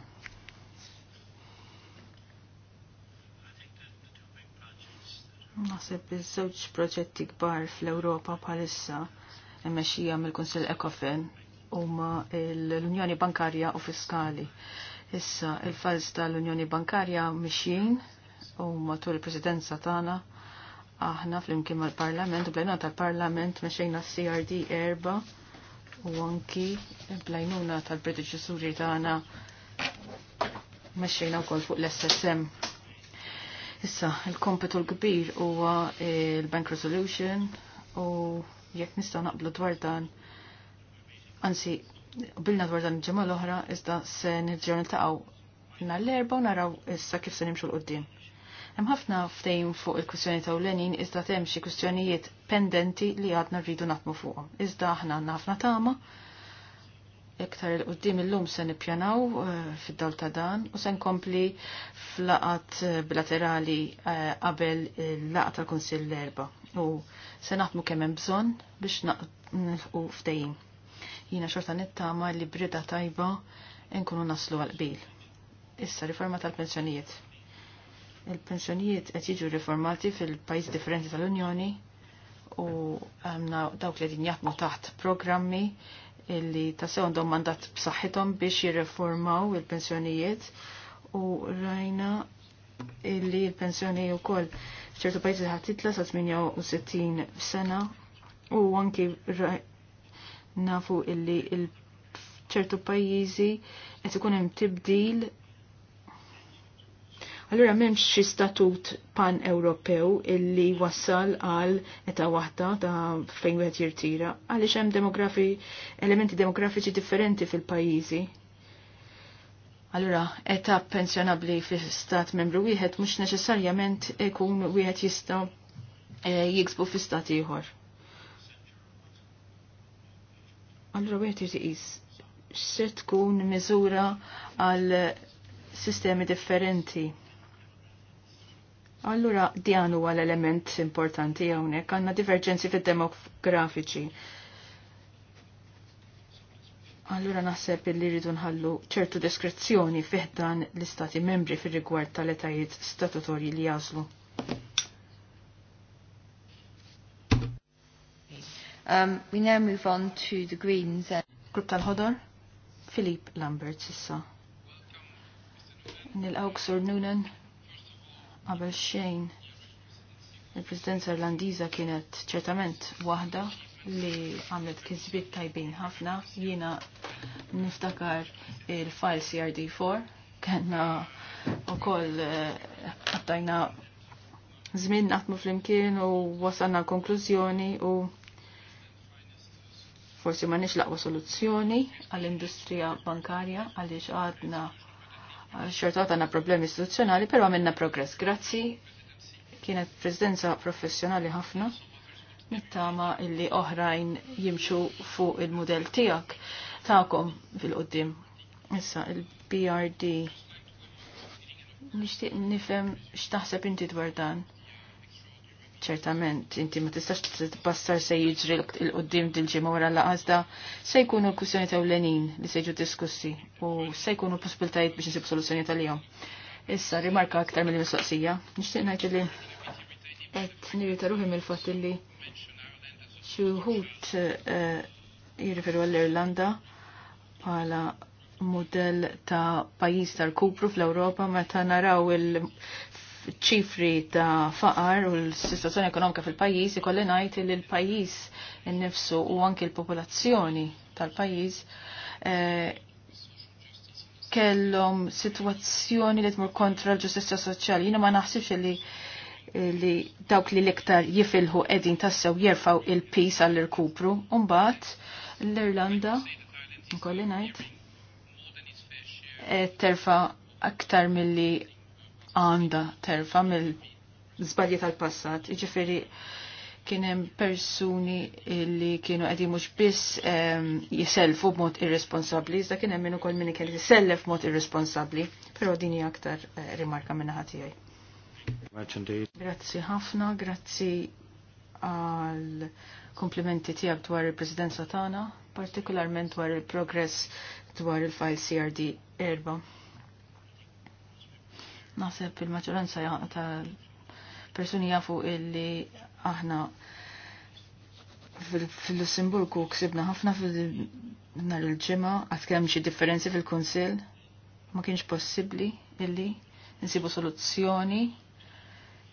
Speaker 4: Naħseb iż-żewġ proġetti kbar fl-Ewropa bħalissa mmexxija mill-Kunsill Ecofin huma l-Unjoni Bankarja u Fiskali. Issa il-falz tal-Unjoni Bankarja mixjin u matul il-Presidenza tagħna aħna flimkien mal-Parlament u blajnuna tal-Parlament mexejna CRD erba u anki blajnuna tal Suri tagħna mexejna wkoll fuq l-SSM Issa, il-kompetu l-kbir huwa il-Bank Resolution u jekk nistgħu naqblu dwar dan, anzi, bilna dwar dan il-ġimgħa l-oħra, iżda se nirġgħu niltaqgħu nhar l-erba' u naraw issa kif se nimxu l qoddim Hemm ħafna ftehim fuq il-kwistjoni ta' Lenin iżda hemm xi kwistjonijiet pendenti li għadna rridu naħdmu fuqhom. Iżda aħna għandna ħafna tama iktar il-qoddim il-lum se nippjanaw eh, fid-dawl ta' dan u se nkompli f'laqat eh, bilaterali eh, qabel il-laqat tal-Kunsill l-erba u se naħdmu kemm hemm bżonn biex naqqu ftehim. Jiena xorta nittama li brida tajba nkunu naslu għal qbil. Issa riforma tal-pensjonijiet. Il-pensjonijiet qed jiġu riformati fil-pajjiż differenti tal-Unjoni u għamna dawk li din jaħdmu taħt programmi illi tassew għandhom mandat b'saħħithom biex jirreformaw il-pensjonijiet u rajna illi il-pensjoni wkoll koll pajjiżi pajzi ħatitla sa' 68 sena u anki nafu illi ċertu pajjiżi qed ikun hemm tibdil Allura m'hemmx xi statut pan-Ewropew illi wassal għal eta waħda ta' fejn wieħed jirtira għaliex hemm demografi elementi demografiċi differenti fil-pajjiżi. Allura, età pensjonabbli fi stat membru wieħed mhux neċessarjament ikun wieħed jista' eh, jiksbu fi stat ieħor. Allura wieħed jitqis x'se tkun miżura għal sistemi differenti Allura, dijan huwa l-element importanti hawnhekk għandna diverġenzi fid-demografiċi. Allura naħseb li rridu nħallu ċertu deskrizzjoni fih dan l-istati membri fir rigward tal-etajiet statutorji li jażlu. Um, we now move on to the Greens. Grupp tal-ħodor, Filip Lambert sissa. Nil-Auxor Noonan Qabel xejn, il-Presidenza Irlandiża kienet ċertament waħda li għamlet kizbit tajbin ħafna. Jiena niftakar il-file CRD4, kena u koll eh, għattajna zmin naħtmu fl-imkien u wasalna konklużjoni u forsi ma nix laqwa soluzzjoni għall-industrija bankarja għaliex għadna xorta għandna problemi istituzzjonali, però għamilna progress. Grazzi, kienet prezidenza professjonali ħafna, nittama illi oħrajn jimxu fuq il-modell tijak ta'kom fil-qoddim. Issa, il-BRD. Nishtiq nifem xtaħseb inti dwar dan ċertament, inti ma tistax tbassar se jiġri l-qoddim dil-ġimma wara laqazda, se jkunu l-kussjoni ta' l-lenin li se jiġu diskussi u se jkunu possibilitajiet biex nsib soluzzjoni tal-jom. Issa, rimarka aktar mill-mistoqsija, nixtieq ngħid li qed nirrita ruħi mill-fatt li xi wħud eh, jirriferu għall-Irlanda bħala model ta' pajis tal-kupru fl-Europa meta naraw il ċifri ta' faqar u l-situazzjoni ekonomika fil-pajis, ikolli najt li l-pajis nifsu u anki l-popolazzjoni tal-pajis eh, kellhom situazzjoni li tmur kontra l-ġustizja soċjali. Jina ma naħsibx li li dawk li l-iktar jifilħu edin tassew jirfaw il-pis għall-irkupru. Umbat l-Irlanda, kolli najt, eh, terfa aktar mill-li għanda terfa mill-zbalji tal-passat. iġifiri kienem persuni li kienu għedi mux biss jiselfu b'mod irresponsabli, iżda kienem minu ukoll minni kelli jisellef b'mod irresponsabli, pero dini aktar eh, rimarka minna għaj. Grazzi ħafna, grazzi għal komplimenti tijak dwar il-presidenza tana, partikolarment dwar il-progress dwar il-file CRD erba'. Naħseb il-maġġoranza ta' persuni jafu illi aħna fil-Lussemburgu ksibna ħafna fil-nar il-ġimgħa għat kemm xi differenzi fil-Kunsill ma kienx possibbli illi nsibu soluzzjoni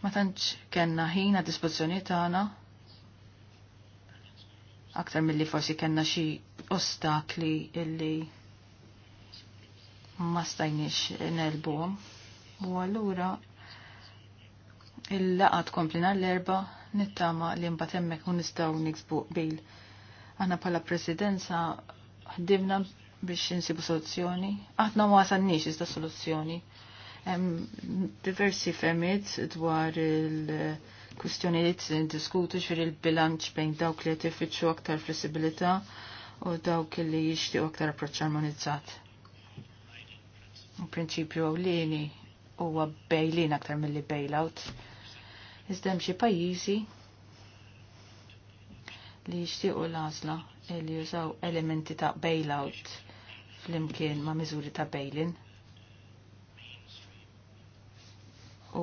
Speaker 4: ma tantx kellna ħin għad dispożizzjoni tagħna aktar milli forsi kellna xi ostakli illi ma stajniex nelbuhom. U għallura il laqat tkompli l-erba nittama li mbagħad hemmhekk u nistgħu niksbu bil. Aħna bħala presidenza ħdimna biex nsibu soluzzjoni. Aħna ma wasalniex iżda soluzzjoni. Hemm diversi femiet dwar il-kwistjoni li tindiskutu xir il-bilanċ bejn dawk li qed ifittxu aktar flessibilità u dawk li jixtiequ aktar approċċ armonizzat. U prinċipju għawlini huwa bejlin aktar mill-li bail-out. Iżda hemm xi pajjiżi li jixtiequ l-għażla li jużaw elementi ta' bailout fl flimkien ma' miżuri ta' bailin.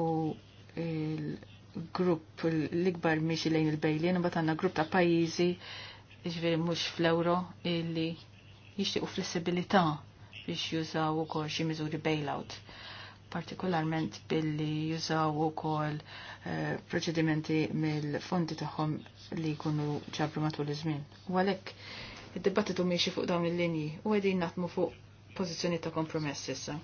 Speaker 4: U il-grupp l-ikbar miex lejn il bail bat għanna grupp ta' pajjiżi iġveri mhux fl-euro illi jixtiequ flessibilità biex jużaw ukoll xi miżuri bailout partikolarment billi jużaw u kol uh, eh, proċedimenti mill-fondi taħħom li jkunu ġabru matul iż-żmien. U għalhekk id-dibattitu miexi fuq dawn il-linji u għedin natmu fuq pozizjoni ta' kompromess issa.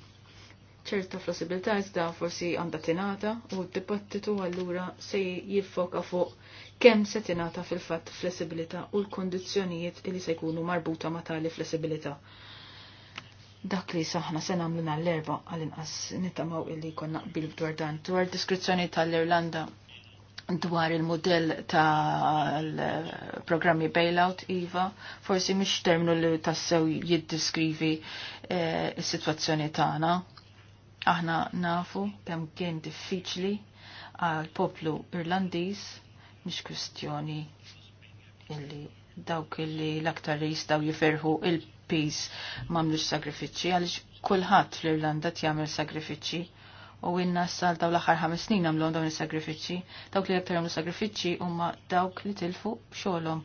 Speaker 4: ċerta flessibilità iżda forsi għandha tingħata u d-dibattitu allura se jiffoka fuq kemm se tingħata fil-fatt flessibilità u l kondizjonijiet li se jkunu marbuta ma' tali flessibilità dak li saħna se nagħmlu l-erba għal-inqas nittamaw illi konna qbil dwar dan. Dwar diskrizzjoni tal-Irlanda dwar il-modell tal-programmi bailout, Iva, forsi mhix terminu li tassew jiddiskrivi eh, is-sitwazzjoni tagħna. Aħna nafu kemm kien diffiċli għal poplu Irlandiż mhix kwistjoni illi dawk illi l-aktar jistaw jiferħu il peace mamlux sagrifiċi għaliex kulħadd fl-Irlanda tjamel sagrifiċi u inna s-sal daw l-axar ħames snin għamlu dawn il-sagrifiċi. Dawk li jabtar għamlu sagrifiċi umma dawk li tilfu xolom.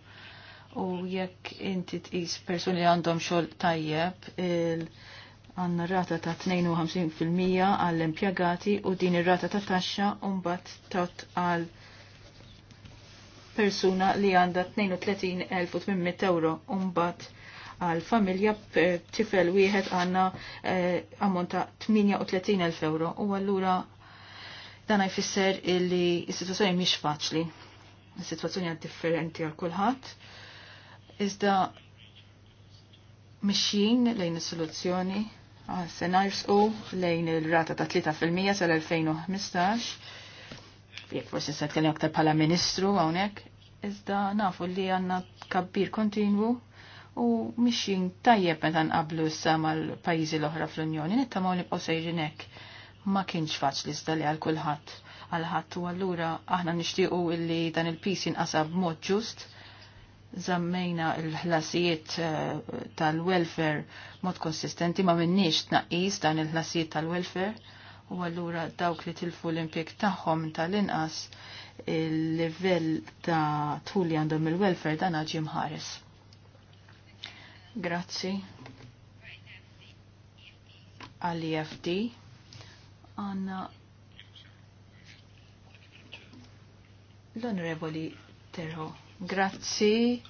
Speaker 4: U jekk inti tqis persuni li għandhom xol tajjeb, għanna rata ta' 52% għall-impjagati u din ir-rata ta' taxxa umbat tot għal persuna li għandha 32.800 euro umbat għal familja tifel wieħed għanna eh, ammonta 38.000 euro u għallura dan jfisser illi s-situazzjoni mhix faċli. Is-situazzjoni għad differenti għal kulħadd. Iżda mixin lejn is-soluzzjoni se narsqu lejn il-rata ta' 3% sal-2015. Jek forsi se tkellem aktar bħala ministru hawnhekk, iżda nafu li għandna kabbir kontinwu u mixin tajjeb meta nqablu issa mal-pajjiżi l-oħra fl-Unjoni, nittamaw nibqgħu sejrin hekk. Ma kienx faċli żdali għal kulħadd għal ħadd u allura aħna nixtiequ illi dan il-pis jinqasab b'mod ġust żammejna l ħlasijiet eh, tal-welfare mod konsistenti ma minniex tnaqqis dan il-ħlasijiet tal-welfare u allura dawk li tilfu l-impjek tagħhom tal-inqas il-livell ta' tul li għandhom il-welfare dan għaġi mħares. Grazzi. Għal-EFD. Għanna l-Onorevoli Terho. Grazzi.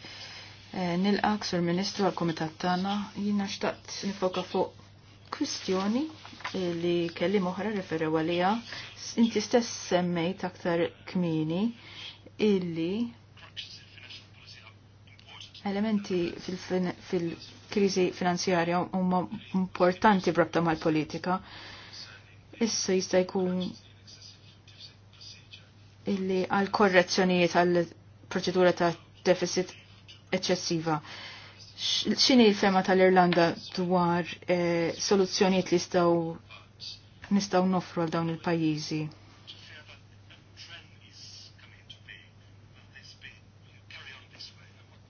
Speaker 4: nil eh, Nilqak sur Ministru għal-Komitat tagħna. Jina xtaqt nifoka fuq kwistjoni li kelli moħra referew għalija. Inti stess semmejt aktar kmini illi elementi fil-krizi fil finanzjarja huma importanti brabta mal-politika. Issa jista' jkun illi għal korrezzjonijiet għal proċedura ta' deficit eċċessiva. X'inhi l-fema tal-Irlanda dwar eh, soluzzjonijiet li jistgħu nistgħu nofru għal dawn il-pajjiżi?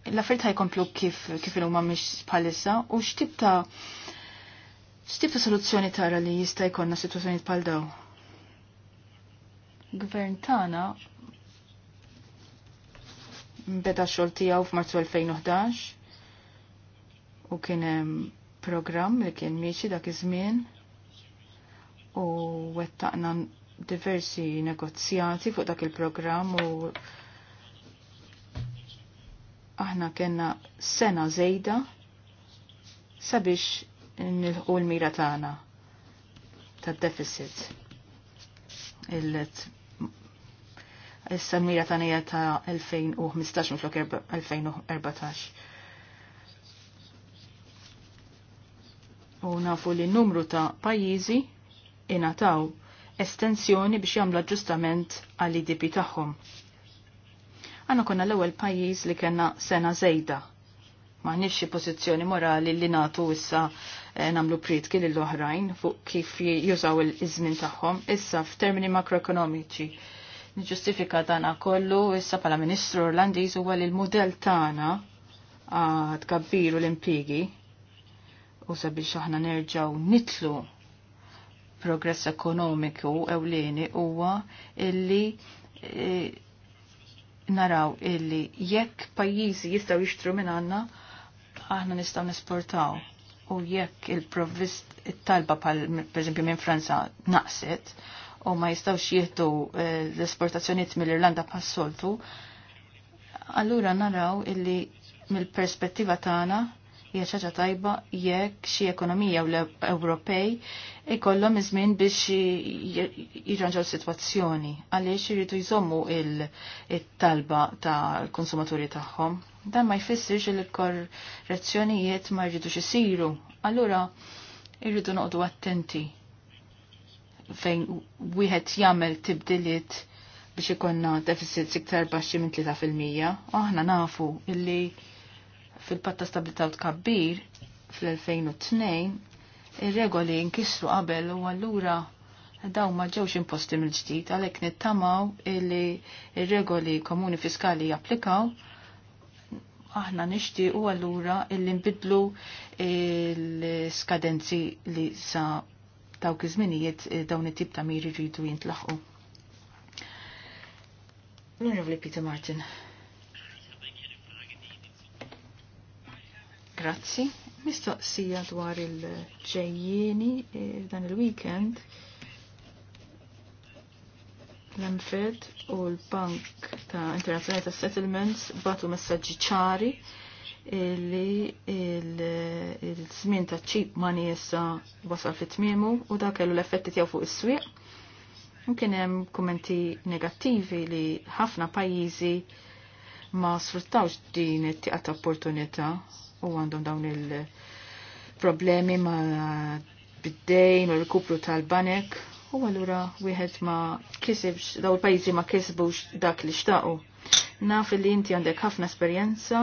Speaker 4: l-affarijiet jkomplu kif kif huma mhix bħalissa u x'tib ta' x'tib ta' soluzzjoni tara li jista' jkollna sitwazzjonijiet bħal daw. Gvern tagħna beda xogħol tiegħu f'Marzu 2011 u kien hemm programm li kien miexi dak iż-żmien u wettaqna diversi negozjati fuq dak il-programm u aħna kena sena zejda sabiex nilħu l-mira tagħna tad deficit Issa l-mira tagħna hija ta' 2015 minflok 2014. U nafu li n-numru ta' pajjiżi ingħataw estensjoni biex jagħmlu aġġustament għall-IDP tagħhom. Għanna konna l-ewel pajjiż li kena sena zejda. Ma nifxie pozizjoni morali li natu issa eh, namlu pritki l oħrajn fuq kif jużaw il-izmin tagħhom issa f'termini makroekonomiċi. Niġustifika dana kollu issa pala Ministru Orlandiż huwa li l-mudell tagħna għad kabbiru l-impigi u sabiex aħna nerġaw nitlu progress ekonomiku ewleni huwa illi eh, naraw illi jekk pajjiżi jistgħu jixtru minn għandna, aħna nistgħu nesportaw. U jekk il-provvist it-talba pal pereżempju minn Franza naqset u ma jistgħux jieħdu eh, l-esportazzjonijiet mill-Irlanda pas-soltu, allura naraw illi mill-perspettiva tagħna hija ċaċa tajba jekk xi ekonomija u Ewropej ikollhom iż-żmien biex jirranġaw sitwazzjoni għaliex iridu jżommu il-talba tal-konsumaturi tagħhom. Dan ma jfissirx li korrezzjonijiet ma jridux isiru. Allura irridu noqdu attenti fejn wieħed jagħmel tibdiliet biex ikonna deficit iktar baxxi minn 3%. Aħna nafu illi fil-patta stabilità u tkabbir fl-2002 ir-regoli nkissru qabel u allura daw ma ġewx imposti mill-ġdid għalhekk nittamaw li ir-regoli komuni fiskali japplikaw aħna u allura illi nbidlu l-skadenzi li sa dawk iż-żminijiet eh, dawn it-tip ta' miri jridu jintlaħqu. l Peter Martin. Grazzi. Mistoqsija dwar il-ġejjieni eh, dan il-weekend l-Enfed u l-Bank ta' Internazzjonali ta' Settlements batu messaġġi ċari eh, li il-żmien ta' cheap money issa wasal fit u dak kellu l-effetti tiegħu fuq is-swieq. Mkien hemm kummenti negattivi li ħafna pajjiżi ma sfruttawx din it-tieqa ta' opportunità u għandhom dawn il-problemi ma' bid-dejn u l-kupru tal-banek u għallura wieħed ma kisibx, daw il-pajzi ma kisbux dak li xtaqu. Naf li inti għandek ħafna esperjenza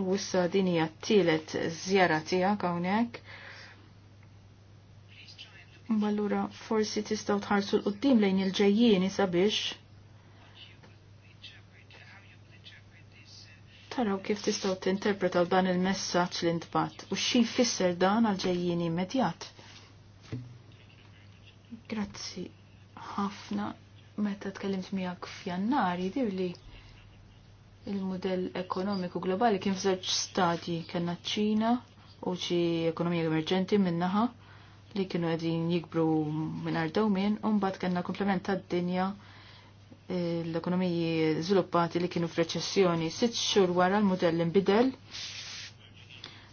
Speaker 4: u wissa din hija t-tielet żjara tiegħek hawnhekk. Allura forsi tistgħu tħarsu l qoddim lejn il ġejjini sabiex taraw kif tistaw tinterpretaw dan il-messaġġ li ntbat u xi jfisser dan għal ġejjin immedjat. Grazzi ħafna meta tkellimt miegħek f'Jannar jidir li il-modell ekonomiku globali kien f'żewġ stadji kellna ċina u xi ekonomija emerġenti minnaħa li kienu qegħdin jikbru minn dewmien u mbagħad kellna komplement tad-dinja l-ekonomiji żviluppati li kienu f'reċessjoni sitt xhur wara l-mudell inbidel.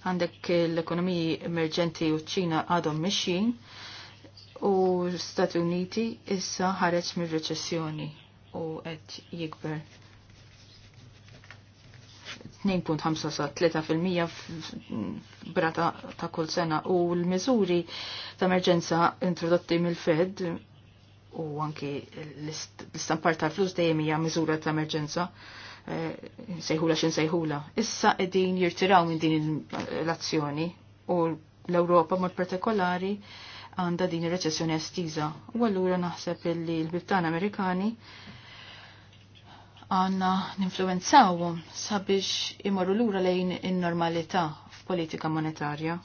Speaker 4: Għandek l-ekonomiji emerġenti u ċina għadhom mixin u Stati Uniti issa ħareġ mir reċessjoni u qed jikber. 2.5 sa 3% brata ta' kull sena u l-miżuri ta' emerġenza introdotti mill-Fed u anki l-istampar tal-flus dejjem hija miżura ta' emerġenza eh, sejħula xin sejħula. Issa qegħdin jirtiraw minn din l-azzjoni u l ewropa mod partikolari għandha din ir reċessjoni estiża. U allura naħseb li l-Bibtan Amerikani għanna ninfluenzawhom sabiex imorru lura lejn in-normalità f'politika monetarja.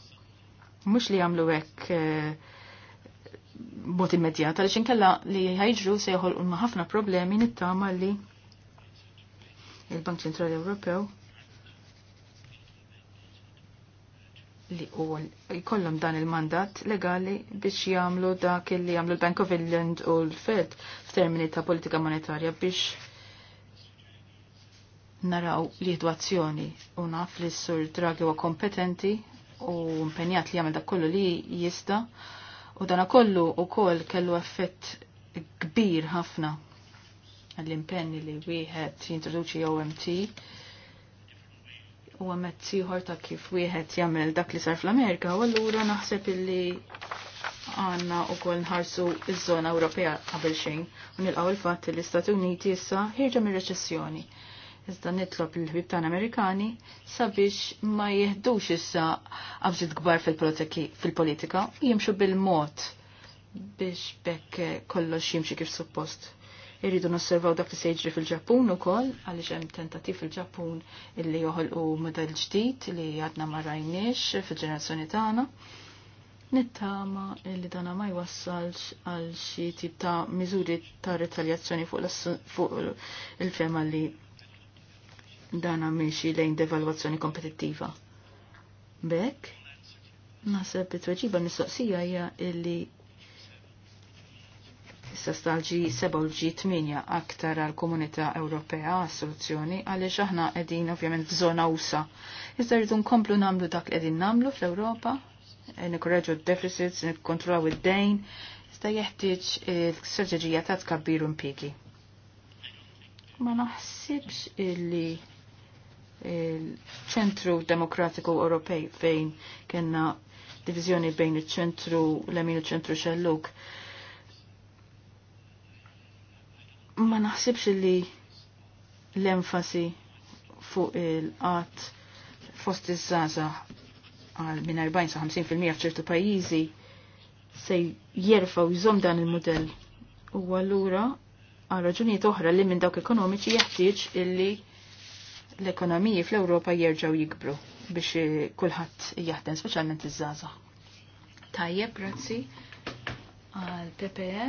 Speaker 4: Mhux li jagħmlu hekk eh, bot immedjat, li inkella li ħajġru se jħol unma ħafna problemi nittama li il-Bank Ċentrali Ewropew li u jkollhom dan il-mandat legali biex jagħmlu dak li jagħmlu l-Bank of England u l-Fed f'termini ta' politika monetarja biex naraw li azzjoni u naf li s-sur Draghi u kompetenti u impenjat li jagħmel dak kollu li jista' U dana kollu u koll kellu effett kbir ħafna għall-impenni li wieħed jintroduċi OMT u għamet siħor ta' kif wieħed jagħmel dak li sar fl-Amerika, u allura naħseb illi għanna u kol nħarsu iż-żona Ewropea qabel xejn u nilqgħu l fatt li l-Istati Uniti issa ħirġa mir reċessjoni Iżda nitlob il-ħbib tan Amerikani sabiex ma jihdux issa għabżit gbar fil-politika, jimxu bil-mod biex bekk kollox jimxi kif suppost. Irridu nosservaw dak li se jiġri fil-Ġappun ukoll għaliex hemm tentattiv fil-Ġappun illi joħolqu model ġdid li għadna ma rajniex fil-ġenerazzjoni tagħna. Nittama li dana ma jwassalx għal xi tip ta' miżuri ta' retaljazzjoni fuq il-fema li dana meċi lejn devalwazzjoni kompetittiva. Bek, naħseb it-tweġiba mistoqsija hija illi issa stalġi 7 u ġi aktar għal komunità Ewropea soluzzjoni għaliex aħna qegħdin ovvjament f'żona usa. Iżda rridu nkomplu nagħmlu dak li qegħdin nagħmlu fl-Ewropa, nikorreġu d-deficits, nikkontrollaw id-dejn, iżda jeħtieġ il-strateġija ta' tkabbir u Ma naħsibx illi il-ċentru demokratiku Ewropej fejn kena divizjoni bejn il-ċentru l-emin il-ċentru xelluk. Ma naħsibx li l-enfasi fuq il-qat fost iż-żaza għal minn 40 sa 50% f'ċertu pajjiżi se jerfaw jżom dan il-modell. U allura għal raġunijiet oħra li minn dawk ekonomiċi jeħtieġ illi l-ekonomiji fl-Ewropa jerġgħu jikbru biex kulħadd jaħdem speċjalment iż-żgħażagħ. Tajjeb, grazzi għal PPE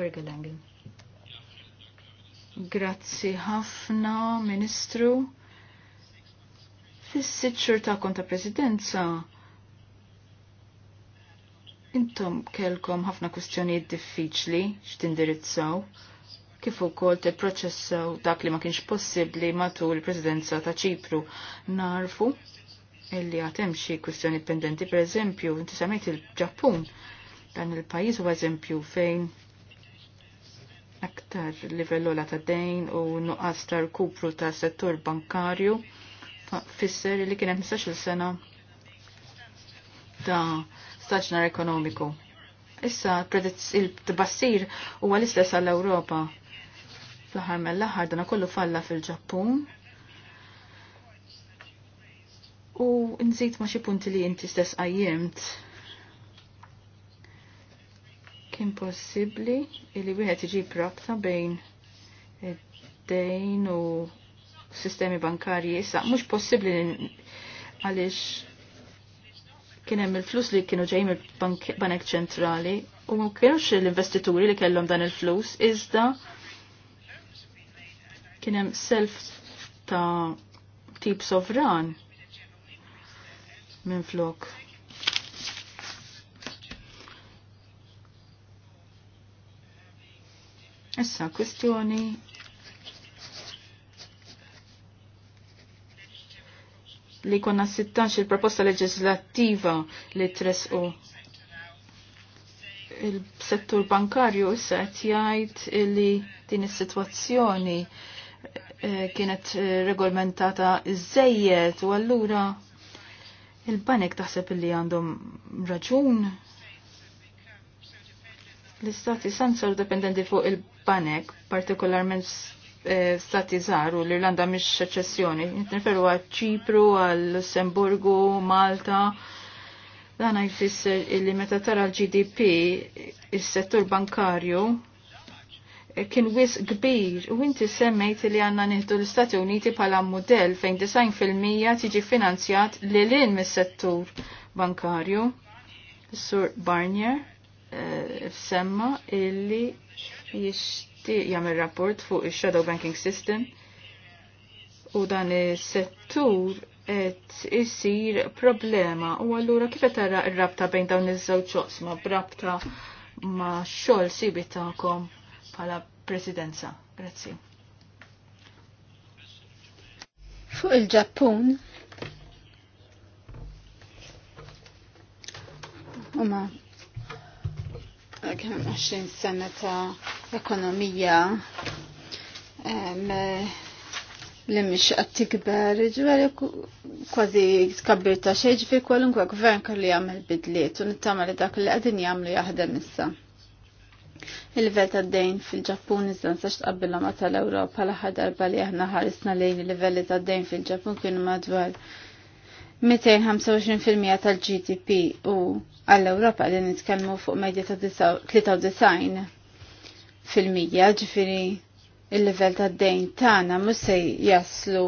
Speaker 4: Bergelangen. Grazzi ħafna, Ministru. Fis-sitt xhur tagħkom ta' Presidenza intom kelkom ħafna kwistjonijiet diffiċli x'tindirizzaw kif ukoll tipproċessaw dak li ma kienx possibbli matul il-Presidenza ta' Ċipru. Narfu illi għad hemm xi kwistjoni pendenti, pereżempju, inti semmejt il-Ġappun dan il-pajjiż huwa eżempju fejn aktar livellola ta' dejn u nuqqas ta' rkupru ta' settur bankarju fisser li kien hemm il sena ta' staġnar ekonomiku. Issa il-tbassir huwa l-istess għall-Ewropa fl ħar mill ħar dana kollu falla fil-Ġappun. U nżid ma xi punti li inti stess għajjemt. Kien possibbli li wieħed iġi rabta bejn id-dejn u sistemi bankarji issa mhux possibbli għaliex kien hemm il-flus li kienu ġej mill-Banek Ċentrali u kienux l-investituri li kellhom dan il-flus iżda kienem self ta' tip sovran minn flok. Issa, kwestjoni li konna 16 il-proposta leġislattiva li tresqu il-settur bankarju issa qed jgħid li din is-sitwazzjoni Eh, kienet eh, regolmentata iż u allura il-banek taħseb li għandhom raġun. L-istati sansar dependenti fuq il-banek, partikolarment eh, stati u l-Irlanda mish seċessjoni. Nitneferu għal ċipru, għal Lussemburgu, Malta. Dan jfisser li meta tara l-GDP, il-settur bankarju, kien wis kbir u inti semmejt li għanna nieħdu l-Istati Uniti bħala modell fejn 90% tiġi finanzjat li lin mis-settur bankarju. Sur Barnier e, semma illi jixtieq jagħmel rapport fuq il shadow Banking System u dan is-settur qed isir problema u allura kif qed tara r-rabta bejn dawn iż-żewġ ma' b'rabta ma' xogħol sibi tagħkom pala presidenza. Grazzi.
Speaker 1: Fuq il-Ġappun Uma
Speaker 3: kien għaxin
Speaker 1: 20 sena ta' ekonomija li mhix qed tikber, ġifieri kważi tkabbir ta' xejn ġifier kwalunkwe gvern kellu jagħmel bidliet u nittama li dak li qegħdin jagħmlu jaħdem issa il livell ta' dejn fil-ġappun iżda nsax tqabbilha ma' tal-Ewropa l-aħħar darba li aħna ħarisna lejn il-livelli ta' dejn fil-Ġappun kienu madwar 225% tal-GDP u għall-Ewropa li nitkellmu fuq medja ta' 93 fil-mija, ġifiri il-livell ta' dejn tagħna mhux se jaslu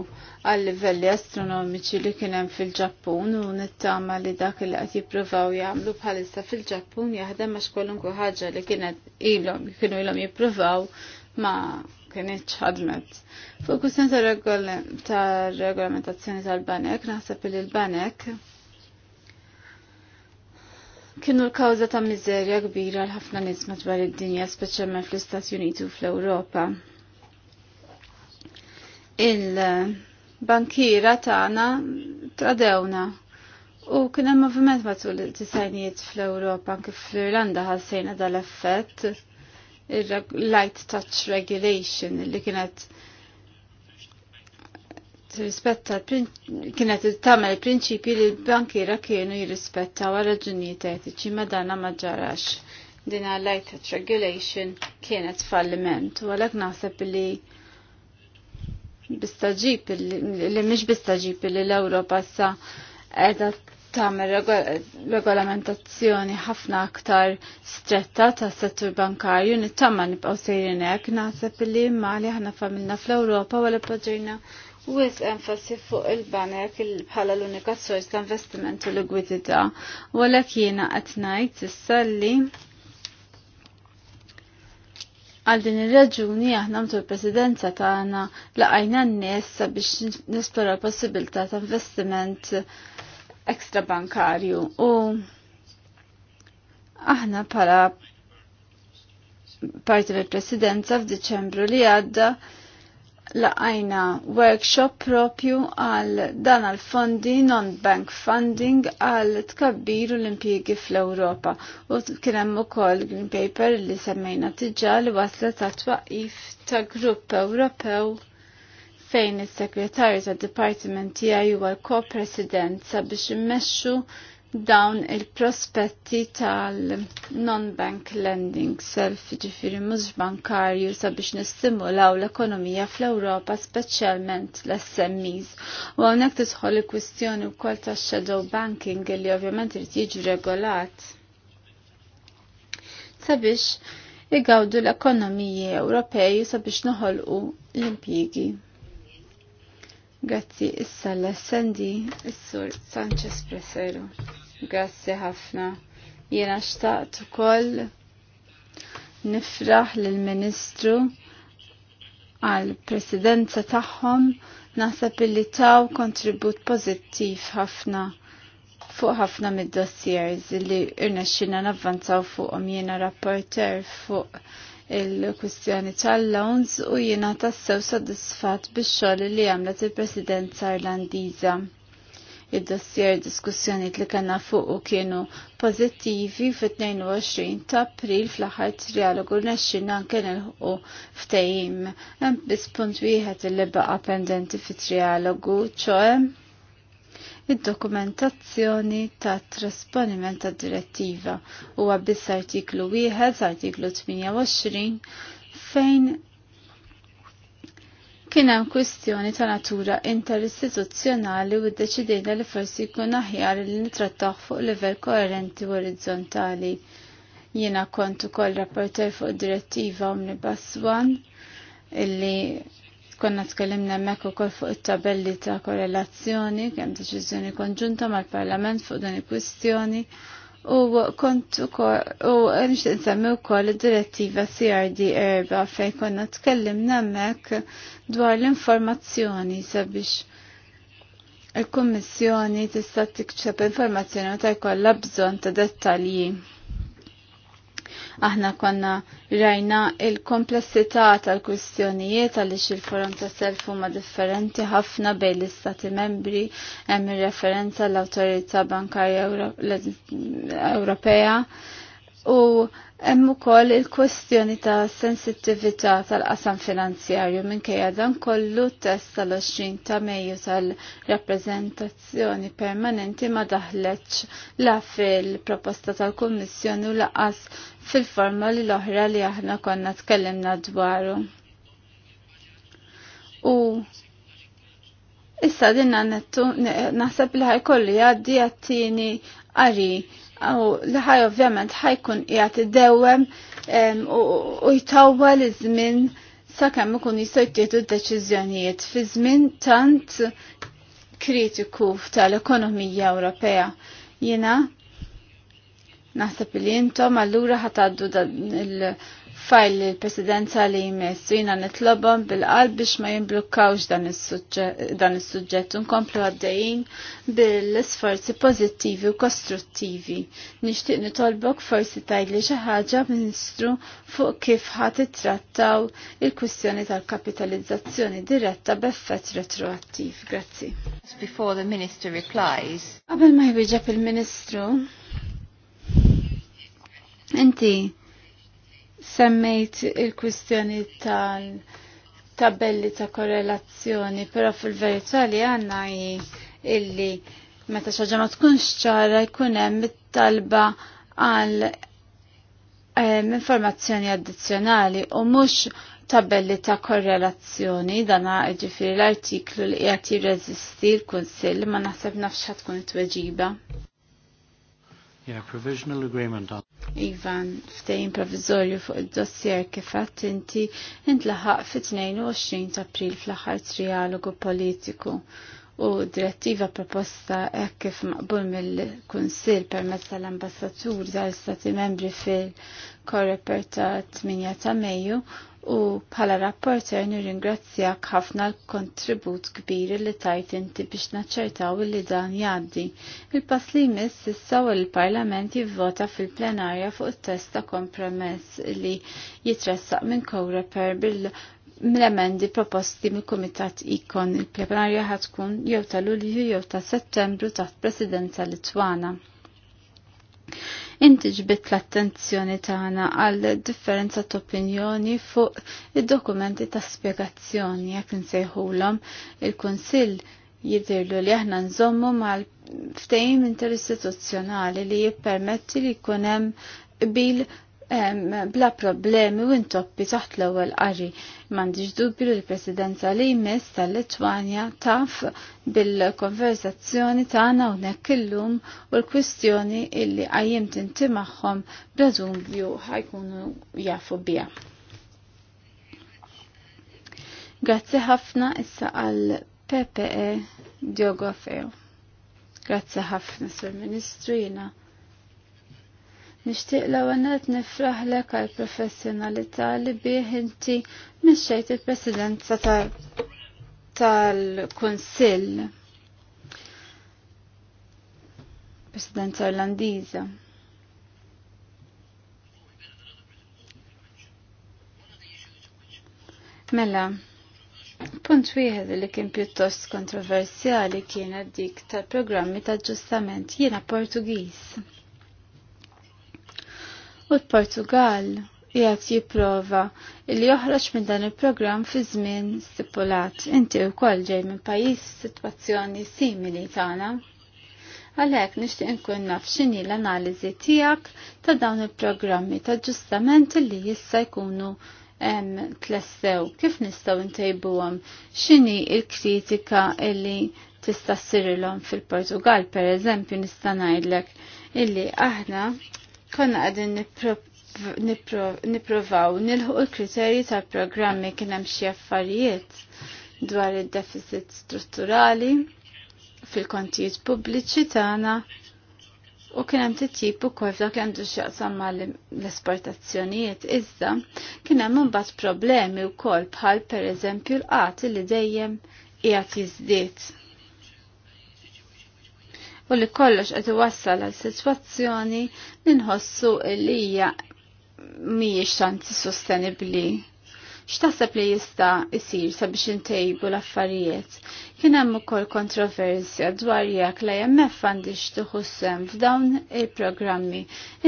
Speaker 1: għal livelli astronomiċi li kien hemm fil-Ġappun u nittama li dak li qed jippruvaw jagħmlu bħalissa fil-Ġappun jaħdem għax kwalunkwe ħaġa li kienet ilhom kienu ilhom jippruvaw ma kienieċ ħadmet. Fuq kustin ta' regolamentazzjoni tal-banek, naħseb li l-banek kienu l-kawza ta' mizerja kbira l-ħafna nisma dwar id-dinja, speċjalment fl-Istati Uniti u fl-Ewropa il-bankira tagħna tradewna. U kien hemm moviment matul il-tisajnijiet fl-Ewropa anke fl-Irlanda ħassejna dal-effett il-light touch regulation li kienet rispetta kienet tamel prinċipi li l-bankira kienu jirrispettaw għal raġunijiet etiċi ma dana ma ġarax. Dina light touch regulation kienet falliment u għalhekk naħseb li bistaġib li mhix bistaġib li l-Ewropa sa qiegħda tagħmel regolamentazzjoni ħafna aktar stretta ta' settur bankarju nittama nibqgħu sejrin hekk naħseb li imma li aħna familna fl-Ewropa wara poġġejna Wis enfasi fuq il-banek bħala l-unika sors ta' investiment u likwidità, u għalhekk jiena qed ngħid issa li Għal din ir-raġuni aħna mtu l-presidenza tagħna laqajna n-nies biex nesplora l-possibilità ta' investiment ekstra bankarju u aħna pala parti mill presidenza f'Diċembru li għadda laqajna workshop propju għal dan għal fondi non-bank funding għal tkabbiru l impiegi fl-Europa u kienem u koll green paper li semmejna tġa li wasla ta' twaqif ta' grupp Ewropew fejn is sekretarju ta' Departiment tiegħi u l co president sabiex immexxu dawn il-prospetti tal-non-bank lending self ġifiri mux bankarju sabiex nistimulaw l-ekonomija fl-Europa specialment l-SMEs. U għonek tisħol il-kwistjoni u kol ta' shadow banking li ovvjament irrid jiġu regolat. Sabiex igawdu l-ekonomiji Ewropej sabiex noħolqu l-impjigi. Grazzi issa l-essendi is-sur Sanchez Presero. Grazzi ħafna. Jena xtaqt ukoll nifraħ lill-Ministru għal presidenza tagħhom naħseb illi taw kontribut pożittiv ħafna fuq ħafna mid-dossiers li irnexxina navvanzaw fuqhom jiena rapporter fuq il-kwistjoni tal-lawns u jina tassew sodisfat bix-xogħol li għamlet il-Presidenza Irlandiża. Id-dossier diskussjoniet li kanna fuq kienu pozittivi fit-22 ta' april fl-aħħar trialogu nexxin anke nilħu ftehim. Hemm biss punt wieħed li baqa' pendenti fit-trialogu, ċoħem id-dokumentazzjoni ta' trasponiment ta' direttiva u għabbis artiklu 1, artiklu 28 fejn Kien hemm kwistjoni ta' natura interistituzzjonali u ddeċidejna li forsi jkun aħjar li nitrattaw fuq livell koerenti u orizzontali. Jiena kont ukoll rapporter fuq direttiva Omnibus 1 illi Konna tkellimna hemmhekk ukoll fuq it-tabelli ta' korrelazzjoni kemm deċiżjoni konġunta mal-Parlament fuq dan il-kwistjoni u kont u nixtieq nsemmi wkoll id-direttiva CRD erba' fejn konna tkellimna hemmhekk dwar l-informazzjoni sabiex il-Kummissjoni tista' tikseb informazzjoni u jkollha bżonn ta' dettalji Aħna konna rajna il-komplessità tal-kwistjonijiet għaliex il-forum ta' self huma differenti ħafna bejn l-istati membri hemm ir-referenza l-Awtorità Bankarja Ewropea u Hemm ukoll il-kwestjoni ta' sensittività tal-qasam finanzjarju minkejja dan kollu test tal-20 ta' Mejju tal-rappreżentazzjoni permanenti ma daħleċ la fil-proposta tal-Kummissjoni u laqas fil-forma li l-oħra li aħna konna tkellimna dwaru. U issa dinna naħseb li kollu għaddi għattini għari u l-ħaj ovvjament ħajkun qiegħed idewwem u jtawwal iż-żmien sakemm ikun jistgħu jittieħdu d-deċiżjonijiet fi żmien tant kritiku tal-ekonomija Ewropea. Jiena naħseb li intom allura ħataddu il- fajl l presidenza li jimessu jina nitlobom bil-qalb biex ma jimblukkawx dan is-suġġett unkomplu għaddejjin bil-sforzi pozittivi u kostruttivi. Nixtieq nitolbok forsi tajli xi ħaġa Ministru fuq kif ħadd trattaw il-kwistjoni tal-kapitalizzazzjoni diretta b'effett retroattiv. Grazzi. Before the minister replies. Qabel ma jwieġeb il-Ministru, inti semmejt il-kwistjoni tal-tabelli ta' korrelazzjoni, però fil-verità li għanna illi meta xaġa ma tkunx ċara jkun hemm it-talba għal ehm, informazzjoni addizzjonali u mhux tabelli ta' korrelazzjoni dana ġifiri l-artiklu li qiegħed jirreżisti l-Kunsill ma naħseb nafx tkun it-tweġiba.
Speaker 3: Yeah, provisional agreement on.
Speaker 1: Ivan, ftejn provizorju fuq id-dossier kif għat inti intlaħaq fit-22 ta' april fl-aħħar trialogu politiku u direttiva proposta hekk kif maqbul mill-Kunsill permezz tal-ambassatur tal-Stati membri fil-Koreper ta' 8 ta' Mejju u bħala rapporter nirringrazzjak ħafna l-kontribut kbir li tajt inti biex naċċertaw li dan jaddi. Il-pass li jmiss issa u l-Parlament jivvota fil-plenarja fuq it-test ta' kompromess li jitressaq minn Koreper bil mill-emendi proposti mill kumitat ikon il-plenarja ħatkun jew tal-Lulju jew ta' Settembru taħt Presidenza Litwana. Inti ġbit l-attenzjoni tagħna għal differenza ta' opinjoni fuq id-dokumenti ta' spjegazzjoni jekk insejħulhom il-Kunsill jidirlu li aħna nżommu mal ftehim interistituzzjonali li jippermetti li jkun hemm qbil bla problemi u intoppi taħt l-ewwel qari. M'għandix dubju li l presidenza li jmiss tal-Litwanja taf bil-konversazzjoni tagħna hawnhekk illum u l-kwistjoni illi qajjim tinti magħhom bla dubju ħajkunu jafu biha. Grazzi ħafna issa għal PPE Diogo Feo. Grazzi ħafna, Sur Ministru, jina Nishtiq l għanet nifraħlek għal professjonalità li bieħ inti misċejt il-presidenza tal-Konsill. Presidenza Irlandiza. Mela, punt wieħed li kien pjuttost kontroversjali kienet dik tal-programmi ta' ġustament jiena Portugiż u l-Portugal jgħat jiprova li joħroġ minn dan il-programm fi żmien stipulat. Inti wkoll ġej minn pajjiż sitwazzjoni simili tagħna. Għalhekk nixtieq inkun naf x'inhi l-analiżi tiegħek ta' dawn il-programmi ta' ġustament li jista' jkunu hemm tlessew kif nistgħu ntejbuhom x'inhi l-kritika li tista' ssirilhom fil-Portugal pereżempju nista' ngħidlek illi aħna konna għadin niprovaw nilħu l-kriterji tal-programmi kien hemm xi affarijiet dwar id-deficit strutturali fil-kontijiet pubbliċi tagħna u kien hemm titjib ukoll dak li għandu x'jaqsam mal-esportazzjonijiet iżda kien hemm imbagħad problemi wkoll bħal pereżempju l-qati li dejjem qiegħed jiżdied u li kollox qed iwassal għal sitwazzjoni li nħossu li hija mhijiex tanti sostenibbli. X'taħseb li jista' jsir sabiex intejbu l-affarijiet? Kien hemm ukoll kontroversja dwar jekk l-IMF għandix tħussem f'dawn il-programmi.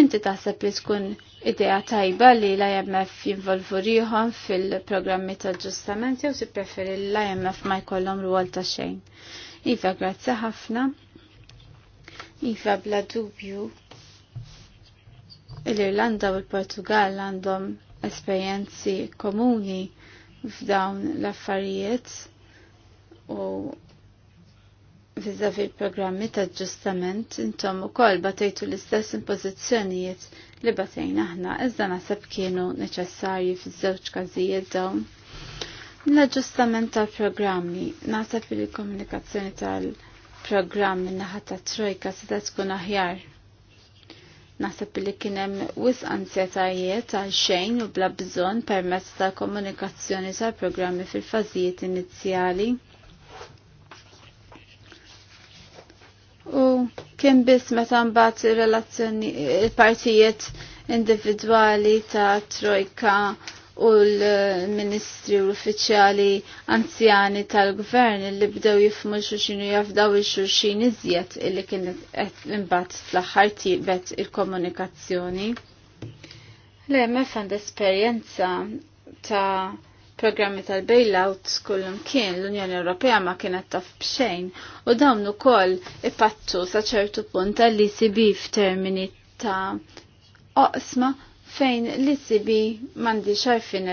Speaker 1: Inti taħseb li tkun idea tajba li l-IMF jinvolvu rieħhom fil-programmi tal ġustament jew tippreferi l-IMF ma jkollhom rwol ta' xejn. Iva, grazzi ħafna. Iva bla dubju l-Irlanda u l-Portugal għandhom esperjenzi komuni f'dawn l-affarijiet u fil programmi ta' ġustament intom u koll batejtu l-istess impożizzjonijiet li batejn aħna iżda nasab kienu neċessarji fiż-żewġ każijiet dawn. L-aġġustament tal-programmi nasab il-komunikazzjoni tal-programmi programm minnaħa ta' trojka ta' tkun aħjar. Naħseb li kien hemm wis ansjetajiet għal xejn u bla bżonn permezz ta' komunikazzjoni tal programmi fil-fażijiet inizjali. U kien biss meta mbagħad ir-relazzjoni il-partijiet individwali ta' trojka u l-ministri u l-uffiċjali anzjani tal-gvern li bdew jifmu xuxinu jafdaw il-xuxin iżjed illi kien imbat fl-axħar tibet il-komunikazzjoni. Le, mefan esperienza ta' programmi tal-bailout kullum kien l-Unjoni Ewropea ma kienet taf bxejn u dawn ukoll ipattu sa ċertu punt tal-ECB f'termini ta' oqsma fejn l-ICB mandi xarfin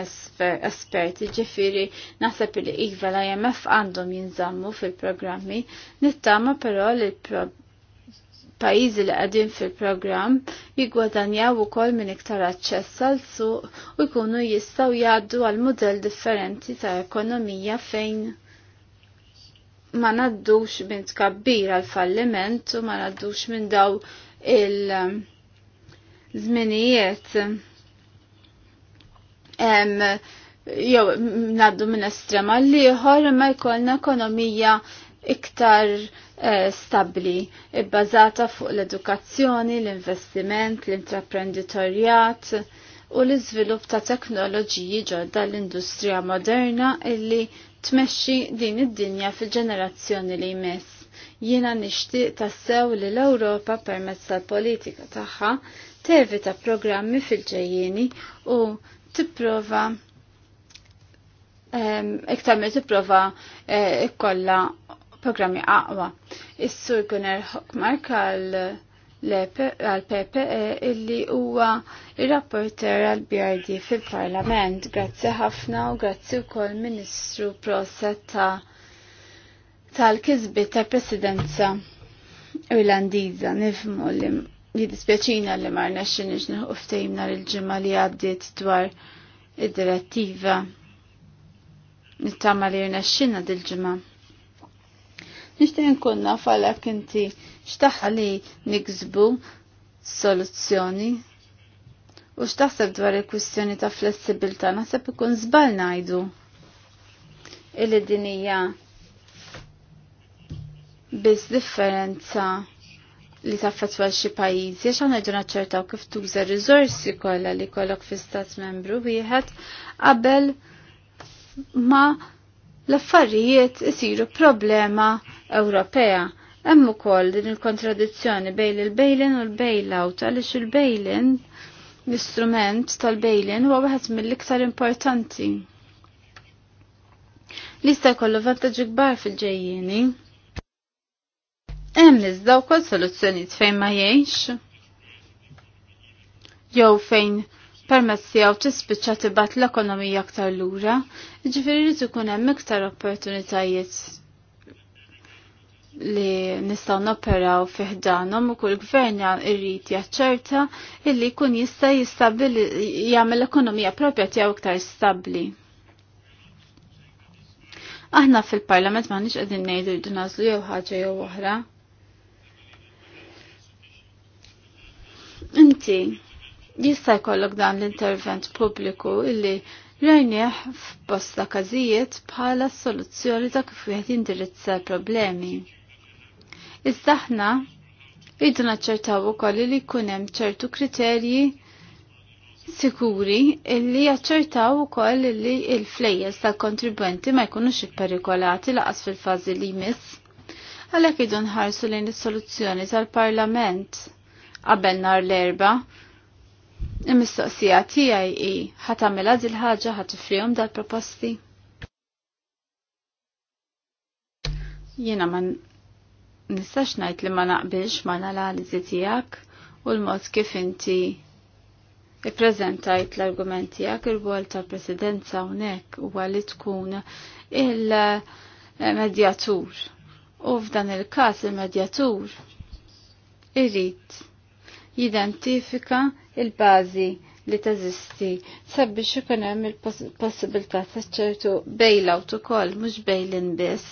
Speaker 1: esperti ġifiri naħseb li iva la imf għandhom jinżammu fil-programmi, nittama però li pajizi li għadin fil-program jigwadanjaw u kol minn iktar aċċess għal suq u jkunu jistaw jaddu għal modell differenti ta' ekonomija fejn ma naddux minn tkabbir għal falliment u ma naddux minn daw il- zminijiet jew ngħaddu minn estrema li jħor imma jkollna ekonomija iktar eh, stabbli bbażata fuq l-edukazzjoni, l-investiment, l-intraprenditorjat u l-iżvilupp ta' teknoloġiji ġodda l-industrija moderna illi tmexxi din id-dinja fil-ġenerazzjoni li jmiss jiena nixtieq tassew li l-Ewropa permezz tal-politika tagħha tevita programmi fil ġejjini u tipprova iktar mill tipprova eh, ikkolla programmi aqwa. Is-sur Gunnar Hockmark għal ppe eh, illi huwa il-rapporter għal-BRD fil-Parlament. Grazzi ħafna u grazzi wkoll Ministru Proset tal kizbi ta' presidenza Irlandiża nifmu li Jidispjaċina li marna xinix nar il ġimma li għaddit dwar id-direttiva nittama li jirna xinna dil-ġimma. Nishtin nkunna falla kinti xtaħa li nikzbu soluzzjoni u xtaħseb dwar il-kwistjoni ta' flessibilta naħseb ikun zbal najdu il dinija biz differenza li taffatwa xi pajjiżi għax għandna naċċertaw kif tuża riżorsi kollha li kollok fi stat membru wieħed qabel ma l-affarijiet isiru problema Ewropea. Hemm ukoll din il-kontradizzjoni bejn il-bejlin u l-bejlout għaliex il-bejlin l-istrument tal-bejlin huwa waħed mill-iktar importanti. Lista jkollu vantaġġi kbar fil-ġejjieni Hemm iżda wkoll soluzzjonijiet fejn ma jgħix. Jew fejn permezz tiegħu tispiċċa tibgħat l-ekonomija aktar lura, jiġifieri rid ikun hemm iktar opportunitajiet li nistgħu noperaw fih danhom u kull gvern irrid jaċċerta illi jkun jista' jistabbili jagħmel l-ekonomija propja tiegħu iktar stabbli. Aħna fil-parlament ma nix għedin nejdu id-dunazlu jew ħaġa jew oħra. Inti jista' jkollok dan l-intervent pubbliku illi rejnieħ f'bosta każijiet bħala soluzzjoni ta' kif wieħed jindirizza problemi. Iżda aħna rridu naċċertaw ukoll li jkun hemm ċertu kriterji sikuri illi jaċċertaw ukoll li l-flejjes tal-kontribwenti ma jkunux ipperikolati laqas fil-fażi li jmiss. Għalhekk idu nħarsu lejn is-soluzzjoni tal-Parlament qabel nar l-erba. Il-mistoqsija tiegħi hi ħadd dil ħaġa ħadd dal-proposti. Jiena ma nistax ngħid li ma naqbilx ma l-analiżi tiegħek u l-mod kif inti ippreżentajt l-argumenti tiegħek ir tal-presidenza hawnhekk huwa li tkun il-medjatur. U f'dan il-każ il-medjatur irrit jidentifika il-bazi li tażisti sabiex ikun hemm il-possibilità ta' ċertu bailout ukoll mhux bail-in biss.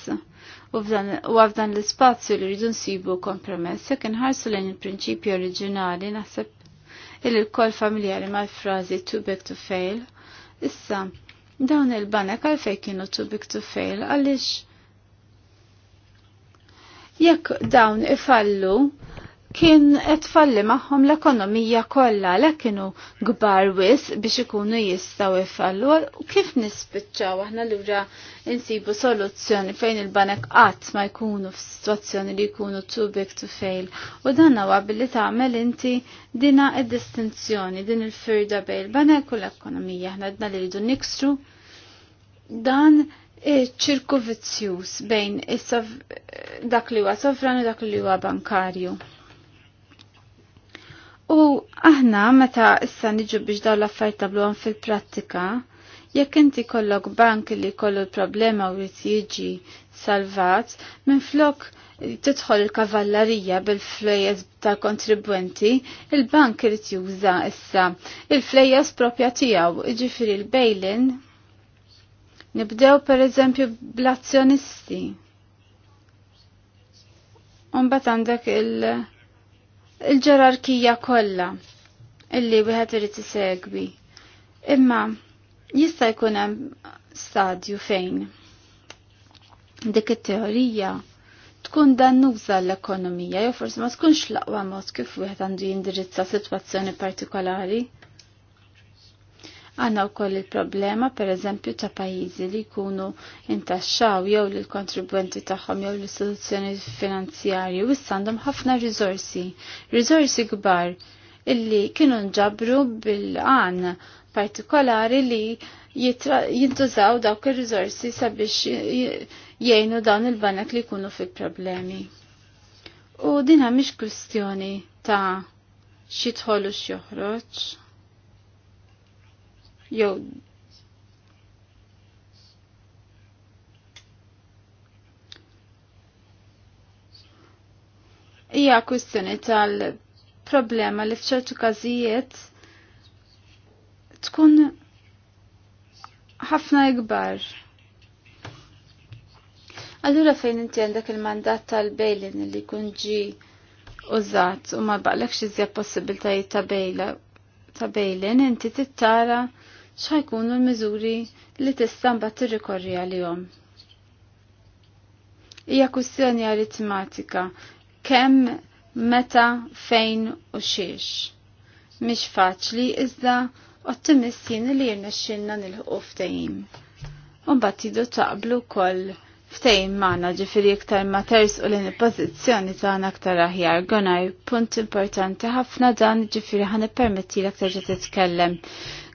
Speaker 1: U f'dan l-ispazju li rridu nsibu kompromess jekk inħarsu lejn il-prinċipju oriġinali naħseb il kol familjari mal frażi too big to fail. Issa, dawn il-banek għalfej kienu too big to fail għaliex jekk dawn ifallu kien qed falli magħhom l-ekonomija kollha l kienu kbar wis biex ikunu jistgħu jfallu u kif nispiċċaw aħna lura insibu soluzzjoni fejn il-banek qatt ma jkunu f'sitwazzjoni li jkunu too big to fail u dan huwa billi tagħmel inti dina id-distinzjoni din il-firda bejn il-banek u l-ekonomija aħna dna li rridu nikstru dan ċirku vizzjus bejn dak li huwa sovran u dak li huwa bankarju. U aħna meta issa niġu biex dawn l-affarijiet tabluhom fil-prattika, jekk inti kollok bank li kollu l-problema u jrid jiġi salvat, minflok tidħol il-kavallarija bil-flejes tal-kontribwenti, il-bank irid juża issa il-flejes propja tiegħu, jiġifieri l-bejlin. Nibdew pereżempju bl-azzjonisti. Umbat għandek il- il-ġerarkija kollha illi wieħed irid isegwi. Imma jista' jkun hemm stadju fejn dik it-teorija tkun dannuża l-ekonomija jew forsi ma tkunx l-aqwa mod kif wieħed għandu jindirizza sitwazzjoni partikolari. Għanna u koll il-problema per eżempju ta' pajizi li jkunu intaxxaw jew l kontribwenti tagħhom jew l-istituzzjoni finanzjarji u għandhom ħafna rizorsi, rizorsi kbar illi kienu nġabru bil-għan partikolari li jintużaw dawk ir rizorsi sabiex jgħinu dawn il-banek li jkunu fil problemi. U dinha mhix kwistjoni ta' xi tħolu x'joħroġ jew hija kwistjoni tal-problema li f'ċertu każijiet tkun ħafna ikbar. Allura fejn inti għandek il-mandat tal-bejlin li kun ġi użat u ma baqlek xizja possibiltajiet ta' bejla ta' bejlin, inti tittara xħajkun l-miżuri li tista' mbagħad tirrikorri għalihom. Hija kwistjoni aritmatika kemm meta fejn u xiex. Mhix faċli iżda ottimistin li jirnexxilna nilħuq ftehim. Mbagħad jidu taqblu koll ftejn maħna ġifiri iktar ma u l-in pozizjoni taħna aktar aħjar għonaj punt importanti ħafna dan ġifiri ħan permetti l-aktar titkellem.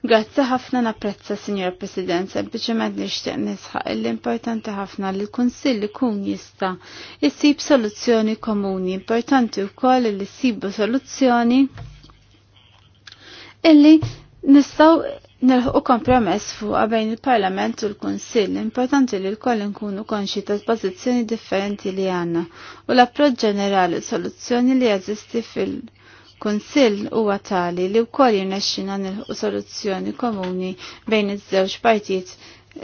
Speaker 1: Grazzi ħafna napprezza Signor President, sempliċement nixtieq nisħaq l-importanti ħafna li l-Kunsill ikun jista' jsib soluzzjoni komuni, importanti wkoll li sibu soluzzjoni illi nistgħu Nelħu kompromess fuq bejn il-Parlament u l-Kunsill, importanti li l-koll nkunu konxi ta' pożizzjoni differenti li għanna u l-approċ ġenerali soluzzjoni li jeżisti fil-Kunsill huwa tali li wkoll jirnexxina nilħu soluzzjoni komuni bejn iż-żewġ partijiet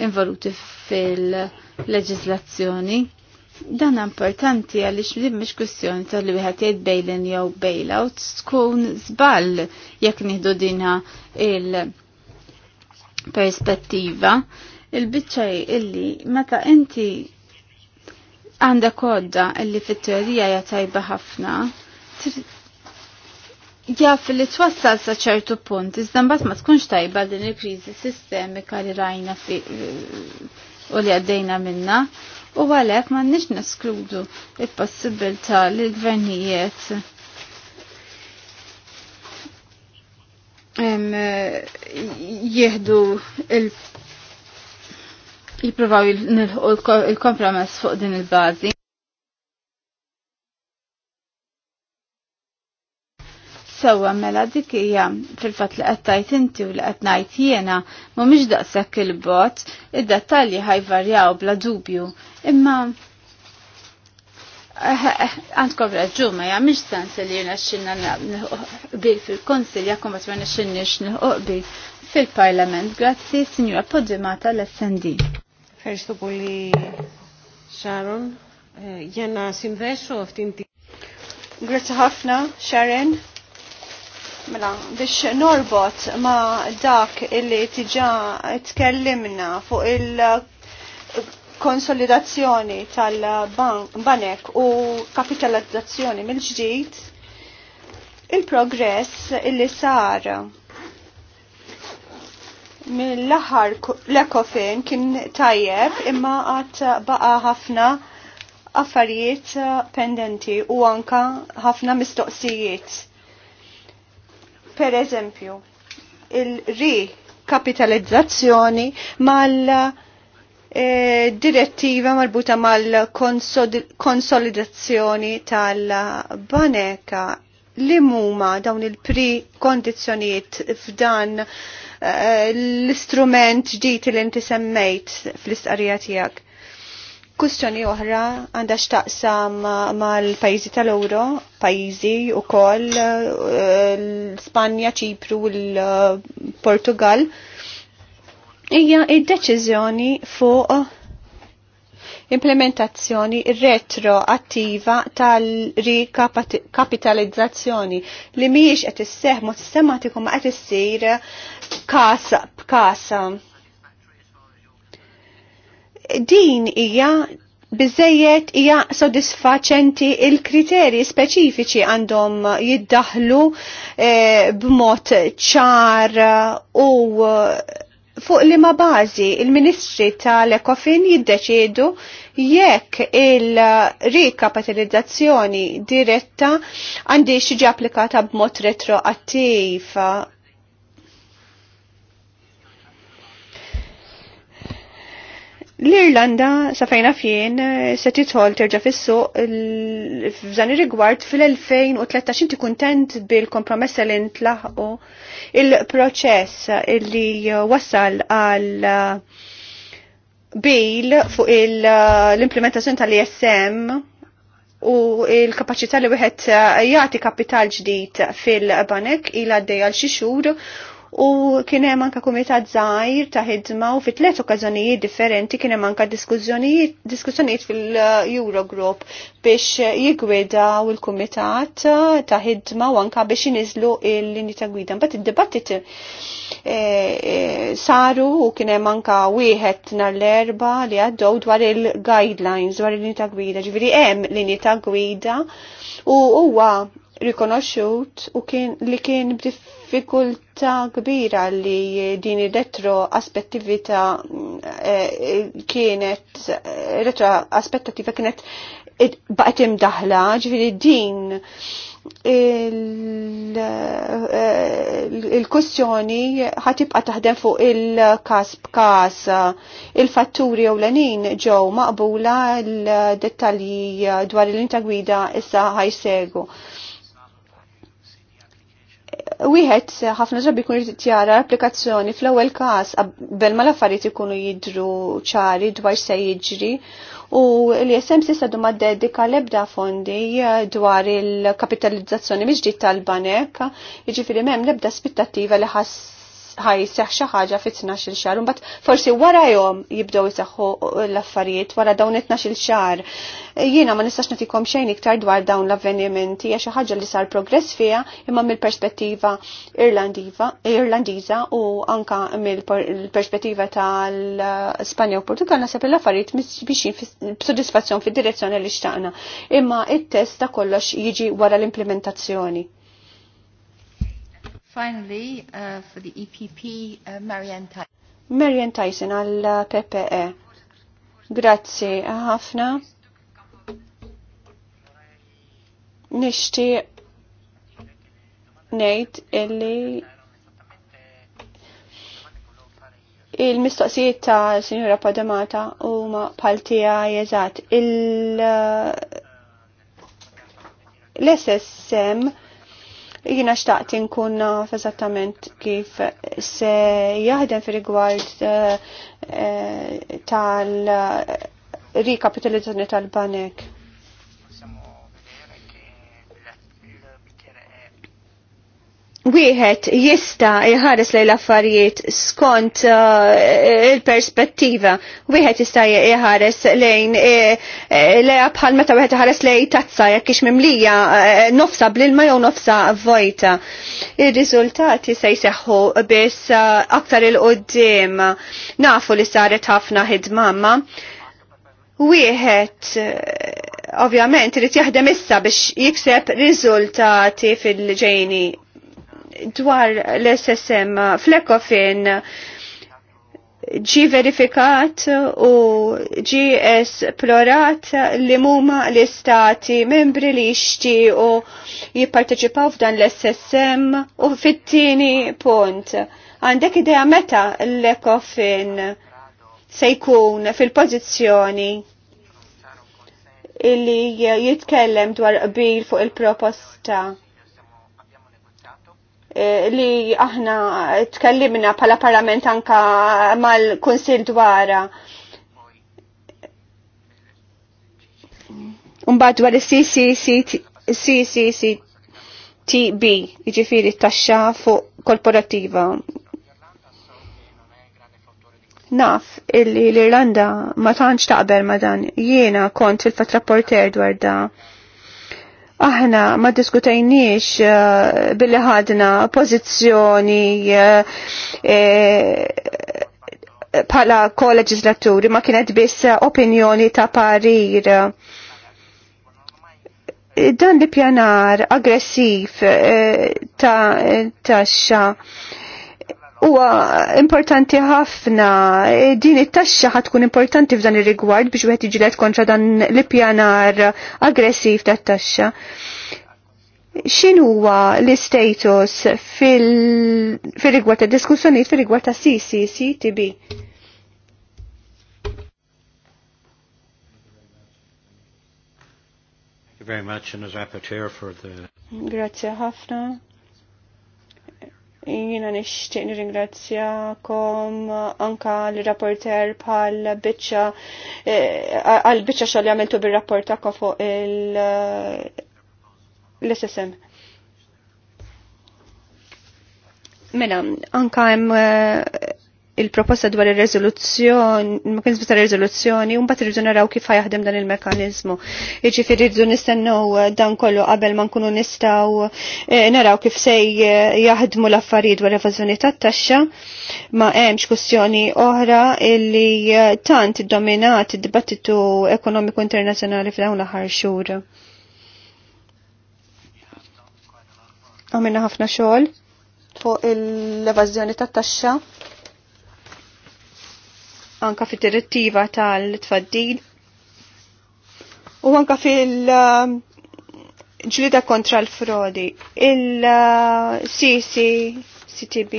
Speaker 1: involuti fil-leġislazzjoni. Dan importanti għaliex li mhix kwistjoni tal-li wieħed jgħid bail-in jew bail-out tkun żball jekk nieħdu dinha il- perspettiva il-bicċaj illi meta inti għandek kodda illi fit-teorija ja tajba ħafna jaf li twassal sa ċertu punt iżda mbagħad ma tkunx tajba din il-kriżi sistemika li rajna fi u li għaddejna minna u għalhekk m'għandniex neskludu il-possibilità li l-gvernijiet jieħdu il- jipruvaw il-kompromess fuq din il-bazi. Sawa mela dik hija fil-fatt li qed tajt inti u li qed ngħid jiena mhumiex daqshekk il-bot, id-dettalji ħajvarjaw bla dubju, imma għandkom raġuma, ma miex sens li jena xinna bil fil-konsil, jakum għat jena xinna xinna fil-parlament. Grazzi, signora Poddimata l-SND.
Speaker 3: Ευχαριστώ kulli
Speaker 2: Sharon. Για να συνδέσω Grazie ħafna, Sharon. Mela, biex norbot ma dak illi tiġa tkellimna fuq il- konsolidazzjoni tal-banek u kapitalizzazzjoni mill-ġdid, il-progress illi sar mill-aħħar l-ekofin kien tajjeb imma għat baqa ħafna affarijiet pendenti u anka ħafna mistoqsijiet. Per eżempju, il-rikapitalizzazzjoni mal- E, direttiva marbuta mal-konsolidazzjoni tal-baneka li muma dawn il-pri kondizjoniet f'dan e, l-istrument ġdijt li inti semmejt fl-istqarija tijak. Kustjoni oħra għandha xtaqsam mal-pajjiżi tal-Euro, pajjiżi wkoll e, l-Spanja, Ċipru, l-Portugal hija il deċiżjoni fuq implementazzjoni retroattiva tal-rikapitalizzazzjoni li mhijiex qed isseħħ mod sistematiku ma qed issir kasa b'każ. Din hija Bizzejiet hija sodisfaċenti il-kriterji speċifiċi għandhom jiddaħlu e, b'mod ċar u fuq li ma bazi il-Ministri tal-Ekofin jiddeċidu jekk il-rikapitalizzazzjoni diretta għandi xieġi applikata b'mod retroattiv L-Irlanda, safajna fien, se titħol terġa fissu f'dan ir-rigward fil-2013 inti kuntent bil-kompromessa li ntlaħqu il-proċess li wassal għal bil fuq l-implementazzjoni tal-ISM u il-kapacità li wieħed jagħti kapital ġdid fil-banek il għaddej għal xi xhur u kienem anke kumitat żgħir ta' ħidma u fit tliet okkażjonijiet differenti kienem anka diskussjonijiet fil-Eurogroup biex jigwida u l-kumitat ta' ħidma u anka biex inizlu il-linji ta' gwida. Mbagħad id dibattiti eh, eh, saru u kienem anke wieħed nhar l-erba li għaddew dwar il-guidelines dwar il-linji ta' gwida. Ġifieri hemm linji ta' gwida u huwa rikonoxxut u kien li kien b'dif diffikulta kbira li din eh, eh, retro aspettività kienet retro aspettativa kienet baqet imdaħla, ġifiri din il-kussjoni eh, ħatibqa taħdem fuq il-kas b'kas. Il-fatturi u l-anin ġew maqbula l-dettalji dwar l-intagwida issa ħajsegu. segu wieħed ħafna drabi jkun jrid jara l-applikazzjoni fl-ewwel każ qabel ma l-affarijiet ikunu jidru ċari dwar se jiġri u l-ISM s'għadu ma dedika l-ebda fondi eh, dwar il-kapitalizzazzjoni miġdid tal-banek, jiġifieri m'hemm l-ebda aspettattiva li ħass ħajseħ xi ħaġa fi 12 xahar, imbagħad forsi wara jom jibdew iseħħu l-affarijiet wara dawn it-nax 12 xahar. Jiena ma nistax nagħtikom xejn iktar dwar dawn l-avvenimenti hija xi ħaġa li sar progress fiha imma mill-perspettiva Irlandiża u anka mill-perspettiva tal-Spanja u Portugal nasab l-affarijiet biex b'sodisfazzjon fid-direzzjoni li xtaqna. Imma it-test ta' kollox jiġi wara l-implementazzjoni. Finally, uh, for the EPP, uh, Marianne Tyson. Marianne Tyson għal PPE. Grazzi ħafna. Nishti nejt illi il-mistoqsijiet ta' Sinjura Padamata u ma' paltija jeżat il ssm uh, Jina xtaqt inkun naf eżattament kif se jaħdem fi rigward eh, eh, tal-rikapitalizzazzjoni eh, tal-banek. wieħed jista jħares lejn l-affarijiet skont uh, il-perspettiva, wieħed jista jħares lejn uh, eh, eh, lejha bħal meta wieħed jħares lejn tazza jekk ix mimlija nofsa bl-ilma jew nofsa vojta. Ir-riżultati se jseħħu biss aktar il-qudiem nafu li saret ħafna ħidmamma. Wieħed ovvjament irid jaħdem issa biex jikseb riżultati fil-ġejni dwar l-SSM fl-ekofin ġi verifikat u ġi esplorat li muma l-istati membri li xti u jipparteċipaw f'dan l-SSM u fit-tini punt. Għandek idea meta l-ekofin se jkun fil-pozizjoni illi jitkellem dwar bil fuq il-proposta Eh, li aħna tkellimna pala parlament anka mal-Kunsil dwara. Umbad dwar ccctb ġifiri t-taxxa fuq korporativa. Naf illi l-Irlanda ma tantx taqber ma dan. Jiena kont fil-fatrapporter dwar da' aħna ma diskutajniex uh, eh, billi ħadna pozizjoni uh, eh, e, eh, pala koleġislaturi ma kienet biss opinjoni ta' parir. Dan li pjanar aggressiv ta' taxxa huwa importanti ħafna e, din it-taxxa ħatkun importanti f'dan ir-rigward biex wieħed jiġilet kontra dan l-ippjanar aggressiv tat-taxxa. X'in huwa l-istatus fil-rigward fil tad-diskussjonijiet fil-rigward ta' CCCTB?
Speaker 3: very much and as rapporteur for the
Speaker 2: Grazie ħafna Jina nishtiq kom anka l-rapporter pal biċċa eh, għal biċċa xa li għamiltu bir rapporta kom fuq l-SSM. Mela, anka hemm eh, il-proposta dwar il-rezoluzzjoni, kienx bżonn ta' rezoluzzjoni, un bat irridu naraw kif ħajaħdem dan il-mekanizmu. Iġifiri irridu nistennu dan kollu qabel ma nkunu nistaw eh, naraw kif sej eh, jaħdmu l-affarijiet dwar evażjoni tat-taxxa, ma hemmx kwestjoni oħra illi eh, tant dominat id-dibattitu ekonomiku internazzjonali f'dawn l-aħħar xhur. Għamilna ħafna xogħol fuq l-evażjoni tat-taxxa anka fit direttiva tal tfaddin u anka fil- um, ġlida kontra l-frodi. il uh, cctb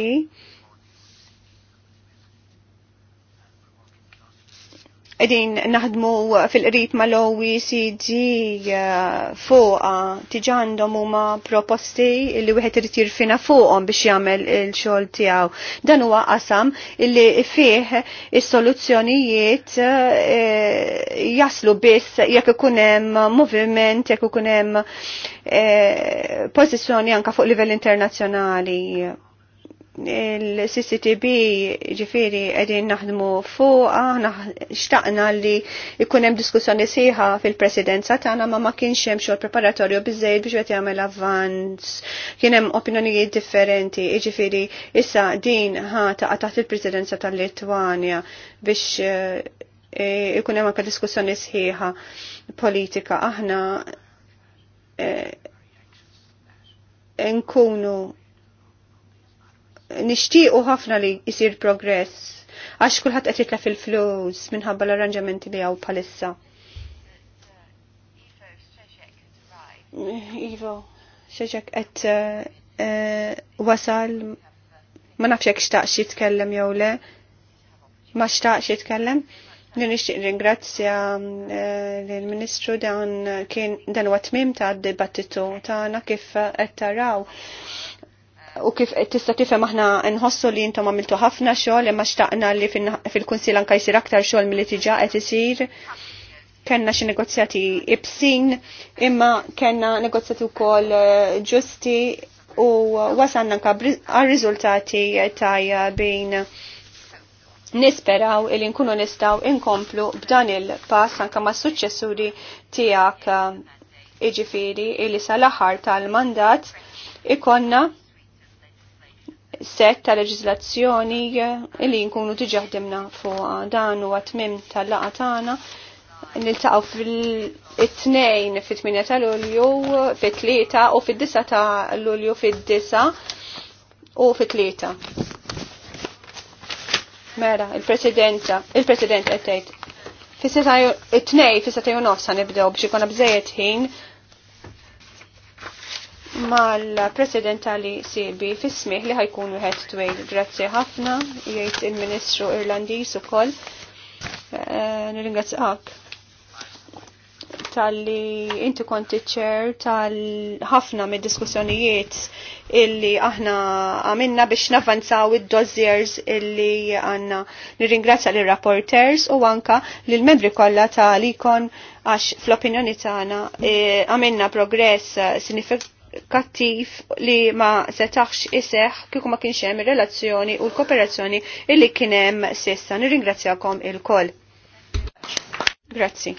Speaker 2: edin naħdmu fil-qrib ma l-OECD eh, fuqa u huma proposti li wieħed irid jirfina fuqhom biex jagħmel il-xogħol tiegħu. Dan huwa qasam illi fih is-soluzzjonijiet eh, jaslu biss jekk ikun hemm moviment, jekk ikun hemm eh, pożizzjoni anke fuq livell internazzjonali il-CCTB ġifiri għedin naħdmu fuqa, xtaqna li jkunem diskussjoni siħa fil-presidenza tagħna ma ma kienx hemm xogħol preparatorju biżejjed biex qed jagħmel avvanz. Kien hemm opinjonijiet differenti, jiġifieri issa din ħata taħt il-presidenza tal-Litwanja biex eh, eh, ikun hemm anke diskussjoni sħiħa politika aħna eh, nkunu nixtiequ ħafna li jisir progress għax kulħadd qed jitla fil-flus minħabba l-arranġamenti li għaw bħalissa. Ivo, xeġek qed eh, eh, wasal ma nafx hekk xtaqx jitkellem jew le. Ma xtaqx jitkellem. Nixtieq ringrazzja eh, lill-Ministru dan kien dan huwa tmiem ta' dibattitu tagħna kif qed taraw u kif tista' tifhem aħna nħossu li intom għamiltu ħafna xogħol imma xtaqna li fil-kunsil anke jsir aktar xogħol milli tiġa qed isir. Kenna xi negozjati ibsin imma kenna negozjati wkoll eh, ġusti u wasanna anke għar-riżultati bejn nisperaw il nkunu nistaw inkomplu b'dan il-pass anka ma' suċċessuri tijak eh, iġifiri il-li sal aħħar tal-mandat ikonna set ta' leġizlazzjoni li nkunu ħdimna fuq dan u għatmim tal-laqa tagħna niltaqgħu fil-2 fit-8 ta' Lulju, fit-3 u fid-9 ta' Lulju fid-9 u fit-3. Mera, il-Presidenta, il-President qed tgħid. Fis-seta' it tnejn fis-seta' nofsa nibdew biex ikun bżejjed ħin mal-president Tali sibi fis li ħajkun wieħed twejn. Grazzi ħafna, jgħid il-Ministru Irlandiż ukoll. Eh, Nirringrazzak tal-li inti konti ċer tal-ħafna mid diskussjonijiet illi aħna għamilna biex navanzaw id-dossiers illi għanna nirringrazzja l rapporters u anka l-membri kollha tal-ikon għax fl-opinjoni tagħna eh, għamilna progress eh, sinifikanti kattif li ma setax iseħ kieku ma kienx hemm ir-relazzjoni u l-kooperazzjoni illi kien hemm sissa. Nirringrazzjakom il-koll. Grazzi.